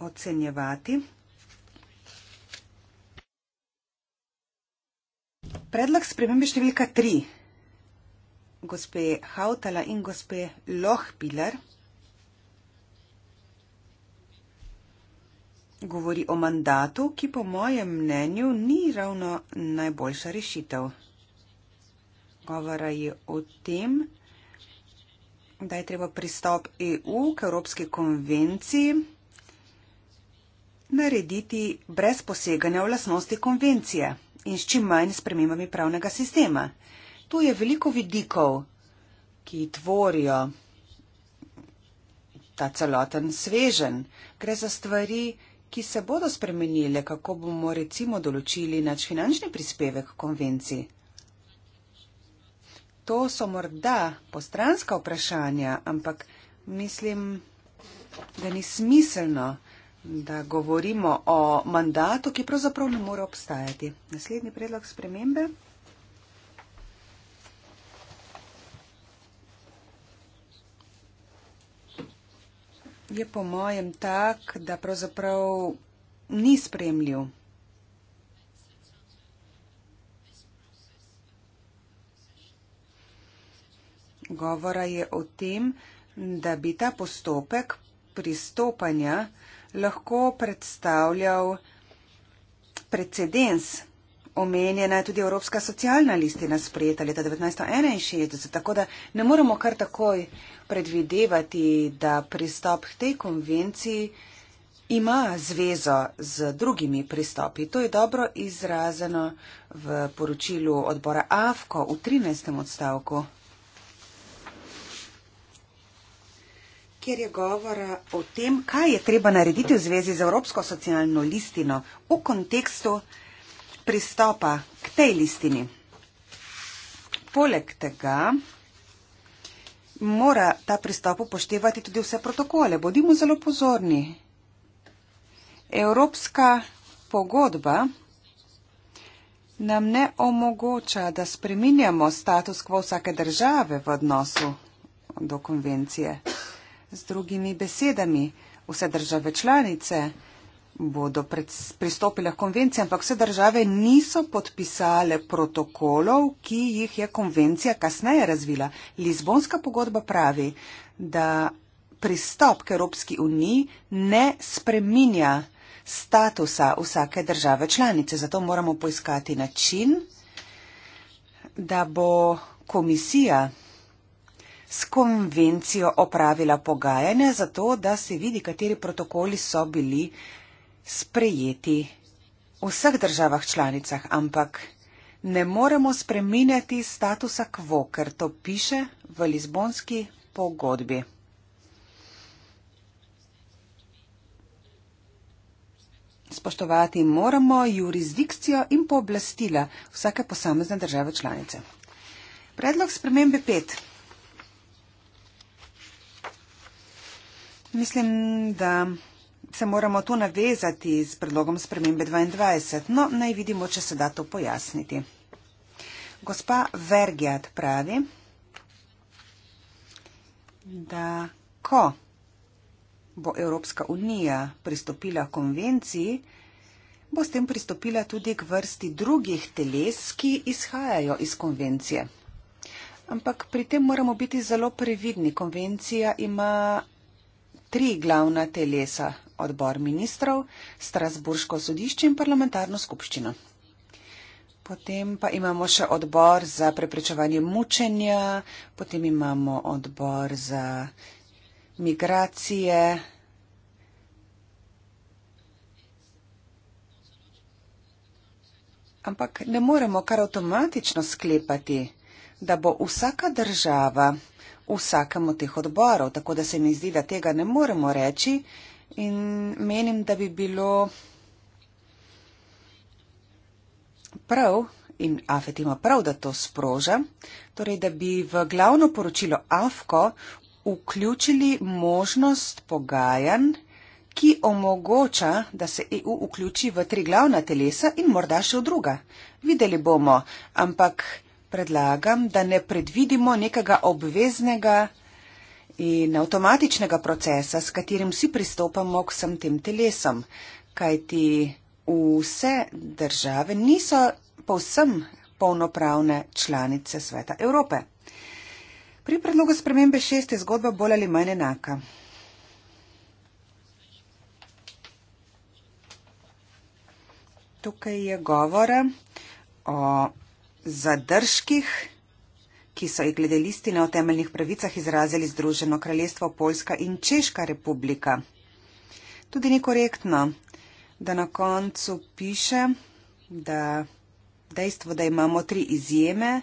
ocenjevati. Predlog spremembe številka 3 gospe Hautala in gospe Lohpiler govori o mandatu, ki po mojem mnenju ni ravno najboljša rešitev. Govora je o tem, da je treba pristop EU k Evropski konvenciji narediti brez poseganja v lasnosti konvencije in s čim manj spremembami pravnega sistema. Tu je veliko vidikov, ki tvorijo ta celoten svežen. Gre za stvari, ki se bodo spremenile, kako bomo recimo določili nač finančni prispevek konvenciji. To so morda postranska vprašanja, ampak mislim, da ni smiselno da govorimo o mandatu, ki pravzaprav ne more obstajati. Naslednji predlog spremembe. Je po mojem tak, da pravzaprav ni spremljiv. Govora je o tem, da bi ta postopek pristopanja lahko predstavljal precedens. Omenjena je tudi Evropska socialna listina sprejeta leta 1961, tako da ne moramo kar takoj predvidevati, da pristop k tej konvenciji ima zvezo z drugimi pristopi. To je dobro izraženo v poročilu odbora AFKO v 13. odstavku. kjer je govora o tem, kaj je treba narediti v zvezi z Evropsko socialno listino v kontekstu pristopa k tej listini. Poleg tega mora ta pristop upoštevati tudi vse protokole. Bodimo zelo pozorni. Evropska pogodba nam ne omogoča, da spreminjamo status quo vsake države v odnosu do konvencije. Z drugimi besedami, vse države članice bodo pred, pristopile k konvenciji, ampak vse države niso podpisale protokolov, ki jih je konvencija kasneje razvila. Lizbonska pogodba pravi, da pristop k Evropski uniji ne spreminja statusa vsake države članice. Zato moramo poiskati način, da bo komisija s konvencijo opravila pogajanja, zato da se vidi, kateri protokoli so bili sprejeti v vseh državah članicah, ampak ne moremo spreminjati statusa kvo, ker to piše v Lizbonski pogodbi. Spoštovati moramo jurisdikcijo in pooblastila vsake posamezne države članice. Predlog spremembe 5. Mislim, da se moramo to navezati z predlogom spremembe 22. No, naj vidimo, če se da to pojasniti. Gospa Vergjat pravi, da ko bo Evropska unija pristopila konvenciji, bo s tem pristopila tudi k vrsti drugih teles, ki izhajajo iz konvencije. Ampak pri tem moramo biti zelo previdni. Konvencija ima tri glavna telesa - odbor ministrov, Strasburško sodišče in parlamentarno skupščino. Potem pa imamo še odbor za preprečevanje mučenja, potem imamo odbor za migracije. Ampak ne moremo kar avtomatično sklepati, da bo vsaka država vsakem od teh odborov, tako da se mi zdi, da tega ne moremo reči in menim, da bi bilo prav in AFET ima prav, da to sproža, torej da bi v glavno poročilo AFKO vključili možnost pogajanj, ki omogoča, da se EU vključi v tri glavna telesa in morda še v druga. Videli bomo, ampak predlagam, da ne predvidimo nekega obveznega in avtomatičnega procesa, s katerim vsi pristopamo k vsem tem telesom, kajti vse države niso povsem polnopravne članice Sveta Evrope. Pri predlogu spremembe šest je zgodba bolj ali manj enaka. Tukaj je govora o zadržkih, ki so jih glede listine o temeljnih pravicah izrazili Združeno kraljestvo Poljska in Češka republika. Tudi ni korektno, da na koncu piše, da dejstvo, da imamo tri izjeme,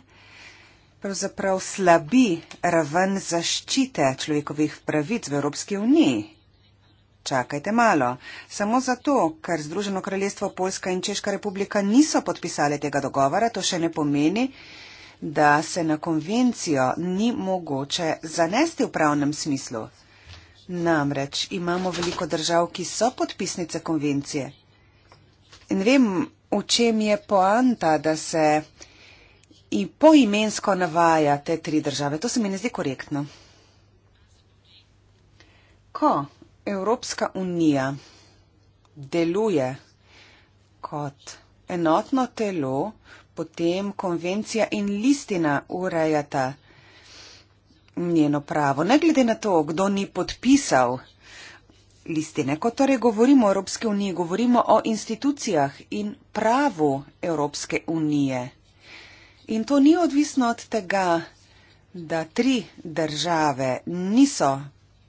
pravzaprav slabi raven zaščite človekovih pravic v Evropski uniji. Čakajte malo, samo zato, ker Združeno kraljestvo Poljska in Češka republika niso podpisali tega dogovora, to še ne pomeni, da se na konvencijo ni mogoče zanesti v pravnem smislu. Namreč imamo veliko držav, ki so podpisnice konvencije. In vem, v čem je poanta, da se in poimensko navaja te tri države. To se mi ne zdi korektno. Ko? Evropska unija deluje kot enotno telo, potem konvencija in listina urejata njeno pravo. Ne glede na to, kdo ni podpisal listine, ko torej govorimo o Evropske unije, govorimo o institucijah in pravu Evropske unije. In to ni odvisno od tega, da tri države niso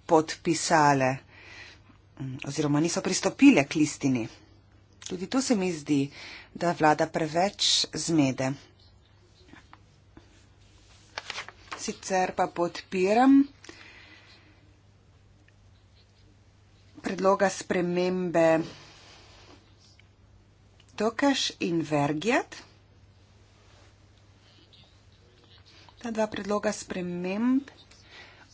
podpisale oziroma niso pristopile k listini. Tudi tu se mi zdi, da vlada preveč zmede. Sicer pa podpiram predloga spremembe Tokaš in Vergjat. Ta dva predloga sprememb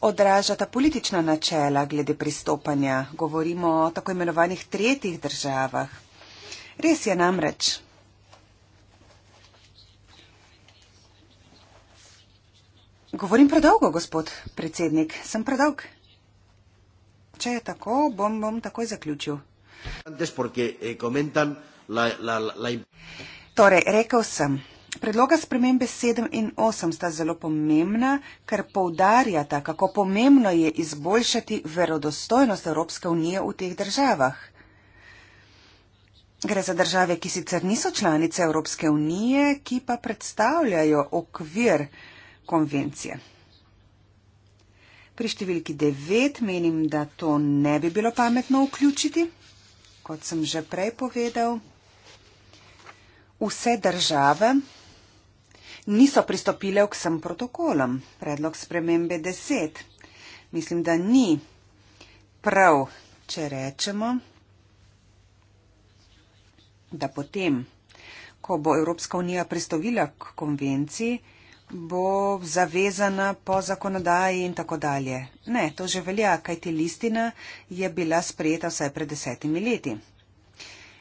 odražata politična načela glede pristopanja. Govorimo o tako imenovanih tretjih državah. Res je namreč. Govorim predolgo, gospod predsednik. Sem predolg. Če je tako, bom, bom takoj zaključil. Antes, porque, eh, la, la, la... Torej, rekel sem. Predloga spremembe 7 in 8 sta zelo pomembna, ker poudarjata, kako pomembno je izboljšati verodostojnost Evropske unije v teh državah. Gre za države, ki sicer niso članice Evropske unije, ki pa predstavljajo okvir konvencije. Pri številki 9 menim, da to ne bi bilo pametno vključiti, kot sem že prej povedal. Vse države niso pristopile k vsem protokolom. Predlog spremembe 10. Mislim, da ni prav, če rečemo, da potem, ko bo Evropska unija pristopila k konvenciji, bo zavezana po zakonodaji in tako dalje. Ne, to že velja, kajti listina je bila sprejeta vsaj pred desetimi leti.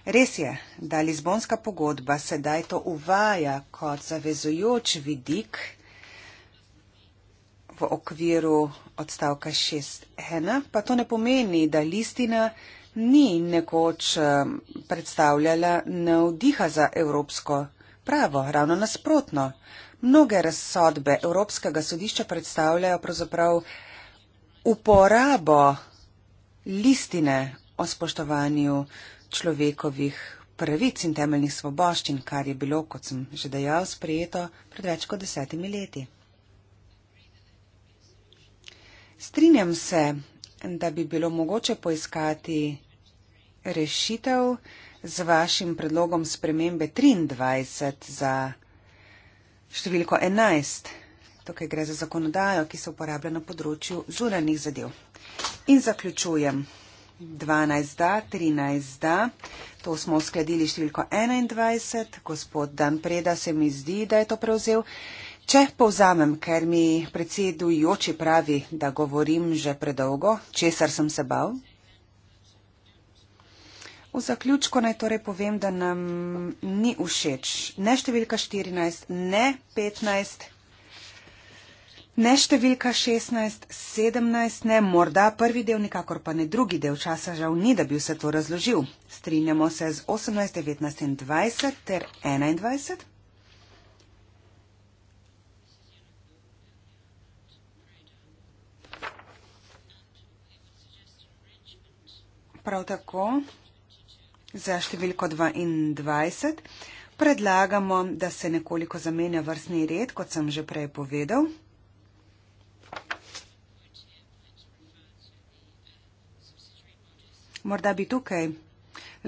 Res je, da Lizbonska pogodba sedaj to uvaja kot zavezujoč vidik v okviru odstavka 6.1, pa to ne pomeni, da listina ni nekoč predstavljala navdiha za evropsko pravo. Ravno nasprotno, mnoge razsodbe Evropskega sodišča predstavljajo pravzaprav uporabo listine o spoštovanju človekovih pravic in temeljnih svoboščin, kar je bilo, kot sem že dejal, sprejeto pred več kot desetimi leti. Strinjam se, da bi bilo mogoče poiskati rešitev z vašim predlogom spremembe 23 za številko 11. Tukaj gre za zakonodajo, ki se uporablja na področju zunanih zadev. In zaključujem. 12, da, 13, da. To smo uskladili številko 21. Gospod Dan Preda se mi zdi, da je to prevzel. Če povzamem, ker mi predsedujoči pravi, da govorim že predolgo, česar sem se bal. V zaključku naj torej povem, da nam ni všeč ne številka 14, ne 15, Ne številka 16, 17, ne morda prvi del, nikakor pa ne drugi del časa, žal ni, da bi vse to razložil. Strinjamo se z 18, 19 in 20 ter 21. Prav tako za številko 22 predlagamo, da se nekoliko zamenja vrstni red, kot sem že prej povedal. Morda bi tukaj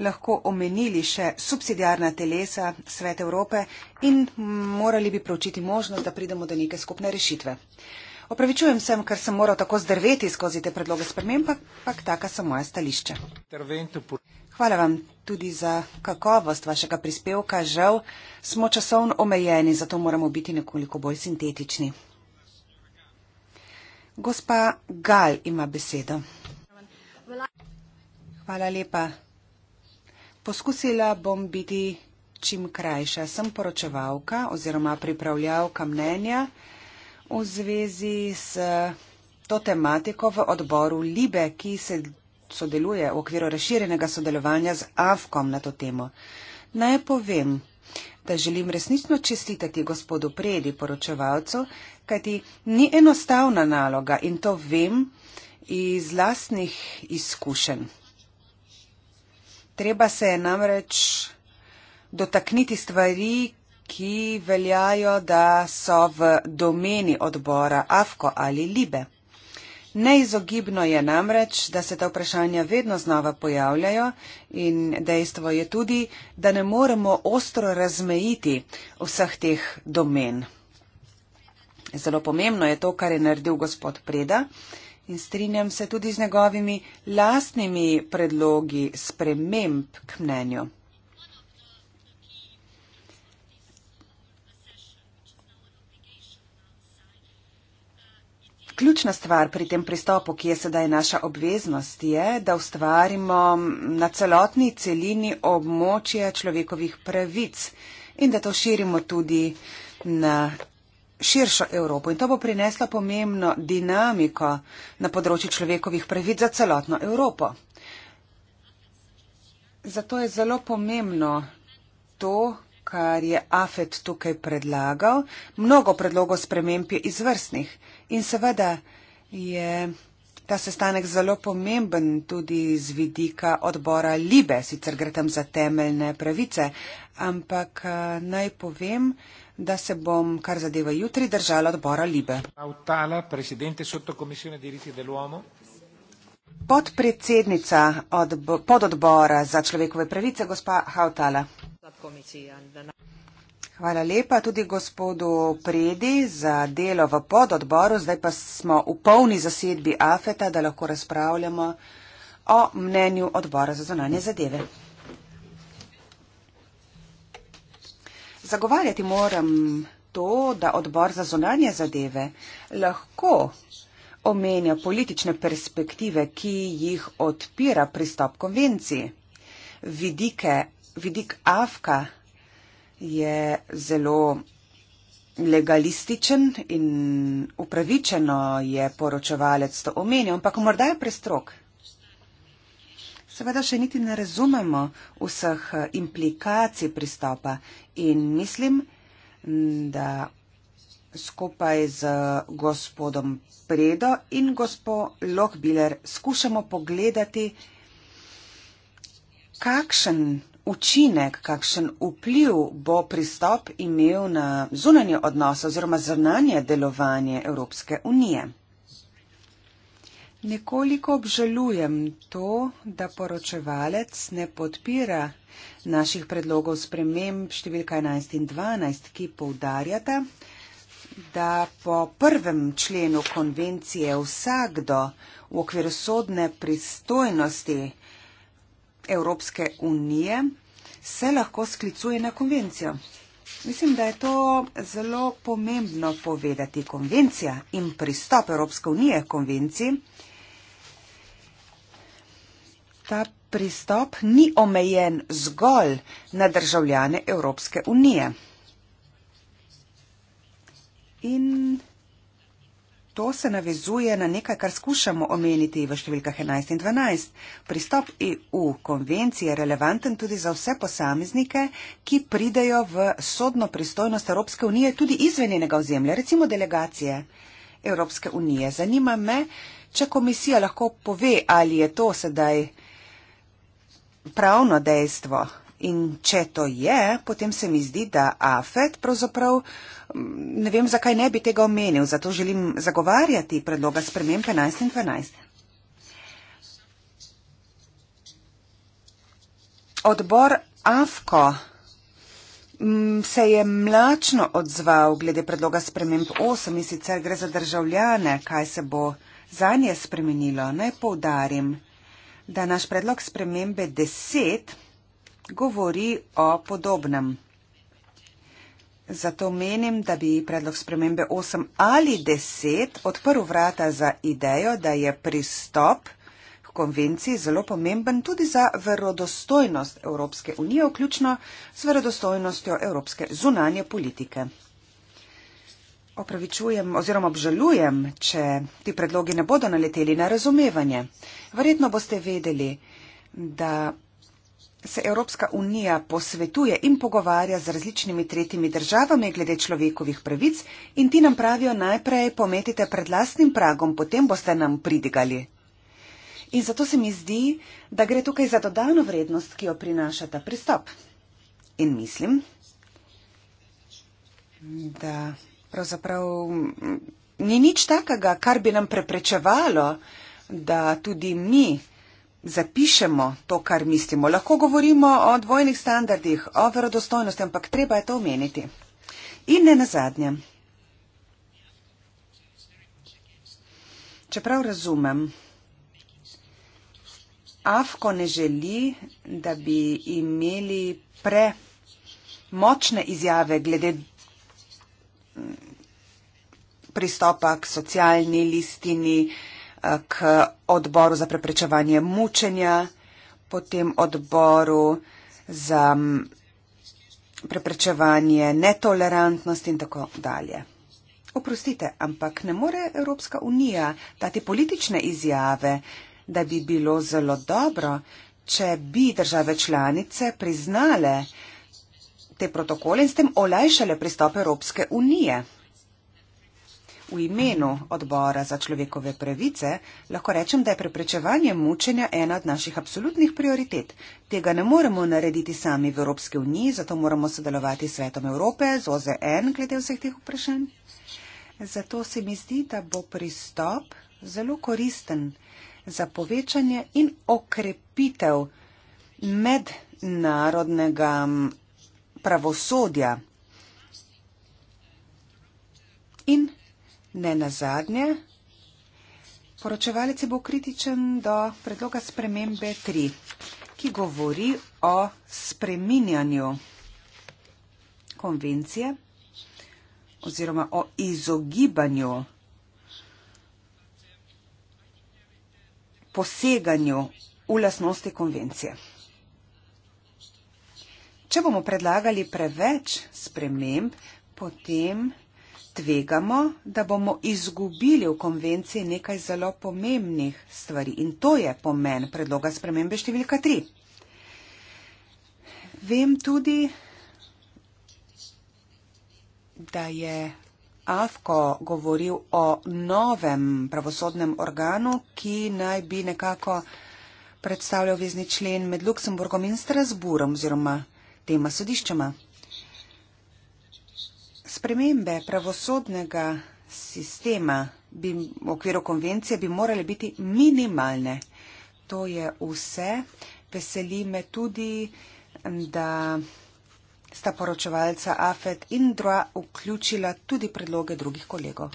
lahko omenili še subsidijarna telesa Svet Evrope in morali bi pročiti možnost, da pridemo do neke skupne rešitve. Opravičujem se, ker sem moral tako zdrveti skozi te predloge sprememb, ampak taka so moja stališča. Hvala vam tudi za kakovost vašega prispevka. Žal smo časovno omejeni, zato moramo biti nekoliko bolj sintetični. Gospa Gal ima besedo. Hvala lepa. Poskusila bom biti čim krajša. Sem poročevalka oziroma pripravljavka mnenja v zvezi s to tematiko v odboru Libe, ki se sodeluje v okviru razširjenega sodelovanja z AFKOM na to temo. Naj povem, da želim resnično čestitati gospodu Predi, poročevalcu, kajti ni enostavna naloga in to vem iz lastnih izkušenj. Treba se je namreč dotakniti stvari, ki veljajo, da so v domeni odbora AFKO ali LIBE. Neizogibno je namreč, da se ta vprašanja vedno znova pojavljajo in dejstvo je tudi, da ne moremo ostro razmejiti vseh teh domen. Zelo pomembno je to, kar je naredil gospod Preda in strinjam se tudi z njegovimi lastnimi predlogi sprememb k mnenju. Ključna stvar pri tem pristopu, ki je sedaj naša obveznost, je, da ustvarimo na celotni celini območje človekovih pravic in da to širimo tudi na širšo Evropo in to bo prineslo pomembno dinamiko na področju človekovih pravic za celotno Evropo. Zato je zelo pomembno to, kar je Afet tukaj predlagal. Mnogo predlogov sprememb je izvrstnih in seveda je ta sestanek zelo pomemben tudi z vidika odbora Libe, sicer gre tam za temeljne pravice, ampak eh, naj povem, da se bom, kar zadeva jutri, držala odbora Libe. Podpredsednica odbo, pododbora za človekove pravice, gospa Hautala. Hvala lepa tudi gospodu Predi za delo v pododboru. Zdaj pa smo v polni zasedbi Afeta, da lahko razpravljamo o mnenju odbora za zonanje zadeve. Zagovarjati moram to, da odbor za zonanje zadeve lahko omenja politične perspektive, ki jih odpira pristop konvenciji. Vidike, vidik Afka je zelo legalističen in upravičeno je poročevalec to omenil, ampak morda je prestrok seveda še niti ne razumemo vseh eh, implikacij pristopa in mislim, da skupaj z gospodom Predo in gospo Lohbiler skušamo pogledati, kakšen učinek, kakšen vpliv bo pristop imel na zunanje odnose oziroma zrnanje delovanje Evropske unije. Nekoliko obžalujem to, da poročevalec ne podpira naših predlogov sprememb številka 11 in 12, ki poudarjata, da po prvem členu konvencije vsakdo v okviru sodne pristojnosti Evropske unije se lahko sklicuje na konvencijo. Mislim, da je to zelo pomembno povedati. Konvencija in pristop Evropske unije konvenciji ta pristop ni omejen zgolj na državljane Evropske unije. In to se navezuje na nekaj, kar skušamo omeniti v številkah 11 in 12. Pristop EU konvencije je relevanten tudi za vse posameznike, ki pridejo v sodno pristojnost Evropske unije tudi izven njenega ozemlja, recimo delegacije Evropske unije. Zanima me, če komisija lahko pove, ali je to sedaj pravno dejstvo. In če to je, potem se mi zdi, da AFET pravzaprav ne vem, zakaj ne bi tega omenil, zato želim zagovarjati predloga sprememb 15 in 12. Odbor AFKO se je mlačno odzval glede predloga sprememb 8 in sicer gre za državljane, kaj se bo za nje spremenilo. Naj poudarim da naš predlog spremembe 10 govori o podobnem. Zato menim, da bi predlog spremembe 8 ali 10 odprl vrata za idejo, da je pristop k konvenciji zelo pomemben tudi za verodostojnost Evropske unije, vključno s verodostojnostjo Evropske zunanje politike opravičujem oziroma obžalujem, če ti predlogi ne bodo naleteli na razumevanje. Verjetno boste vedeli, da se Evropska unija posvetuje in pogovarja z različnimi tretjimi državami glede človekovih pravic in ti nam pravijo najprej pometite pred lastnim pragom, potem boste nam pridigali. In zato se mi zdi, da gre tukaj za dodano vrednost, ki jo prinaša ta pristop. In mislim, da pravzaprav mm, ni nič takega, kar bi nam preprečevalo, da tudi mi zapišemo to, kar mislimo. Lahko govorimo o dvojnih standardih, o verodostojnosti, ampak treba je to omeniti. In ne nazadnje. Čeprav razumem, Afko ne želi, da bi imeli pre močne izjave glede pristopa k socialni listini, eh, k odboru za preprečevanje mučenja, potem odboru za mm, preprečevanje netolerantnosti in tako dalje. Oprostite, ampak ne more Evropska unija dati politične izjave, da bi bilo zelo dobro, če bi države članice priznale, te protokole in s tem olajšale pristop Evropske unije. V imenu odbora za človekove pravice lahko rečem, da je preprečevanje mučenja ena od naših absolutnih prioritet. Tega ne moremo narediti sami v Evropski uniji, zato moramo sodelovati s Svetom Evrope, z OZN glede vseh teh vprašanj. Zato se mi zdi, da bo pristop zelo koristen za povečanje in okrepitev mednarodnega pravosodja in ne nazadnje, poročevalec je bil kritičen do predloga spremembe 3, ki govori o spreminjanju konvencije oziroma o izogibanju poseganju v lasnosti konvencije. Če bomo predlagali preveč sprememb, potem tvegamo, da bomo izgubili v konvenciji nekaj zelo pomembnih stvari in to je pomen predloga spremembe številka 3. Vem tudi, da je Avko govoril o novem pravosodnem organu, ki naj bi nekako predstavljal vizni člen med Luksemburgom in Strasburom oziroma tema sodiščama. Spremembe pravosodnega sistema bi, v okviru konvencije bi morale biti minimalne. To je vse. Veseli me tudi, da sta poročevalca Afet in Droa vključila tudi predloge drugih kolegov.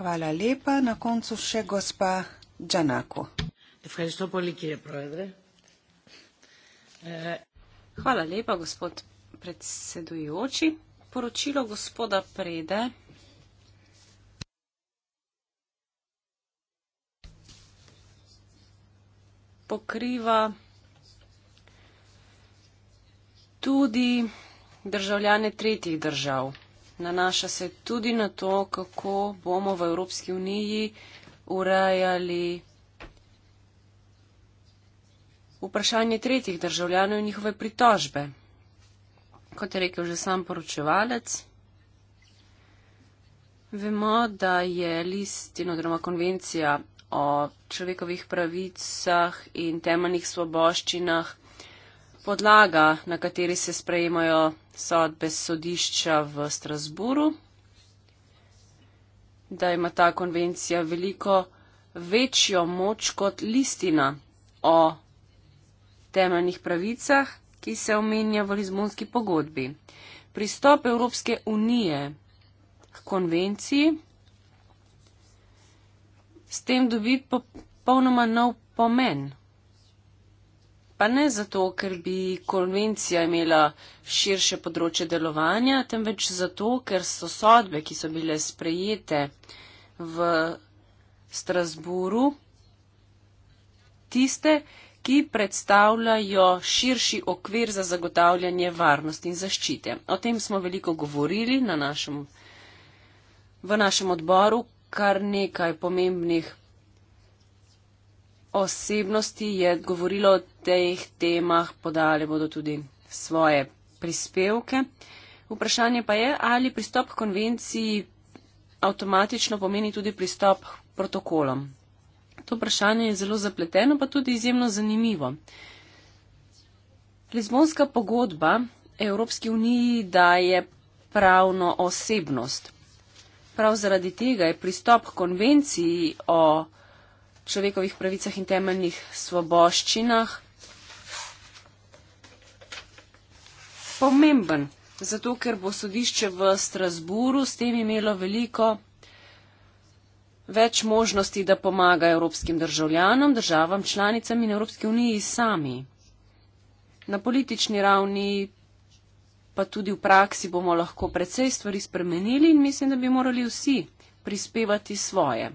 Hvala lepa. Na koncu še gospa Džanako. Hvala lepa, gospod predsednik. Hvala lepa, gospod predsedujoči. Poročilo gospoda Prede. pokriva tudi državljane tretjih držav. Nanaša se tudi na to, kako bomo v Evropski uniji urejali vprašanje tretjih državljanov in njihove pritožbe. Kot je rekel že sam poročevalec, vemo, da je listin oziroma konvencija o človekovih pravicah in temeljnih svoboščinah podlaga, na kateri se sprejemajo sodbe sodišča v Strasburu, da ima ta konvencija veliko večjo moč kot listina o temeljnih pravicah, ki se omenja v Lizbonski pogodbi. Pristop Evropske unije k konvenciji s tem dobi popolnoma nov pomen. Pa ne zato, ker bi konvencija imela širše področje delovanja, temveč zato, ker so sodbe, ki so bile sprejete v Strasburu, tiste, ki predstavljajo širši okvir za zagotavljanje varnosti in zaščite. O tem smo veliko govorili na našem, v našem odboru, kar nekaj pomembnih osebnosti je govorilo o teh temah, podali bodo tudi svoje prispevke. Vprašanje pa je, ali pristop konvenciji avtomatično pomeni tudi pristop protokolom to vprašanje je zelo zapleteno, pa tudi izjemno zanimivo. Lizbonska pogodba Evropski uniji daje pravno osebnost. Prav zaradi tega je pristop konvenciji o človekovih pravicah in temeljnih svoboščinah pomemben, zato ker bo sodišče v Strasburu s tem imelo veliko več možnosti, da pomaga evropskim državljanom, državam, članicam in Evropski uniji sami. Na politični ravni pa tudi v praksi bomo lahko precej stvari spremenili in mislim, da bi morali vsi prispevati svoje.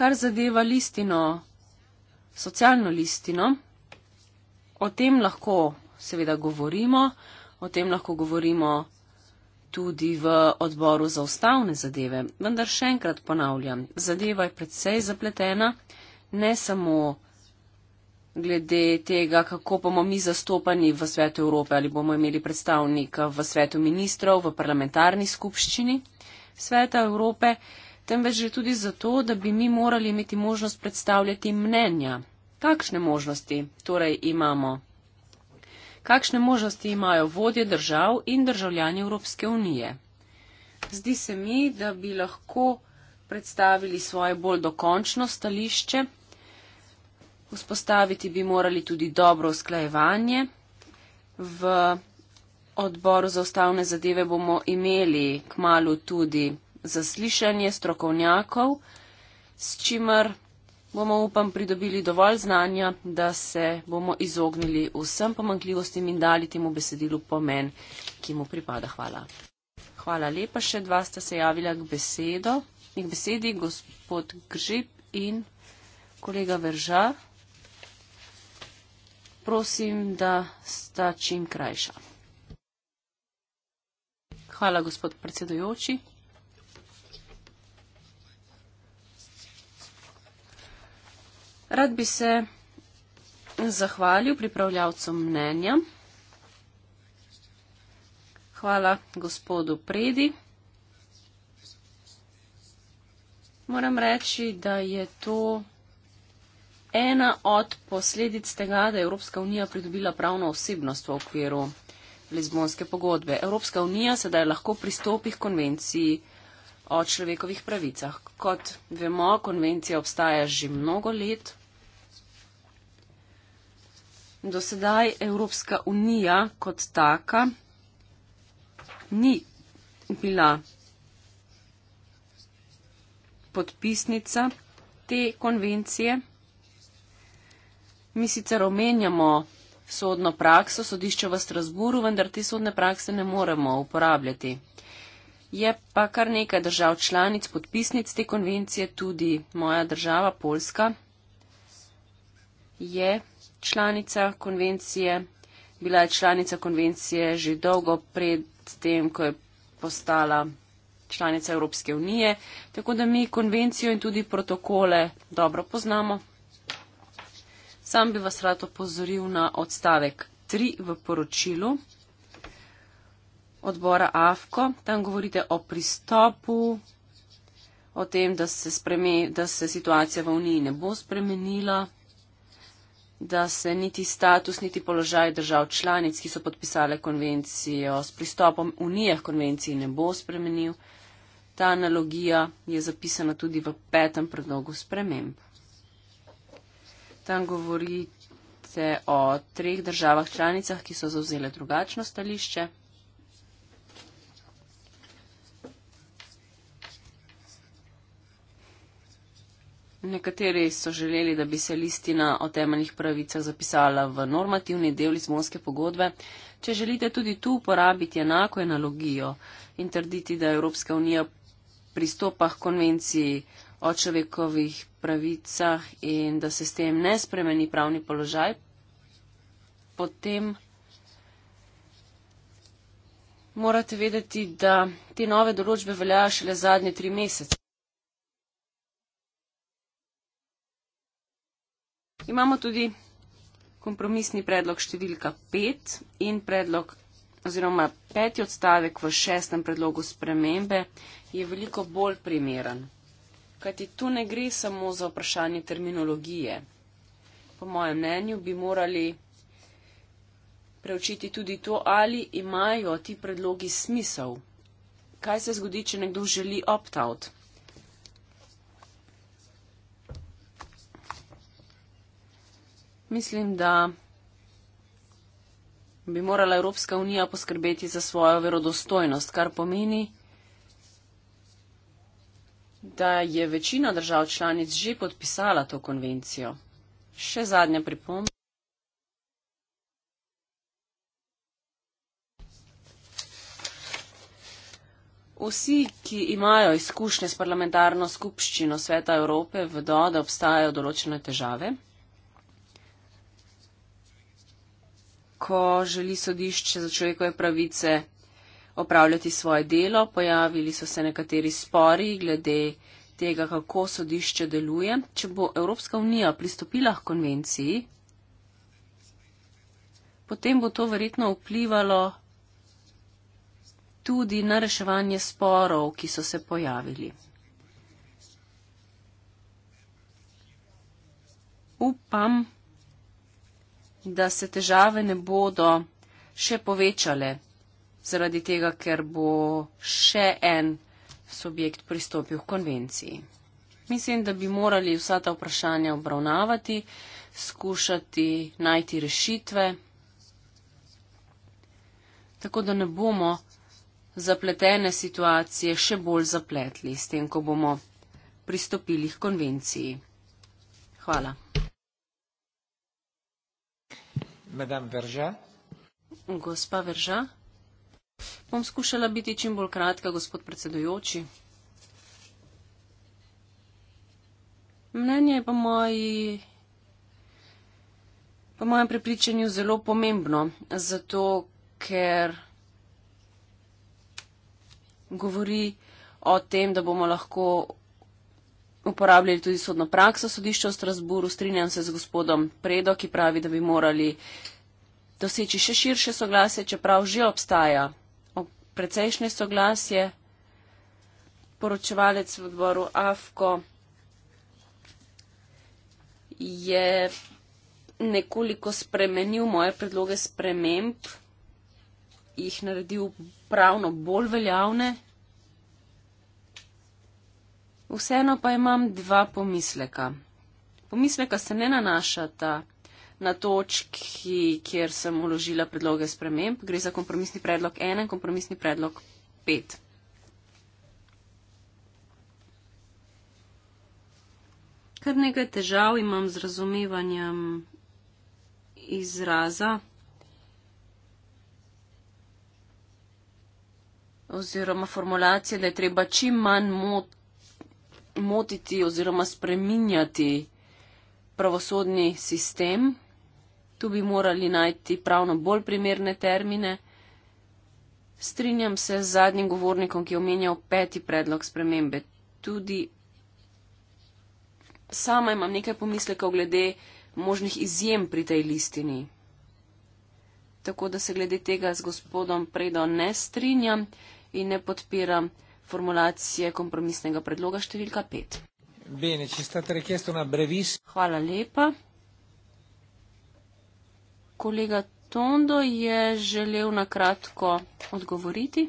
Kar zadeva listino, socialno listino, o tem lahko seveda govorimo, o tem lahko govorimo tudi v odboru za ustavne zadeve. Vendar še enkrat ponavljam, zadeva je predvsej zapletena, ne samo glede tega, kako bomo mi zastopani v svetu Evrope ali bomo imeli predstavnika v svetu ministrov, v parlamentarni skupščini sveta Evrope, temveč že tudi zato, da bi mi morali imeti možnost predstavljati mnenja. Kakšne možnosti torej imamo? kakšne možnosti imajo vodje držav in državljani Evropske unije. Zdi se mi, da bi lahko predstavili svoje bolj dokončno stališče, vzpostaviti bi morali tudi dobro usklajevanje. V odboru za ustavne zadeve bomo imeli k malu tudi zaslišanje strokovnjakov, s čimer bomo, upam, pridobili dovolj znanja, da se bomo izognili vsem pomankljivostim in dali temu besedilu pomen, ki mu pripada. Hvala. Hvala lepa, še dva sta se javila k, besedo, k besedi, gospod Gržip in kolega Verža. Prosim, da sta čim krajša. Hvala, gospod predsedojoči. Rad bi se zahvalil pripravljavcu mnenja. Hvala gospodu Predi. Moram reči, da je to ena od posledic tega, da je Evropska unija pridobila pravno osebnost v okviru Lizbonske pogodbe. Evropska unija sedaj lahko pristopi k konvenciji o človekovih pravicah. Kot vemo, konvencija obstaja že mnogo let, do sedaj Evropska unija kot taka ni bila podpisnica te konvencije. Mi sicer omenjamo sodno prakso, sodišče v Strasburu, vendar te sodne prakse ne moremo uporabljati. Je pa kar nekaj držav članic podpisnic te konvencije, tudi moja država Poljska je članica konvencije. Bila je članica konvencije že dolgo pred tem, ko je postala članica Evropske unije, tako da mi konvencijo in tudi protokole dobro poznamo. Sam bi vas rad opozoril na odstavek 3 v poročilu odbora AFKO. Tam govorite o pristopu, o tem, da se, spremi, da se situacija v uniji ne bo spremenila da se niti status, niti položaj držav članic, ki so podpisale konvencijo s pristopom Unije k konvenciji, ne bo spremenil. Ta analogija je zapisana tudi v petem predlogu sprememb. Tam govorite o treh državah članicah, ki so zauzele drugačno stališče. Nekateri so želeli, da bi se listina o temeljnih pravicah zapisala v normativni del Lizbonske pogodbe. Če želite tudi tu uporabiti enako analogijo in trditi, da Evropska unija pristopa k konvenciji o človekovih pravicah in da se s tem ne spremeni pravni položaj, potem morate vedeti, da te nove določbe veljajo šele zadnje tri mesece. Imamo tudi kompromisni predlog številka 5 in predlog oziroma peti odstavek v šestem predlogu spremembe je veliko bolj primeren. Kajti tu ne gre samo za vprašanje terminologije. Po mojem mnenju bi morali preučiti tudi to, ali imajo ti predlogi smisel. Kaj se zgodi, če nekdo želi opt-out? Mislim, da bi morala Evropska unija poskrbeti za svojo verodostojnost, kar pomeni, da je večina držav članic že podpisala to konvencijo. Še zadnja pripomba. Vsi, ki imajo izkušnje s parlamentarno skupščino Sveta Evrope, vedo, da obstajajo določene težave. ko želi sodišče za človekove pravice opravljati svoje delo. Pojavili so se nekateri spori glede tega, kako sodišče deluje. Če bo Evropska unija pristopila k konvenciji, potem bo to verjetno vplivalo tudi na reševanje sporov, ki so se pojavili. Upam, da se težave ne bodo še povečale, zaradi tega, ker bo še en subjekt pristopil k konvenciji. Mislim, da bi morali vsa ta vprašanja obravnavati, skušati najti rešitve, tako da ne bomo zapletene situacije še bolj zapletli s tem, ko bomo pristopili k konvenciji. Hvala. Madame Verža. Gospa Verža. Bom skušala biti čim bolj kratka, gospod predsedujoči. Mnenje je po moji. Po mojem prepričanju zelo pomembno, zato ker govori o tem, da bomo lahko uporabljali tudi sodno prakso sodišča v Strasburu. Strinjam se z gospodom Predo, ki pravi, da bi morali doseči še širše soglasje, čeprav že obstaja precejšnje soglasje. Poročevalec v odboru AFKO je nekoliko spremenil moje predloge sprememb, jih naredil pravno bolj veljavne, Vseeno pa imam dva pomisleka. Pomisleka se ne nanašata na točki, kjer sem uložila predloge sprememb. Gre za kompromisni predlog 1 in kompromisni predlog 5. Kar nekaj težav imam z razumevanjem izraza oziroma formulacije, da je treba čim manj motiti motiti oziroma spreminjati pravosodni sistem. Tu bi morali najti pravno bolj primerne termine. Strinjam se z zadnjim govornikom, ki je omenjal peti predlog spremembe. Tudi sama imam nekaj pomislekov glede možnih izjem pri tej listini. Tako da se glede tega z gospodom Predo ne strinjam in ne podpiram formulacije kompromisnega predloga številka 5. Bene, ci state richiesto una brevis. Hvala lepa. Kolega Tondo je želel na kratko odgovoriti.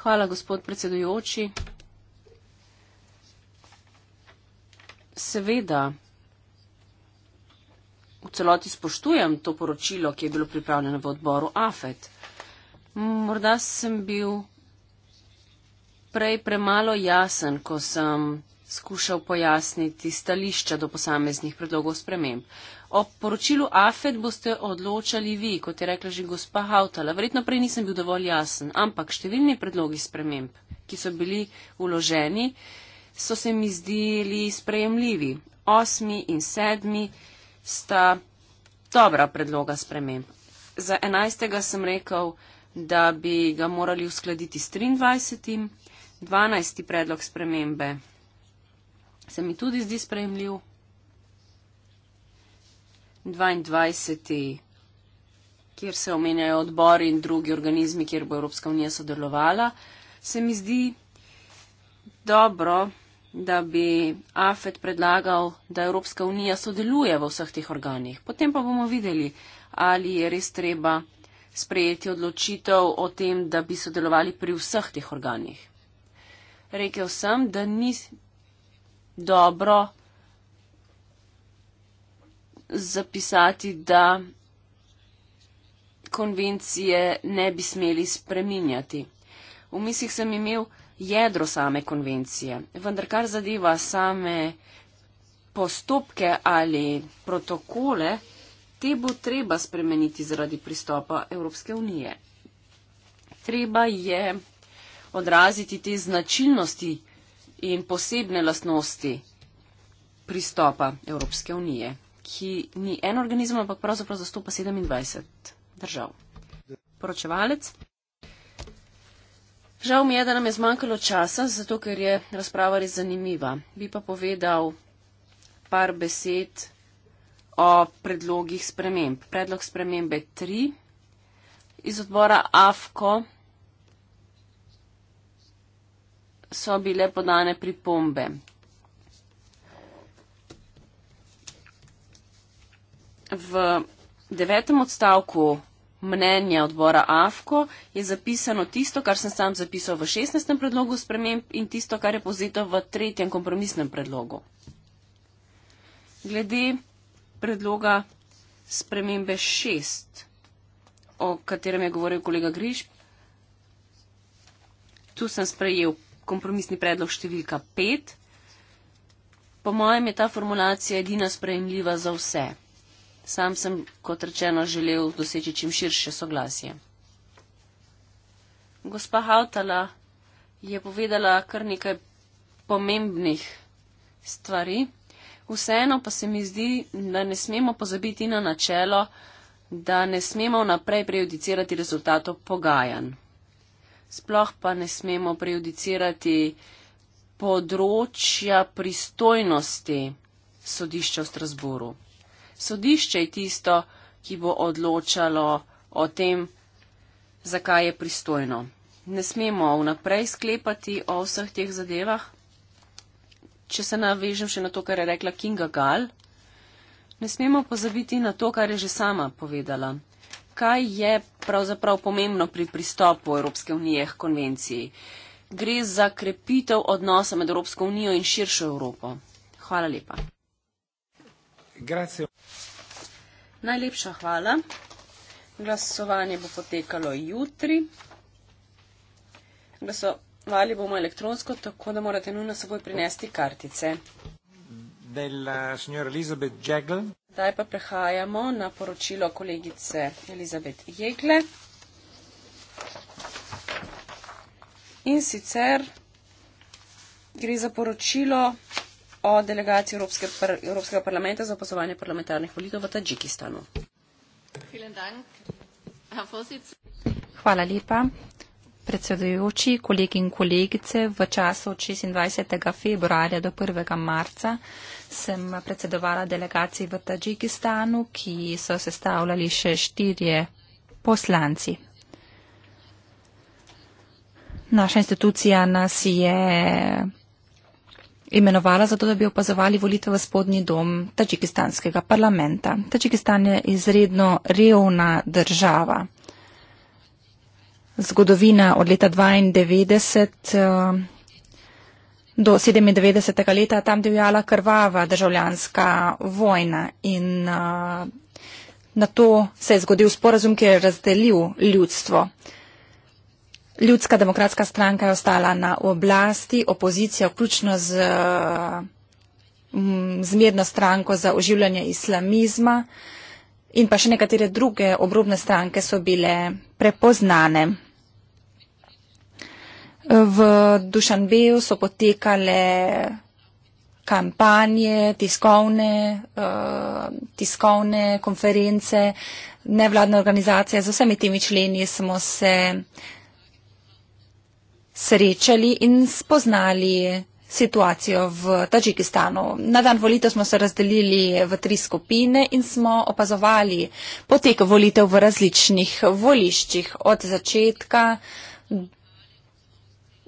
Hvala, gospod predsedujoči. Seveda, v celoti spoštujem to poročilo, ki je bilo pripravljeno v odboru AFET. Morda sem bil prej premalo jasen, ko sem skušal pojasniti stališča do posameznih predlogov sprememb. O poročilu AFED boste odločali vi, kot je rekla že gospa Hautala. Verjetno prej nisem bil dovolj jasen, ampak številni predlogi sprememb, ki so bili uloženi, so se mi zdeli sprejemljivi. Osmi in sedmi sta dobra predloga sprememb. Za enajstega sem rekel, da bi ga morali uskladiti s 23. 12. predlog spremembe se mi tudi zdi sprejemljiv. 22. kjer se omenjajo odbori in drugi organizmi, kjer bo Evropska unija sodelovala, se mi zdi dobro, da bi AFET predlagal, da Evropska unija sodeluje v vseh teh organih. Potem pa bomo videli, ali je res treba sprejeti odločitev o tem, da bi sodelovali pri vseh teh organih rekel sem, da ni dobro zapisati, da konvencije ne bi smeli spreminjati. V mislih sem imel jedro same konvencije, vendar kar zadeva same postopke ali protokole, te bo treba spremeniti zaradi pristopa Evropske unije. Treba je odraziti te značilnosti in posebne lastnosti pristopa Evropske unije, ki ni en organizem, ampak pravzaprav zastopa 27 držav. Poročevalec. Žal mi je, da nam je zmanjkalo časa, zato ker je razprava res zanimiva. Bi pa povedal par besed o predlogih sprememb. Predlog spremembe 3 iz odbora AFKO so bile podane pripombe. V devetem odstavku mnenja odbora AFKO je zapisano tisto, kar sem sam zapisal v 16. predlogu sprememb in tisto, kar je pozito v tretjem kompromisnem predlogu. Glede predloga spremembe 6, o katerem je govoril kolega Griž, tu sem sprejel kompromisni predlog številka 5. Po mojem je ta formulacija edina sprejemljiva za vse. Sam sem, kot rečeno, želel doseči čim širše soglasje. Gospa Hautala je povedala kar nekaj pomembnih stvari, vseeno pa se mi zdi, da ne smemo pozabiti na načelo, da ne smemo naprej prejudicirati rezultatov pogajanj sploh pa ne smemo prejudicirati področja pristojnosti sodišča v Strasburu. Sodišče je tisto, ki bo odločalo o tem, zakaj je pristojno. Ne smemo vnaprej sklepati o vseh teh zadevah. Če se navežem še na to, kar je rekla Kinga Gal, ne smemo pozabiti na to, kar je že sama povedala kaj je pravzaprav pomembno pri pristopu Evropske unije k konvenciji. Gre za krepitev odnosa med Evropsko unijo in širšo Evropo. Hvala lepa. Grazie. Najlepša hvala. Glasovanje bo potekalo jutri. Glasovali bomo elektronsko, tako da morate nujno s seboj prinesti kartice. Della signora Elizabeth Jagel. Zdaj pa prehajamo na poročilo kolegice Elizabet Jegle. In sicer gre za poročilo o delegaciji Evropske par Evropskega parlamenta za opazovanje parlamentarnih volitev v Tadžikistanu. Hvala lepa predsedujoči, kolegi in kolegice, v času od 26. februarja do 1. marca sem predsedovala delegaciji v Tadžikistanu, ki so sestavljali še štirje poslanci. Naša institucija nas je imenovala zato, da bi opazovali volitve v spodnji dom tačikistanskega parlamenta. Tačikistan je izredno revna država zgodovina od leta 92 eh, do 97. leta tam divjala krvava državljanska vojna in eh, na to se je zgodil sporazum, ki je razdelil ljudstvo. Ljudska demokratska stranka je ostala na oblasti, opozicija vključno z mm, zmerno stranko za oživljanje islamizma in pa še nekatere druge obrobne stranke so bile prepoznane. V Dušanbeju so potekale kampanje, tiskovne, uh, tiskovne konference, nevladne organizacije. Z vsemi temi členi smo se srečali in spoznali situacijo v Tadžikistanu. Na dan volitev smo se razdelili v tri skupine in smo opazovali potek volitev v različnih voliščih od začetka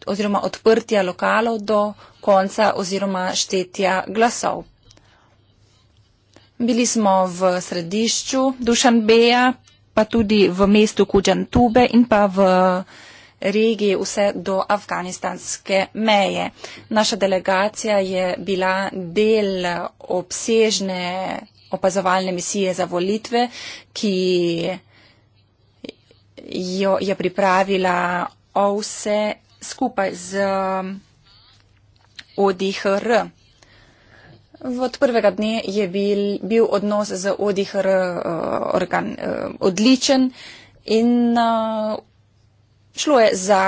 oziroma odprtja lokalov do konca oziroma štetja glasov. Bili smo v središču Dušanbeja, pa tudi v mestu Kudžantube in pa v regiji vse do afganistanske meje. Naša delegacija je bila del obsežne opazovalne misije za volitve, ki jo je pripravila OVSE skupaj z um, ODHR. Od prvega dne je bil, bil odnos z ODHR uh, organ, uh, odličen in uh, šlo je za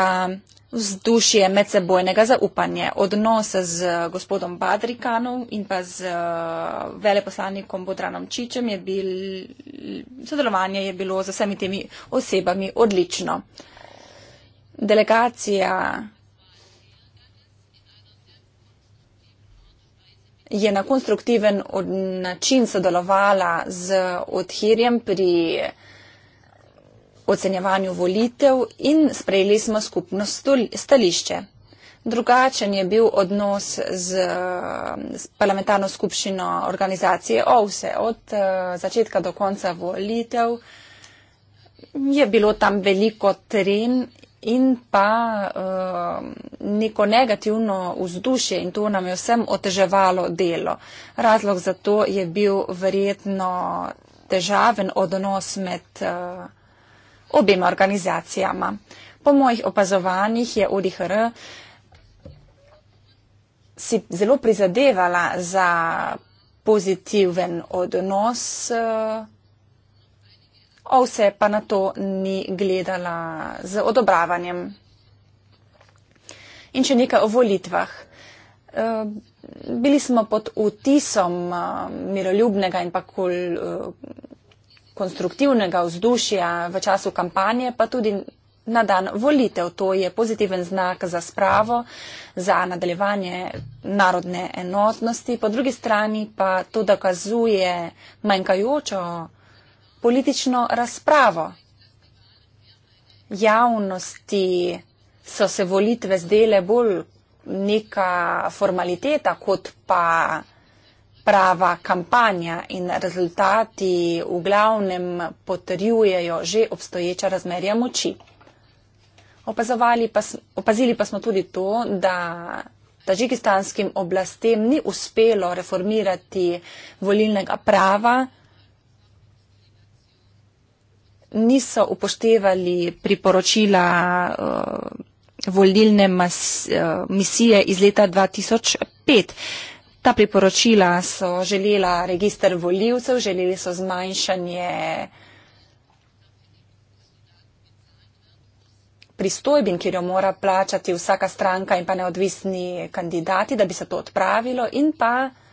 vzdušje medsebojnega zaupanja. Odnos z gospodom Badrikanom in pa z uh, veleposlanikom Bodranom Čičem je bil, sodelovanje je bilo z vsemi temi osebami odlično. Uh, delegacija je na konstruktiven način sodelovala z odhirjem pri ocenjevanju volitev in sprejeli smo skupno stališče. Drugačen je bil odnos z parlamentarno skupščino organizacije OVSE. Od eh, začetka do konca volitev je bilo tam veliko tren in pa uh, neko negativno vzdušje in to nam je vsem oteževalo delo. Razlog za to je bil verjetno težaven odnos med uh, eh, obima organizacijama. Po mojih opazovanjih je ODHR si zelo prizadevala za pozitiven odnos. Uh, ovse pa na to ni gledala z odobravanjem. In še nekaj o volitvah. Eh, bili smo pod vtisom eh, miroljubnega in pa kul, eh, konstruktivnega vzdušja v času kampanje, pa tudi na dan volitev. To je pozitiven znak za spravo, za nadaljevanje narodne enotnosti. Po drugi strani pa to dokazuje manjkajočo politično razpravo. Javnosti so se volitve zdele bolj neka formaliteta kot pa prava kampanja in rezultati v glavnem potrjujejo že obstoječa razmerja moči. Pa, opazili pa smo tudi to, da tažikistanskim oblastem ni uspelo reformirati volilnega prava niso upoštevali priporočila uh, volilne mas, uh, misije iz leta 2005. Ta priporočila so želela registr voljivcev, želeli so zmanjšanje pristojbin, ki jo mora plačati vsaka stranka in pa neodvisni kandidati, da bi se to odpravilo in pa uh,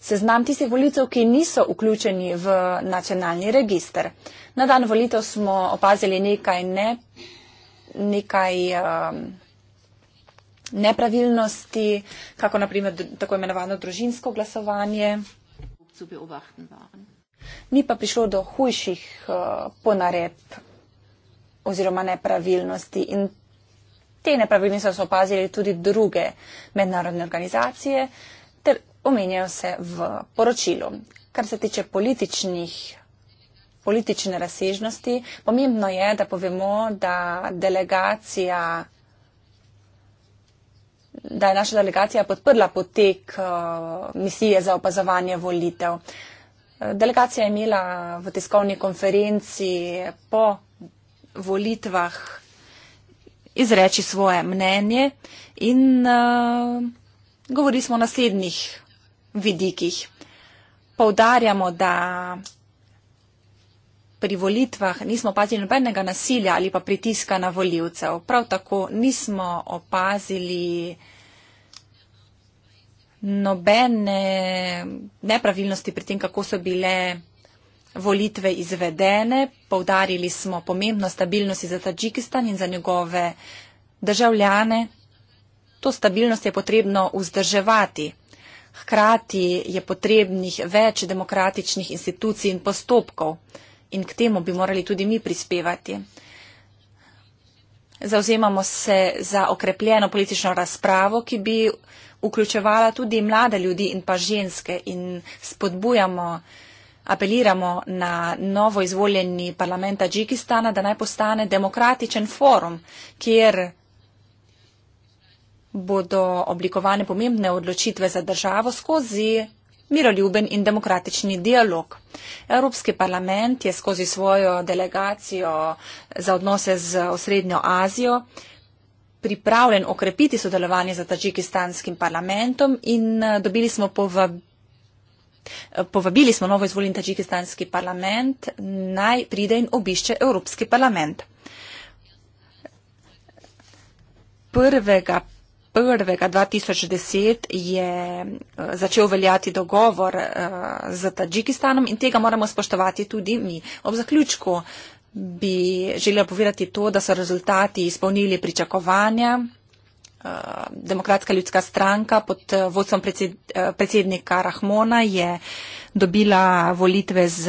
seznam tistih volitev, ki niso vključeni v nacionalni register. Na dan volitev smo opazili nekaj, ne, nekaj um, nepravilnosti, kako naprimer tako imenovano družinsko glasovanje. Ni pa prišlo do hujših uh, ponareb oziroma nepravilnosti. In te nepravilnosti so opazili tudi druge mednarodne organizacije. Uh, omenjajo se v poročilu. Kar se tiče političnih politične razsežnosti. Pomembno je, da povemo, da, delegacija, da je naša delegacija podprla potek uh, misije za opazovanje volitev. Delegacija je imela v tiskovni konferenci po volitvah izreči svoje mnenje in uh, eh, govorili smo o naslednjih vidikih. Poudarjamo, da pri volitvah nismo opazili nobenega nasilja ali pa pritiska na voljivcev. Prav tako nismo opazili nobene nepravilnosti pri tem, kako so bile volitve izvedene. Poudarili smo pomembno stabilnosti za Tadžikistan in za njegove državljane. To stabilnost je potrebno vzdrževati. Hkrati je potrebnih več demokratičnih institucij in postopkov in k temu bi morali tudi mi prispevati. Zauzemamo se za okrepljeno politično razpravo, ki bi vključevala tudi mlade ljudi in pa ženske in spodbujamo, apeliramo na novo izvoljeni parlament Tadžikistana, da naj postane demokratičen forum, kjer bodo oblikovane pomembne odločitve za državo skozi miroljuben in demokratični dialog. Evropski parlament je skozi svojo delegacijo za odnose z osrednjo Azijo pripravljen okrepiti sodelovanje z tačikistanskim parlamentom in eh, dobili smo povab. Povabili smo novo izvoljen tačikistanski parlament, naj pride in obišče Evropski parlament. 1. 1. 2010 je eh, začel veljati dogovor eh, z Tadžikistanom in tega moramo spoštovati tudi mi. Ob zaključku bi želela povedati to, da so rezultati izpolnili pričakovanja. Eh, Demokratska ljudska stranka pod vodstvom predsednika Rahmona je dobila volitve z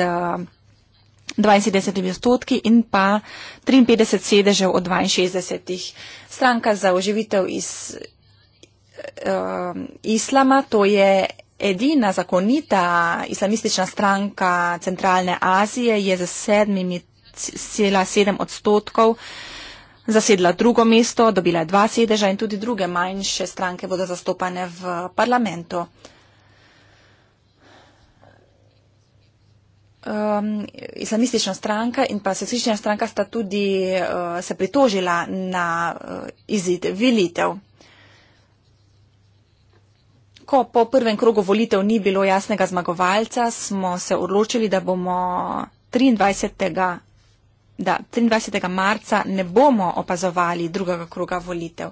72 odstotki in pa 53 sedežev od 62. Stranka za oživitev iz uh, islama, to je edina zakonita islamistična stranka centralne Azije, je z 7,7 odstotkov zasedla drugo mesto, dobila je dva sedeža in tudi druge manjše stranke bodo zastopane v parlamentu. Um, islamistična stranka in pa sesvična stranka sta tudi uh, se pritožila na uh, izid volitev. Ko po prvem krogu volitev ni bilo jasnega zmagovalca, smo se odločili, da bomo 23. Da, 23. marca ne bomo opazovali drugega kroga volitev.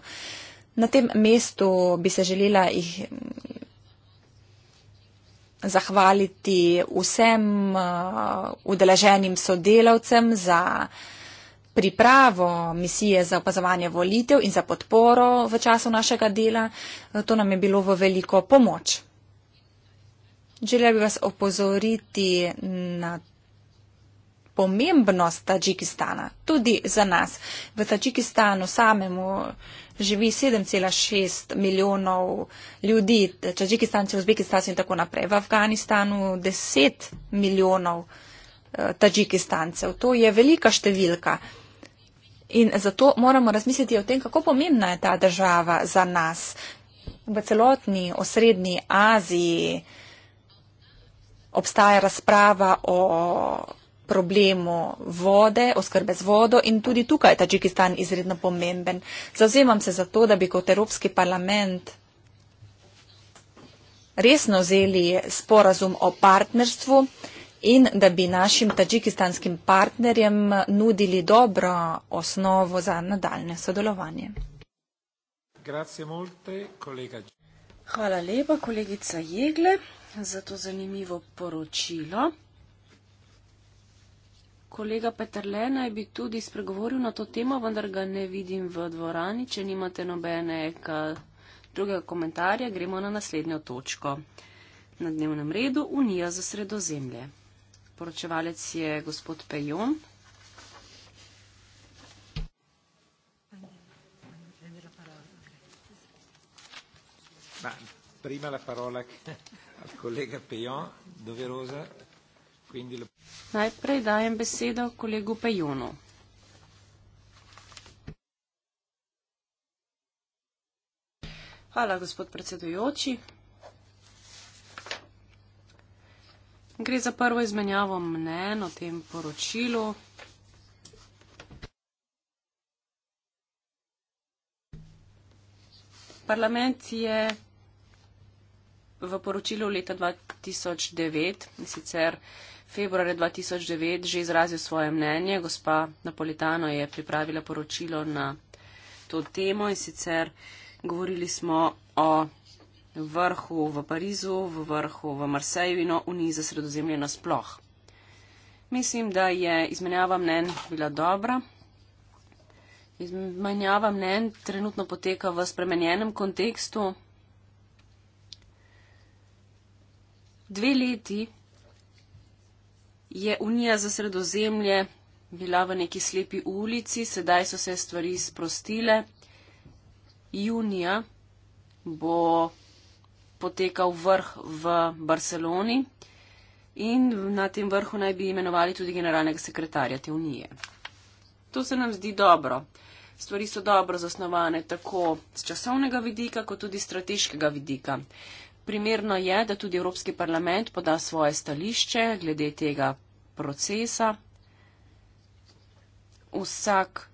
Na tem mestu bi se želela jih zahvaliti vsem eh, udeleženim sodelavcem za pripravo misije za opazovanje volitev in za podporo v času našega dela. Eh, to nam je bilo v veliko pomoč. Želela bi vas opozoriti na pomembnost Tadžikistana, tudi za nas. V Tadžikistanu samemu živi 7,6 milijonov ljudi, Čačikistanci, Uzbekistanci in tako naprej. V Afganistanu 10 milijonov eh, Tačikistancev. To je velika številka. In zato moramo razmisliti o tem, kako pomembna je ta država za nas v celotni osrednji Aziji. Obstaja razprava o problemu vode, oskrbe z vodo in tudi tukaj je Tačikistan izredno pomemben. Zauzemam se za to, da bi kot Evropski parlament resno vzeli sporazum o partnerstvu in da bi našim tačikistanskim partnerjem nudili dobro osnovo za nadaljne sodelovanje. Hvala lepa, kolegica Jegle, za to zanimivo poročilo. Kolega Petrle naj bi tudi spregovoril na to temo, vendar ga ne vidim v dvorani. Če nimate nobenega drugega komentarja, gremo na naslednjo točko. Na dnevnem redu Unija za sredozemlje. Poročevalec je gospod Pejon. Prima la parola kolega Pejon, doverosa Najprej dajem besedo kolegu Pejonu. Hvala, gospod predsedujoči. Gre za prvo izmenjavo mnen o tem poročilu. Parlament je v poročilu leta 2009 sicer februarja 2009 že izrazil svoje mnenje. Gospa Napolitano je pripravila poročilo na to temo in sicer govorili smo o vrhu v Parizu, v vrhu v Marseju in o Uniji za sredozemlje nasploh. Mislim, da je izmenjava mnen bila dobra. Izmenjava mnen trenutno poteka v spremenjenem kontekstu. Dve leti je Unija za sredozemlje bila v neki slepi ulici, sedaj so se stvari sprostile. Junija bo potekal vrh v Barceloni in na tem vrhu naj bi imenovali tudi generalnega sekretarja te unije. To se nam zdi dobro. Stvari so dobro zasnovane tako z časovnega vidika, kot tudi strateškega vidika. Primerno je, da tudi Evropski parlament poda svoje stališče glede tega procesa. Vsak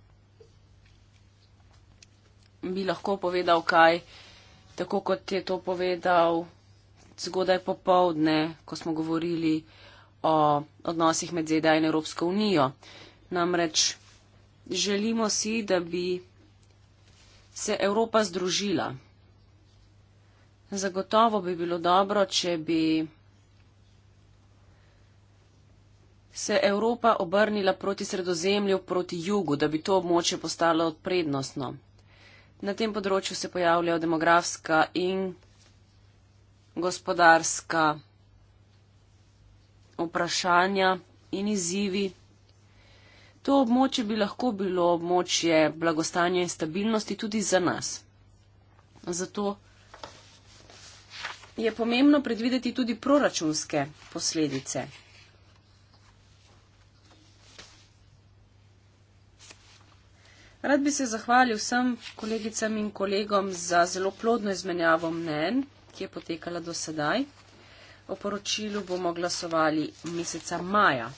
bi lahko povedal kaj, tako kot je to povedal zgodaj popovdne, ko smo govorili o odnosih med ZDA in Evropsko unijo. Namreč želimo si, da bi se Evropa združila. Zagotovo bi bilo dobro, če bi se Evropa obrnila proti sredozemlju, proti jugu, da bi to območje postalo prednostno. Na tem področju se pojavljajo demografska in gospodarska vprašanja in izzivi. To območje bi lahko bilo območje blagostanja in stabilnosti tudi za nas. Zato je pomembno predvideti tudi proračunske posledice. Rad bi se zahvalil vsem kolegicam in kolegom za zelo plodno izmenjavo mnen, ki je potekala do sedaj. O poročilu bomo glasovali meseca maja.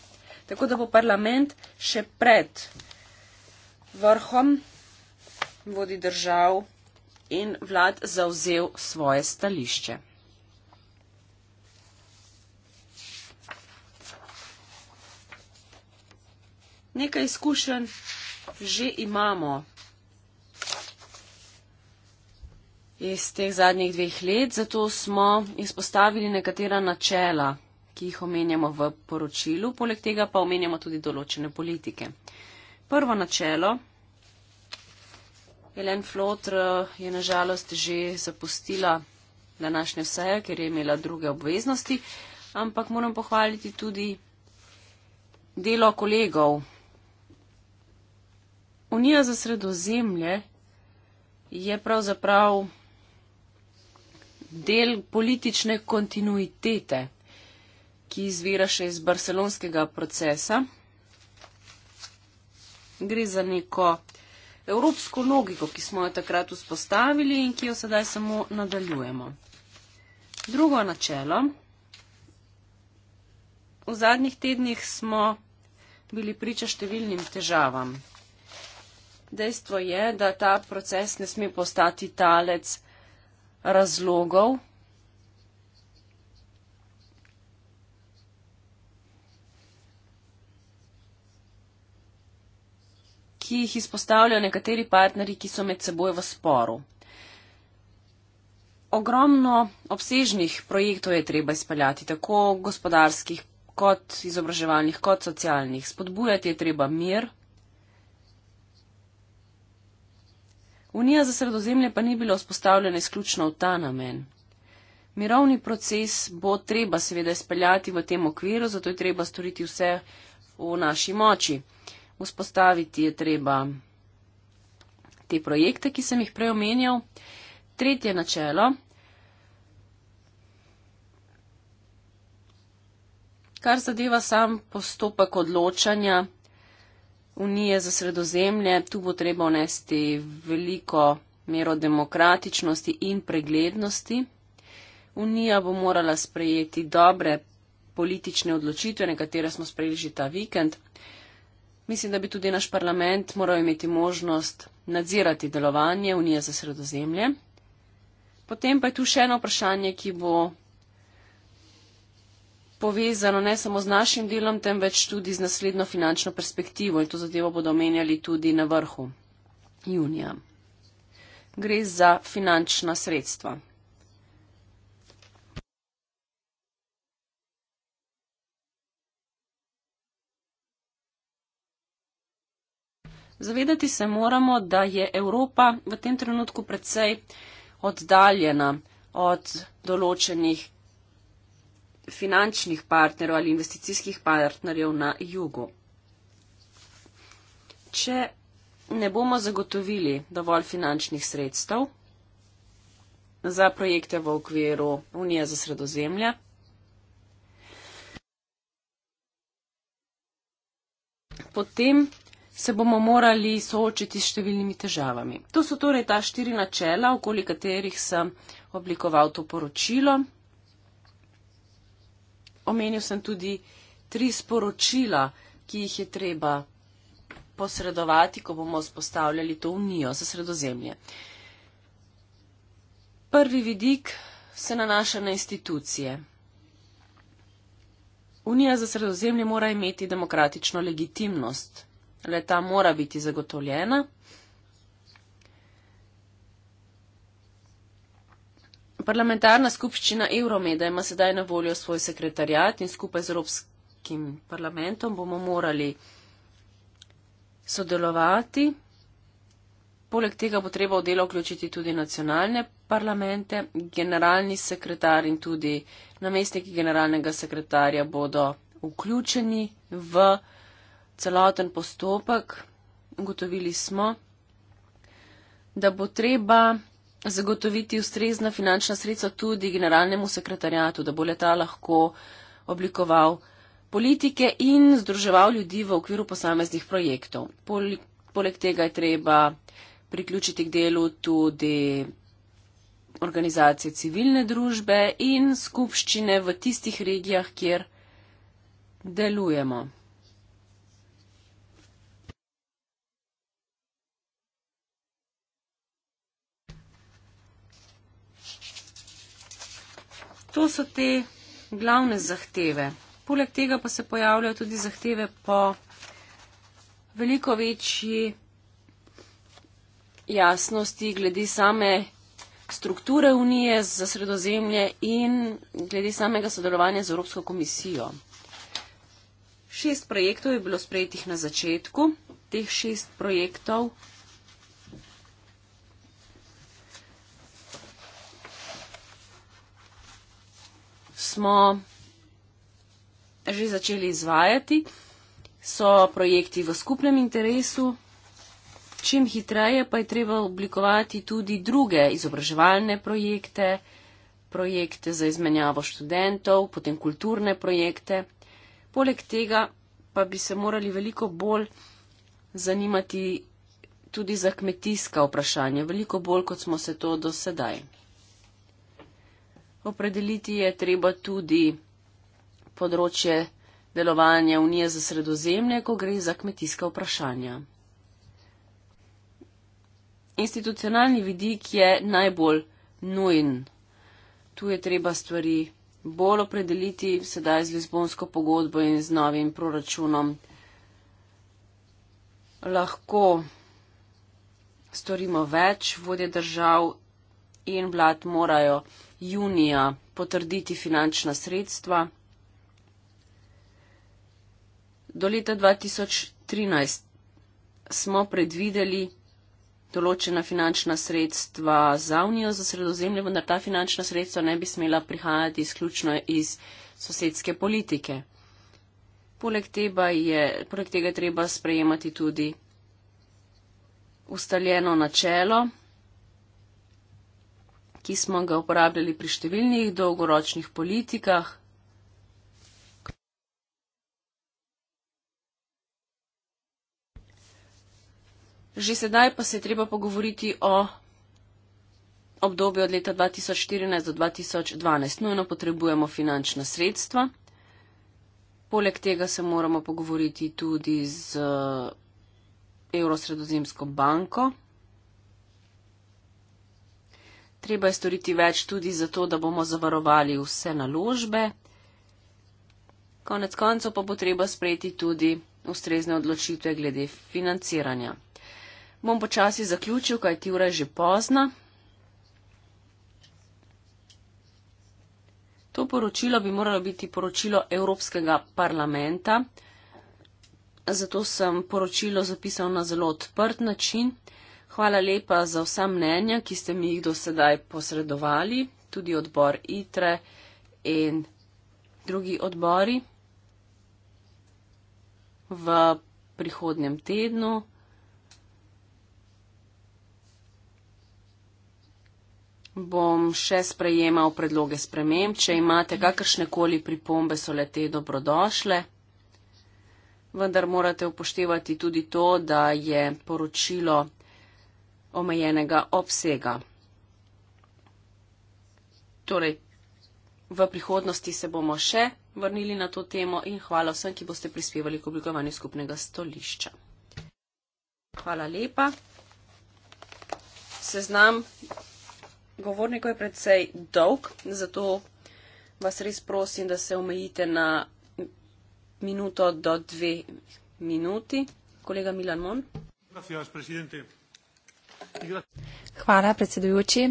Tako da bo parlament še pred vrhom vodi držav in vlad zauzel svoje stališče. Nekaj izkušenj že imamo iz teh zadnjih dveh let, zato smo izpostavili nekatera načela, ki jih omenjamo v poročilu, poleg tega pa omenjamo tudi določene politike. Prvo načelo, Helen Flotr eh, je nažalost že zapustila današnjo sejo, ker je imela druge obveznosti, ampak moram pohvaliti tudi delo kolegov Unija za sredozemlje je pravzaprav del politične kontinuitete, ki izvira še iz barcelonskega procesa. Gre za neko evropsko logiko, ki smo jo takrat vzpostavili in ki jo sedaj samo nadaljujemo. Drugo načelo. V zadnjih tednih smo bili priča številnim težavam dejstvo je, da ta proces ne sme postati talec razlogov. ki jih izpostavljajo nekateri partnerji, ki so med seboj v sporu. Ogromno obsežnih projektov je treba izpeljati, tako gospodarskih kot izobraževalnih kot socialnih. Spodbujati je treba mir, Unija za sredozemlje pa ni bila vzpostavljena izključno v ta namen. Mirovni proces bo treba seveda speljati v tem okviru, zato je treba storiti vse v naši moči. Vzpostaviti je treba te projekte, ki sem jih preomenjal. Tretje načelo. Kar zadeva sam postopek odločanja, unije za sredozemlje. Tu bo treba unesti veliko mero demokratičnosti in preglednosti. Unija bo morala sprejeti dobre politične odločitve, nekatere smo sprejeli že ta vikend. Mislim, da bi tudi naš parlament moral imeti možnost nadzirati delovanje Unije za sredozemlje. Potem pa je tu še eno vprašanje, ki bo povezano ne samo z našim delom, temveč tudi z naslednjo finančno perspektivo in to zadevo bodo omenjali tudi na vrhu junija. Gre za finančna sredstva. Zavedati se moramo, da je Evropa v tem trenutku precej oddaljena od določenih finančnih partnerjev ali investicijskih partnerjev na jugu. Če ne bomo zagotovili dovolj finančnih sredstev za projekte v okviru Unije za sredozemlje, potem se bomo morali soočiti s številnimi težavami. To so torej ta štiri načela, okoli katerih sem oblikoval to poročilo omenil sem tudi tri sporočila, ki jih je treba posredovati, ko bomo spostavljali to unijo za sredozemlje. Prvi vidik se nanaša na institucije. Unija za sredozemlje mora imeti demokratično legitimnost. Le ta mora biti zagotovljena. Parlamentarna skupščina Euromeda ima sedaj na voljo svoj sekretarjat in skupaj z Evropskim parlamentom bomo morali sodelovati. Poleg tega bo treba v delo vključiti tudi nacionalne parlamente, generalni sekretar in tudi namestniki generalnega sekretarja bodo vključeni v celoten postopek. Ugotovili smo, da bo treba zagotoviti ustrezna finančna sredstva tudi generalnemu sekretarjatu, da bo leta lahko oblikoval politike in združeval ljudi v okviru posameznih projektov. Poleg tega je treba priključiti k delu tudi organizacije civilne družbe in skupščine v tistih regijah, kjer delujemo. To so te glavne zahteve. Poleg tega pa se pojavljajo tudi zahteve po veliko večji jasnosti glede same strukture unije za sredozemlje in glede samega sodelovanja z Evropsko komisijo. Šest projektov je bilo sprejetih na začetku. Teh šest projektov smo že začeli izvajati, so projekti v skupnem interesu. Čim hitreje pa je treba oblikovati tudi druge izobraževalne projekte, projekte za izmenjavo študentov, potem kulturne projekte. Poleg tega pa bi se morali veliko bolj zanimati tudi za kmetijska vprašanja, veliko bolj kot smo se to do sedaj. Opredeliti je treba tudi področje delovanja Unije za sredozemlje, ko gre za kmetijska vprašanja. Institucionalni vidik je najbolj nujen. Tu je treba stvari bolj opredeliti sedaj z Lizbonsko pogodbo in z novim proračunom. Lahko storimo več, vodje držav in vlad morajo junija potrditi finančna sredstva. Do leta 2013 smo predvideli določena finančna sredstva za Unijo za sredozemlje, vendar ta finančna sredstva ne bi smela prihajati izključno iz sosedske politike. Poleg tega je poleg tega treba sprejemati tudi ustaljeno načelo, ki smo ga uporabljali pri številnih dolgoročnih politikah. Že sedaj pa se je treba pogovoriti o obdobju od leta 2014 do 2012. Nujno potrebujemo finančna sredstva. Poleg tega se moramo pogovoriti tudi z eh, Evrosredozemsko banko, Treba je storiti več tudi zato, da bomo zavarovali vse naložbe. Konec koncev pa bo treba sprejeti tudi ustrezne odločitve glede financiranja. Bom počasi zaključil, kaj ti ura je že pozna. To poročilo bi moralo biti poročilo Evropskega parlamenta, zato sem poročilo zapisal na zelo odprt način. Hvala lepa za vsa mnenja, ki ste mi jih do sedaj posredovali, tudi odbor ITRE in drugi odbori. V prihodnem tednu bom še sprejemal predloge sprememb. Če imate kakršne koli pripombe, so le te dobrodošle. Vendar morate upoštevati tudi to, da je poročilo omejenega obsega. Torej, v prihodnosti se bomo še vrnili na to temo in hvala vsem, ki boste prispevali k oblikovanju skupnega stolišča. Hvala lepa. Seznam govornikov je predvsej dolg, zato vas res prosim, da se omejite na minuto do dve minuti. Kolega Milan Mon. Gracias, presidente. Hvala, predsedujoči.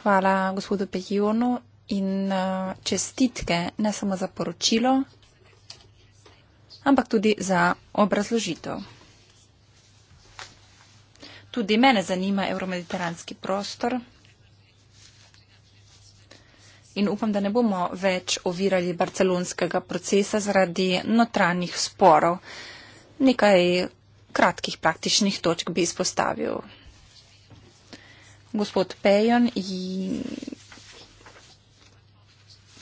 Hvala gospodu Pejonu in uh, čestitke ne samo za poročilo, ampak tudi za obrazložitev. Tudi mene zanima evromediteranski prostor in upam, da ne bomo več ovirali barcelonskega procesa zaradi notranjih sporov. Nekaj kratkih praktičnih točk bi izpostavil. Gospod Pejon,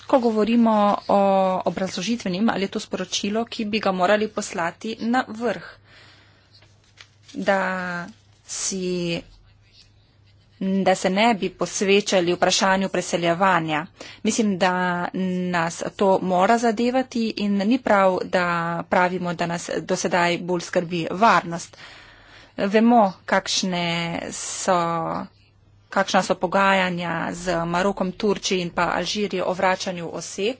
ko govorimo o obrazložitvenim, ali je to sporočilo, ki bi ga morali poslati na vrh, da si da se ne bi posvečali vprašanju preseljevanja. Mislim, da nas to mora zadevati in ni prav, da pravimo, da nas dosedaj bolj skrbi varnost. Vemo, kakšne so kakšna so pogajanja z Marokom, Turčijo in pa Alžirijo o vračanju oseb.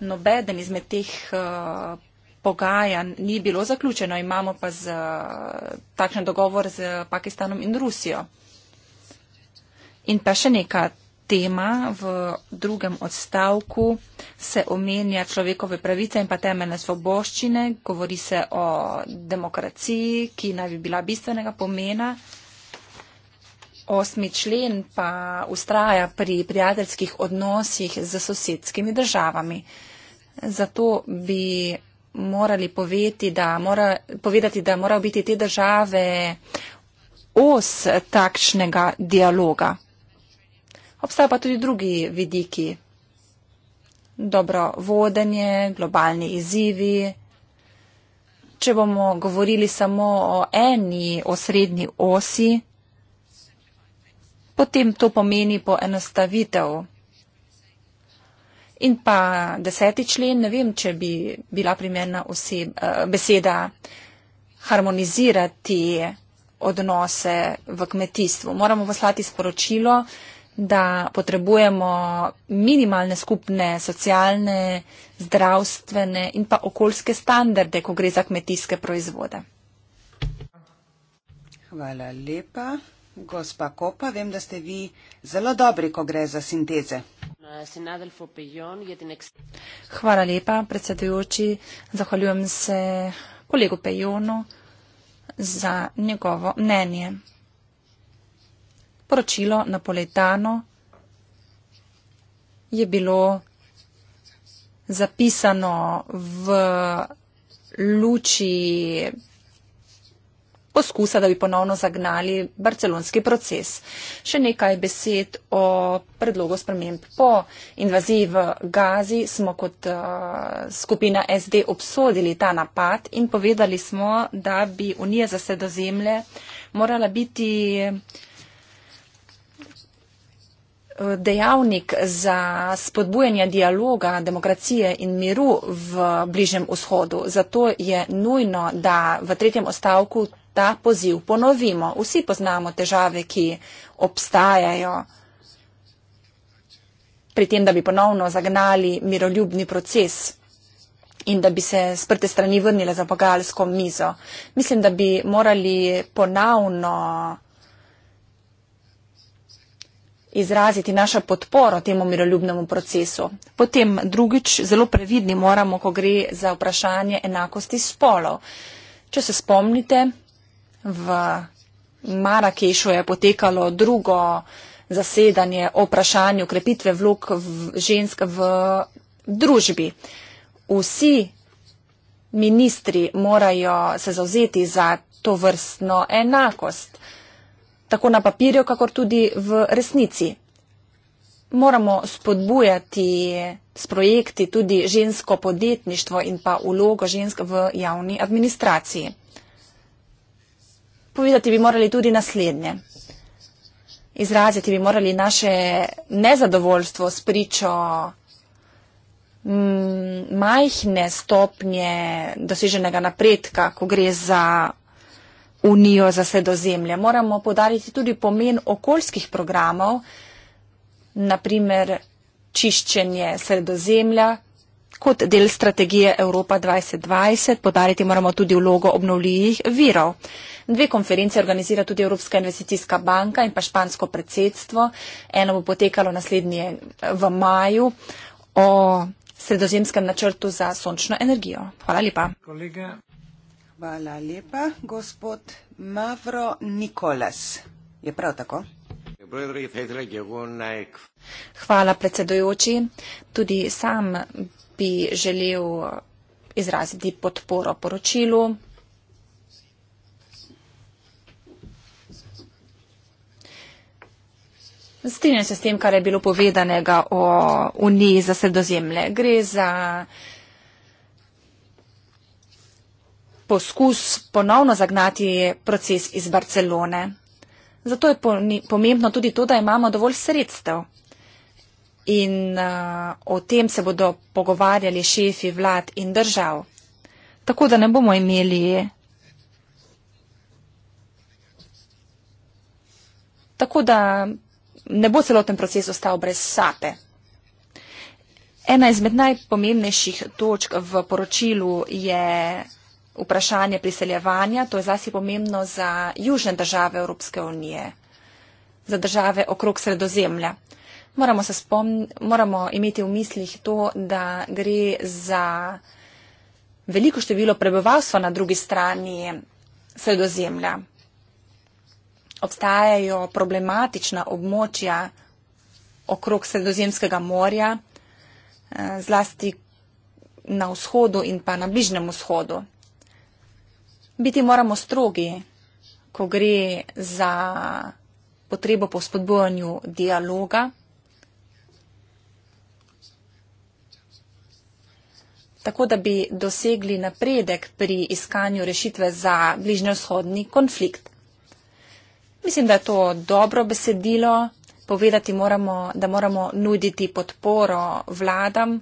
Nobeden izmed teh uh, pogajanj ni bilo zaključeno, imamo pa z, uh, takšen dogovor z Pakistanom in Rusijo. In pa še neka tema v drugem odstavku se omenja človekove pravice in pa temeljne svoboščine. Govori se o demokraciji, ki naj bi bila bistvenega pomena. Osmi člen pa ustraja pri prijateljskih odnosih z sosedskimi državami. Zato bi morali poveti, da mora, povedati, da morajo biti te države os takšnega dialoga. Obstaja pa tudi drugi vidiki. Dobro vodenje, globalni izzivi. Če bomo govorili samo o eni osrednji osi, potem to pomeni poenostavitev. In pa deseti člen, ne vem, če bi bila primerna oseb, eh, beseda harmonizirati odnose v kmetijstvu. Moramo poslati sporočilo, da potrebujemo minimalne skupne socialne, zdravstvene in pa okoljske standarde, ko gre za kmetijske proizvode. Hvala lepa. Gospa Kopa, vem, da ste vi zelo dobri, ko gre za sinteze. Hvala lepa, predsedujoči. Zahvaljujem se kolegu Pejonu za njegovo mnenje poročilo Napoletano je bilo zapisano v luči poskusa, da bi ponovno zagnali barcelonski proces. Še nekaj besed o predlogu sprememb. Po invaziji v Gazi smo kot uh, skupina SD obsodili ta napad in povedali smo, da bi Unija za sredozemlje morala biti uh, dejavnik za spodbujanje dialoga, demokracije in miru v bližnjem vzhodu. Zato je nujno, da v tretjem ostavku ta poziv ponovimo. Vsi poznamo težave, ki obstajajo pri tem, da bi ponovno zagnali miroljubni proces in da bi se sprte strani vrnile za pogalsko mizo. Mislim, da bi morali ponovno izraziti našo podporo temu miroljubnemu procesu. Potem drugič, zelo previdni moramo, ko gre za vprašanje enakosti spolov. Če se spomnite, v Marakešu je potekalo drugo zasedanje o vprašanju krepitve vlog žensk v družbi. Vsi ministri morajo se zauzeti za to vrstno enakost tako na papirju, kakor tudi v resnici. Moramo spodbujati s projekti tudi žensko podjetništvo in pa ulogo žensk v javni administraciji. Povedati bi morali tudi naslednje. Izraziti bi morali naše nezadovoljstvo s pričo mm, majhne stopnje doseženega napredka, ko gre za unijo za sredozemlje. Moramo podariti tudi pomen okoljskih programov, naprimer čiščenje sredozemlja kot del strategije Evropa 2020. Podariti moramo tudi vlogo obnovljivih virov. Dve konference organizira tudi Evropska investicijska banka in pa špansko predsedstvo. Eno bo potekalo naslednje v maju o sredozemskem načrtu za sončno energijo. Hvala lepa. Kolega. Hvala lepa. Gospod Mavro Nikolas. Je prav tako? Hvala, predsedujoči. Tudi sam bi želel izraziti podporo poročilu. Strinjam se s tem, kar je bilo povedanega o Uniji za sredozemlje. Gre za poskus ponovno zagnati proces iz Barcelone. Zato je pomembno tudi to, da imamo dovolj sredstev. In uh, o tem se bodo pogovarjali šefi vlad in držav. Tako da ne bomo imeli. Tako da ne bo celoten proces ostal brez sape. Ena izmed najpomembnejših točk v poročilu je vprašanje priseljevanja, to je zasi pomembno za južne države Evropske unije, za države okrog sredozemlja. Moramo, spomni, moramo imeti v mislih to, da gre za veliko število prebivalstva na drugi strani sredozemlja. Obstajajo problematična območja okrog sredozemskega morja, eh, zlasti na vzhodu in pa na bližnjem vzhodu biti moramo strogi, ko gre za potrebo po spodbojanju dialoga. tako da bi dosegli napredek pri iskanju rešitve za bližnjevzhodni konflikt. Mislim, da je to dobro besedilo. Povedati moramo, da moramo nuditi podporo vladam,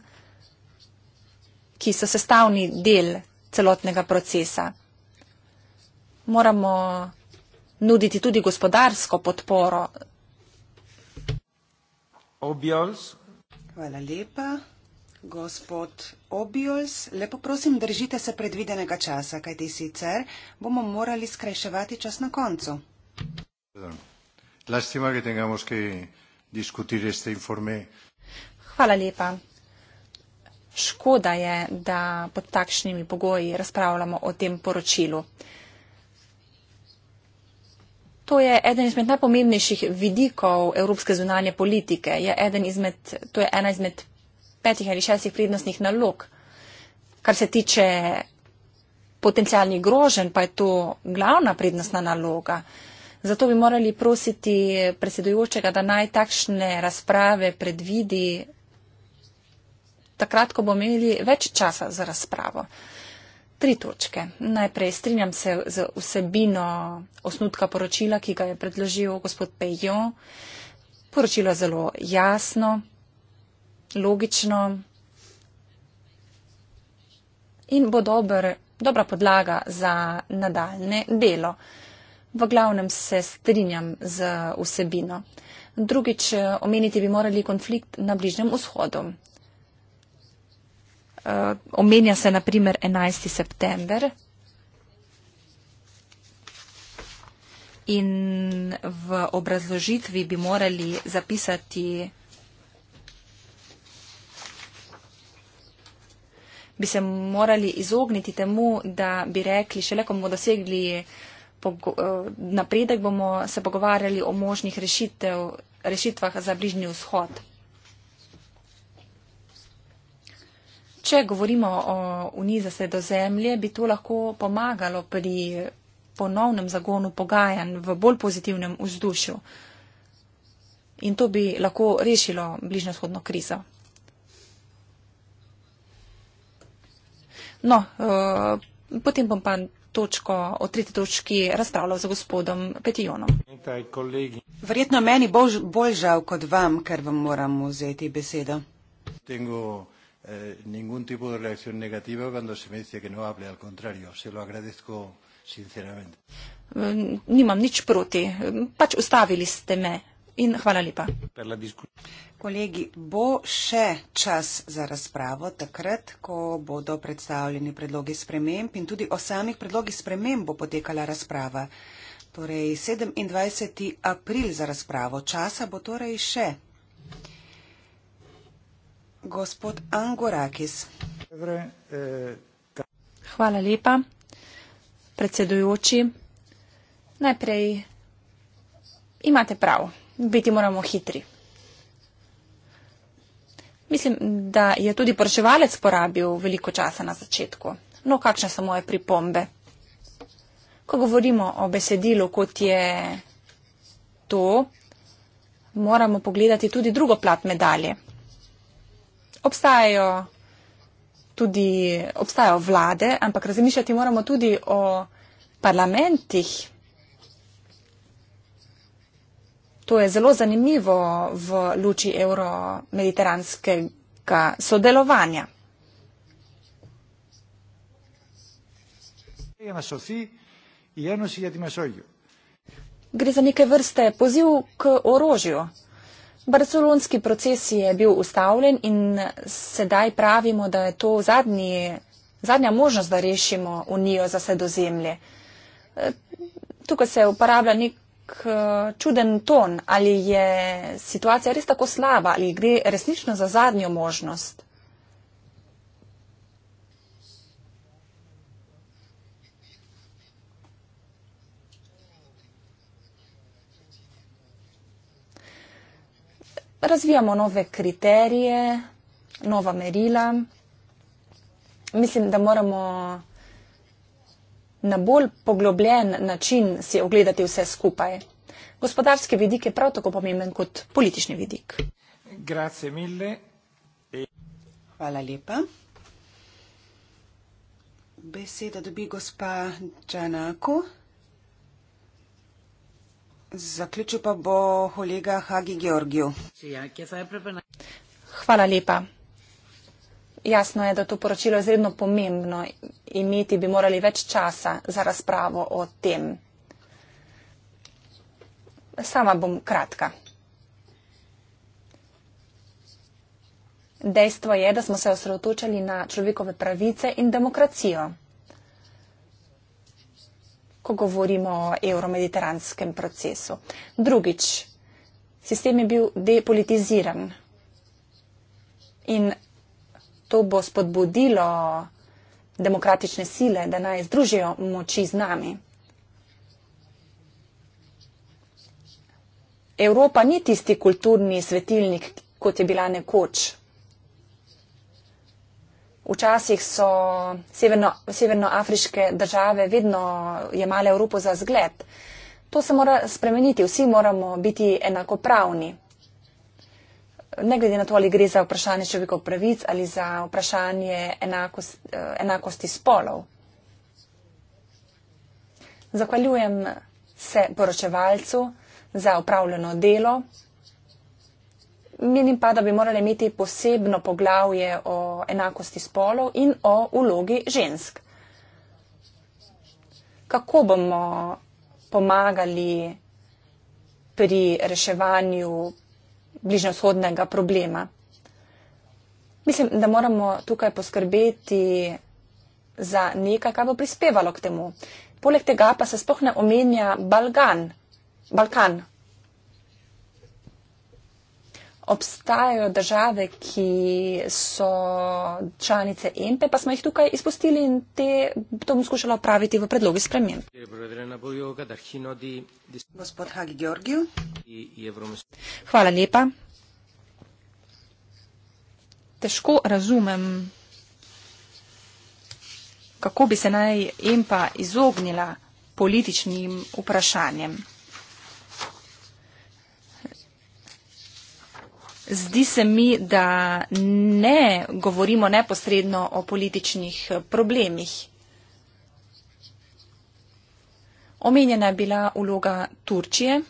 ki so sestavni del celotnega procesa moramo nuditi tudi gospodarsko podporo. Objols. Hvala lepa. Gospod Obiols, lepo prosim, držite se predvidenega časa, kajti sicer bomo morali skrajševati čas na koncu. Hvala lepa. Škoda je, da pod takšnimi pogoji razpravljamo o tem poročilu. To je eden izmed najpomembnejših vidikov evropske zunanje politike. Je izmed, to je ena izmed petih ali šestih prednostnih nalog. Kar se tiče potencijalnih grožen, pa je to glavna prednostna naloga. Zato bi morali prositi predsedujočega, da naj takšne razprave predvidi takrat, ko bomo imeli več časa za razpravo tri točke. Najprej strinjam se z vsebino osnutka poročila, ki ga je predložil gospod Pejo. Poročilo je zelo jasno, logično in bo dober, dobra podlaga za nadaljne delo. V glavnem se strinjam z vsebino. Drugič, omeniti bi morali konflikt na Bližnjem vzhodu. Eh, omenja se naprimer 11. september. In v obrazložitvi bi morali zapisati, bi se morali izogniti temu, da bi rekli, šele ko bomo dosegli eh, napredek, bomo se pogovarjali o možnih rešitev, rešitvah za bližnji vzhod. Če govorimo o Uniji za sredozemlje, bi to lahko pomagalo pri ponovnem zagonu pogajanj v bolj pozitivnem vzdušju. In to bi lahko rešilo bližnjo-shodno krizo. No, e, potem bom pa točko o tretji točki razpravljal z gospodom Petijonom. Verjetno meni bolj žal kot vam, ker vam moram vzeti besedo. Eh, ningún tipo de reacción negativa cuando se me dice que no hable, al contrario, se lo agradezco sinceramente. Eh, nimam nič proti, pač ustavili ste me in hvala lepa. Kolegi, bo še čas za razpravo takrat, ko bodo predstavljeni predlogi sprememb in tudi o samih predlogih sprememb bo potekala razprava. Torej 27. april za razpravo časa bo torej še gospod Angorakis. Eh, Hvala lepa, predsedujoči. Najprej imate prav, biti moramo hitri. Mislim, da je tudi poraševalec porabil veliko časa na začetku. No, kakšne so moje pripombe? Ko govorimo o besedilu, kot je to, moramo pogledati tudi drugo plat medalje obstajajo tudi obstajajo vlade, ampak razmišljati moramo tudi o parlamentih. To je zelo zanimivo v luči euro-mediteranskega sodelovanja. Gre za neke vrste poziv k orožju. Barcelonski proces je bil ustavljen in sedaj pravimo, da je to zadnji, zadnja možnost, da rešimo unijo za sredozemlje. E, tukaj se uporablja nek e, čuden ton, ali je situacija res tako slaba, ali gre resnično za zadnjo možnost. razvijamo nove kriterije, nova merila. Mislim, da moramo na bolj poglobljen način si ogledati vse skupaj. Gospodarski vidik je prav tako pomemben kot politični vidik. E- Hvala lepa. Beseda dobi gospa Džanako. Zaključil pa bo kolega Hagi Georgiju. Hvala lepa. Jasno je, da to poročilo je izredno pomembno. Imeti bi morali več časa za razpravo o tem. Sama bom kratka. Dejstvo je, da smo se osredotočali na človekove pravice in demokracijo ko govorimo o evromediteranskem procesu. Drugič, sistem je bil depolitiziran in to bo spodbudilo demokratične sile, da naj združijo moči z nami. Evropa ni tisti kulturni svetilnik, kot je bila nekoč. Včasih so severno, severnoafriške države vedno jemale Evropo za zgled. To se mora spremeniti, vsi moramo biti enakopravni. Ne glede na to, ali gre za vprašanje človekov pravic ali za vprašanje enakost, eh, enakosti spolov. Zahvaljujem se poročevalcu za upravljeno delo. Menim pa, da bi morali imeti posebno poglavje o enakosti spolov in o vlogi žensk. Kako bomo pomagali pri reševanju bližnjevzhodnega problema? Mislim, da moramo tukaj poskrbeti za nekaj, kar bo prispevalo k temu. Poleg tega pa se spohne omenja Balkan obstajajo države, ki so članice EMPE, pa smo jih tukaj izpustili in te, to bom skušala opraviti v predlogi spremen. Gospod Hagi Georgiju. Hvala lepa. Težko razumem, kako bi se naj EMPA izognila političnim vprašanjem. Zdi se mi, da ne govorimo neposredno o političnih eh, problemih. Omenjena je bila uloga Turčije.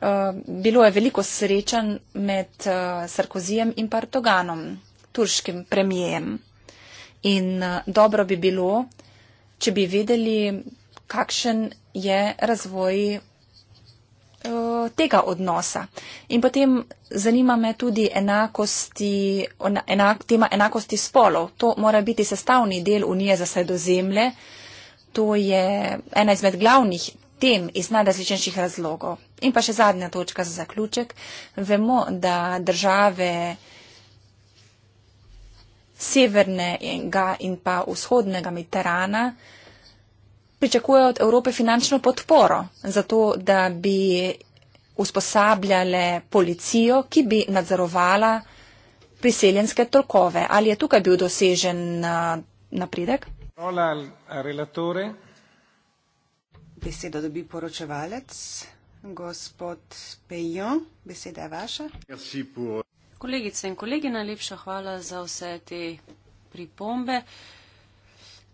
Eh, bilo je veliko srečanj med eh, Sarkozijem in Partoganom, turškim premijem. In eh, dobro bi bilo, če bi vedeli, kakšen je razvoj eh, tega odnosa. In potem zanima me tudi enakosti, enak, tema enakosti spolov. To mora biti sestavni del Unije za sredozemlje. To je ena izmed glavnih tem iz najrazličnejših razlogov. In pa še zadnja točka za zaključek. Vemo, da države severnega in pa vzhodnega Mediterana pričakujejo od Evrope finančno podporo za to, da bi usposabljale policijo, ki bi nadzorovala priseljenske tokove. Ali je tukaj bil dosežen napredek? Besedo dobi poročevalec, gospod Pejon, beseda je vaša. Kolegice in kolegi, najlepša hvala za vse te pripombe.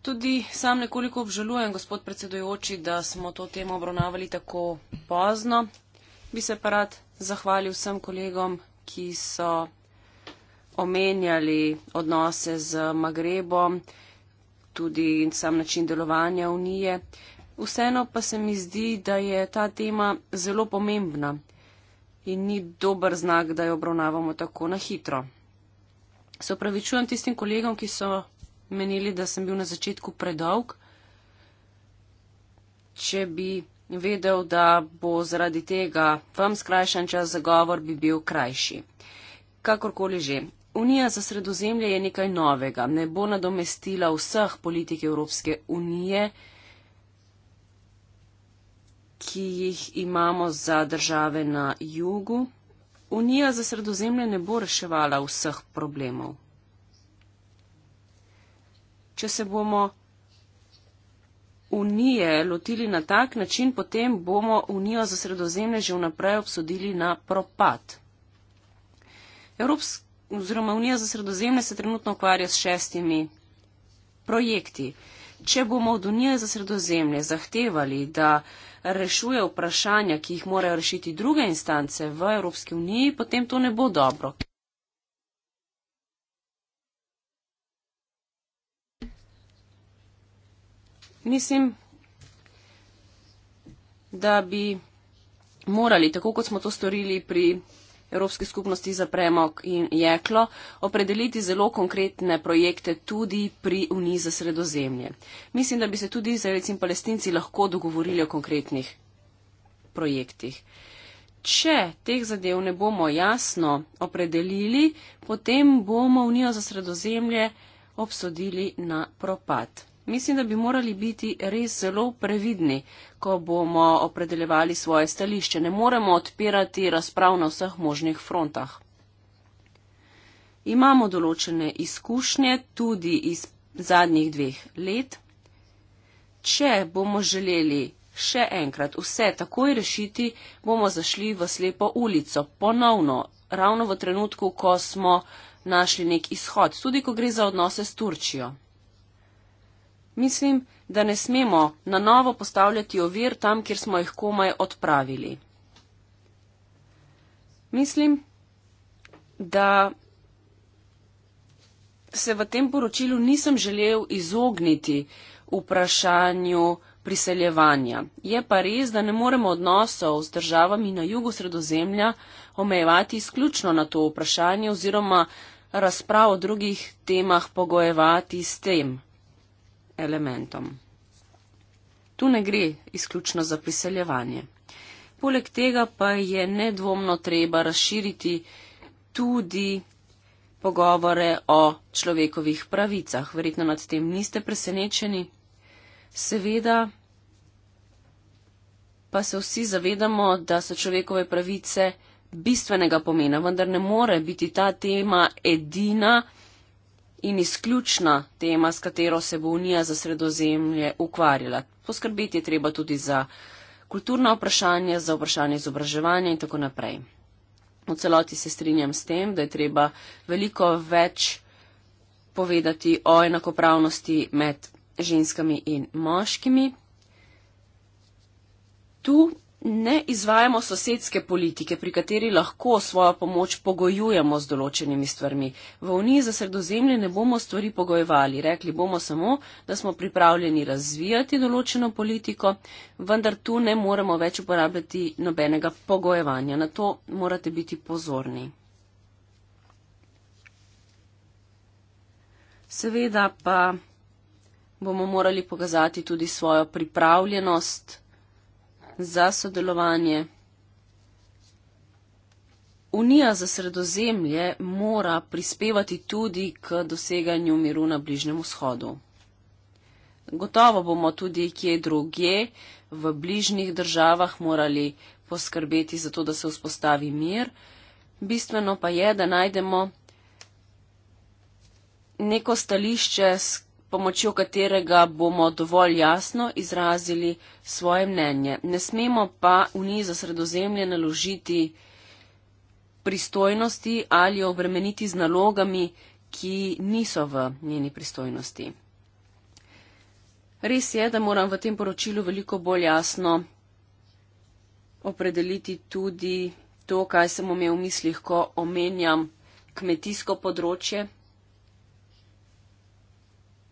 Tudi sam nekoliko obžalujem, gospod predsedujoči, da smo to temo obravnavali tako pozno. Bi se pa rad zahvalil vsem kolegom, ki so omenjali odnose z Magrebom, tudi sam način delovanja Unije. Vseeno pa se mi zdi, da je ta tema zelo pomembna in ni dober znak, da jo obravnavamo tako na hitro. Se opravičujem tistim kolegom, ki so menili, da sem bil na začetku predolg. Če bi vedel, da bo zaradi tega vam skrajšan čas za govor, bi bil krajši. Kakorkoli že. Unija za sredozemlje je nekaj novega. Ne bo nadomestila vseh politik Evropske unije ki jih imamo za države na jugu. Unija za sredozemlje ne bo reševala vseh problemov. Če se bomo unije lotili na tak način, potem bomo unijo za sredozemlje že vnaprej obsodili na propad. Evropska oziroma unija za sredozemlje se trenutno ukvarja s šestimi projekti. Če bomo od unije za sredozemlje zahtevali, da rešuje vprašanja, ki jih morajo rešiti druge instance v Evropski uniji, potem to ne bo dobro. Mislim, da bi morali, tako kot smo to storili pri Evropske skupnosti za premog in jeklo, opredeliti zelo konkretne projekte tudi pri Uniji za sredozemlje. Mislim, da bi se tudi izraelci in palestinci lahko dogovorili o konkretnih projektih. Če teh zadev ne bomo jasno opredelili, potem bomo Unijo za sredozemlje obsodili na propad. Mislim, da bi morali biti res zelo previdni, ko bomo opredeljevali svoje stališče. Ne moremo odpirati razprav na vseh možnih frontah. Imamo določene izkušnje tudi iz zadnjih dveh let. Če bomo želeli še enkrat vse takoj rešiti, bomo zašli v slepo ulico ponovno, ravno v trenutku, ko smo našli nek izhod, tudi ko gre za odnose s Turčijo. Mislim, da ne smemo na novo postavljati ovir tam, kjer smo jih komaj odpravili. Mislim, da se v tem poročilu nisem želel izogniti vprašanju priseljevanja. Je pa res, da ne moremo odnosov z državami na jugu sredozemlja omejevati izključno na to vprašanje oziroma razprav o drugih temah pogojevati s tem elementom. Tu ne gre izključno za priseljevanje. Poleg tega pa je nedvomno treba razširiti tudi pogovore o človekovih pravicah. Verjetno nad tem niste presenečeni. Seveda pa se vsi zavedamo, da so človekove pravice bistvenega pomena, vendar ne more biti ta tema edina, in izključna tema, s katero se bo Unija za sredozemlje ukvarjala. Poskrbeti je treba tudi za kulturna vprašanja, za vprašanje izobraževanja in tako naprej. V celoti se strinjam s tem, da je treba veliko več povedati o enakopravnosti med ženskami in moškimi. Tu ne izvajamo sosedske politike, pri kateri lahko svojo pomoč pogojujemo z določenimi stvarmi. V Uniji za sredozemlje ne bomo stvari pogojevali, rekli bomo samo, da smo pripravljeni razvijati določeno politiko, vendar tu ne moremo več uporabljati nobenega pogojevanja. Na to morate biti pozorni. Seveda pa bomo morali pokazati tudi svojo pripravljenost za sodelovanje. Unija za sredozemlje mora prispevati tudi k doseganju miru na Bližnjem vzhodu. Gotovo bomo tudi kje druge v bližnjih državah morali poskrbeti za to, da se vzpostavi mir. Bistveno pa je, da najdemo neko stališče, s pomočjo katerega bomo dovolj jasno izrazili svoje mnenje. Ne smemo pa v njih za sredozemlje naložiti pristojnosti ali jo obremeniti z nalogami, ki niso v njeni pristojnosti. Res je, da moram v tem poročilu veliko bolj jasno opredeliti tudi to, kaj sem omenil v mislih, ko omenjam kmetijsko področje,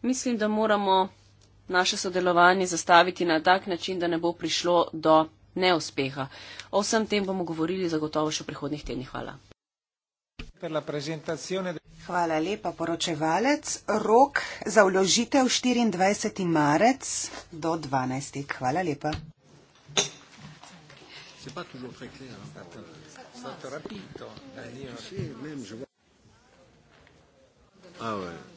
mislim, da moramo naše sodelovanje zastaviti na tak način, da ne bo prišlo do neuspeha. O vsem tem bomo govorili zagotovo še v prihodnih tednih. Hvala. Hvala lepa, poročevalec. Rok za vložitev 24. marec do 12. Hvala lepa. Ah ouais.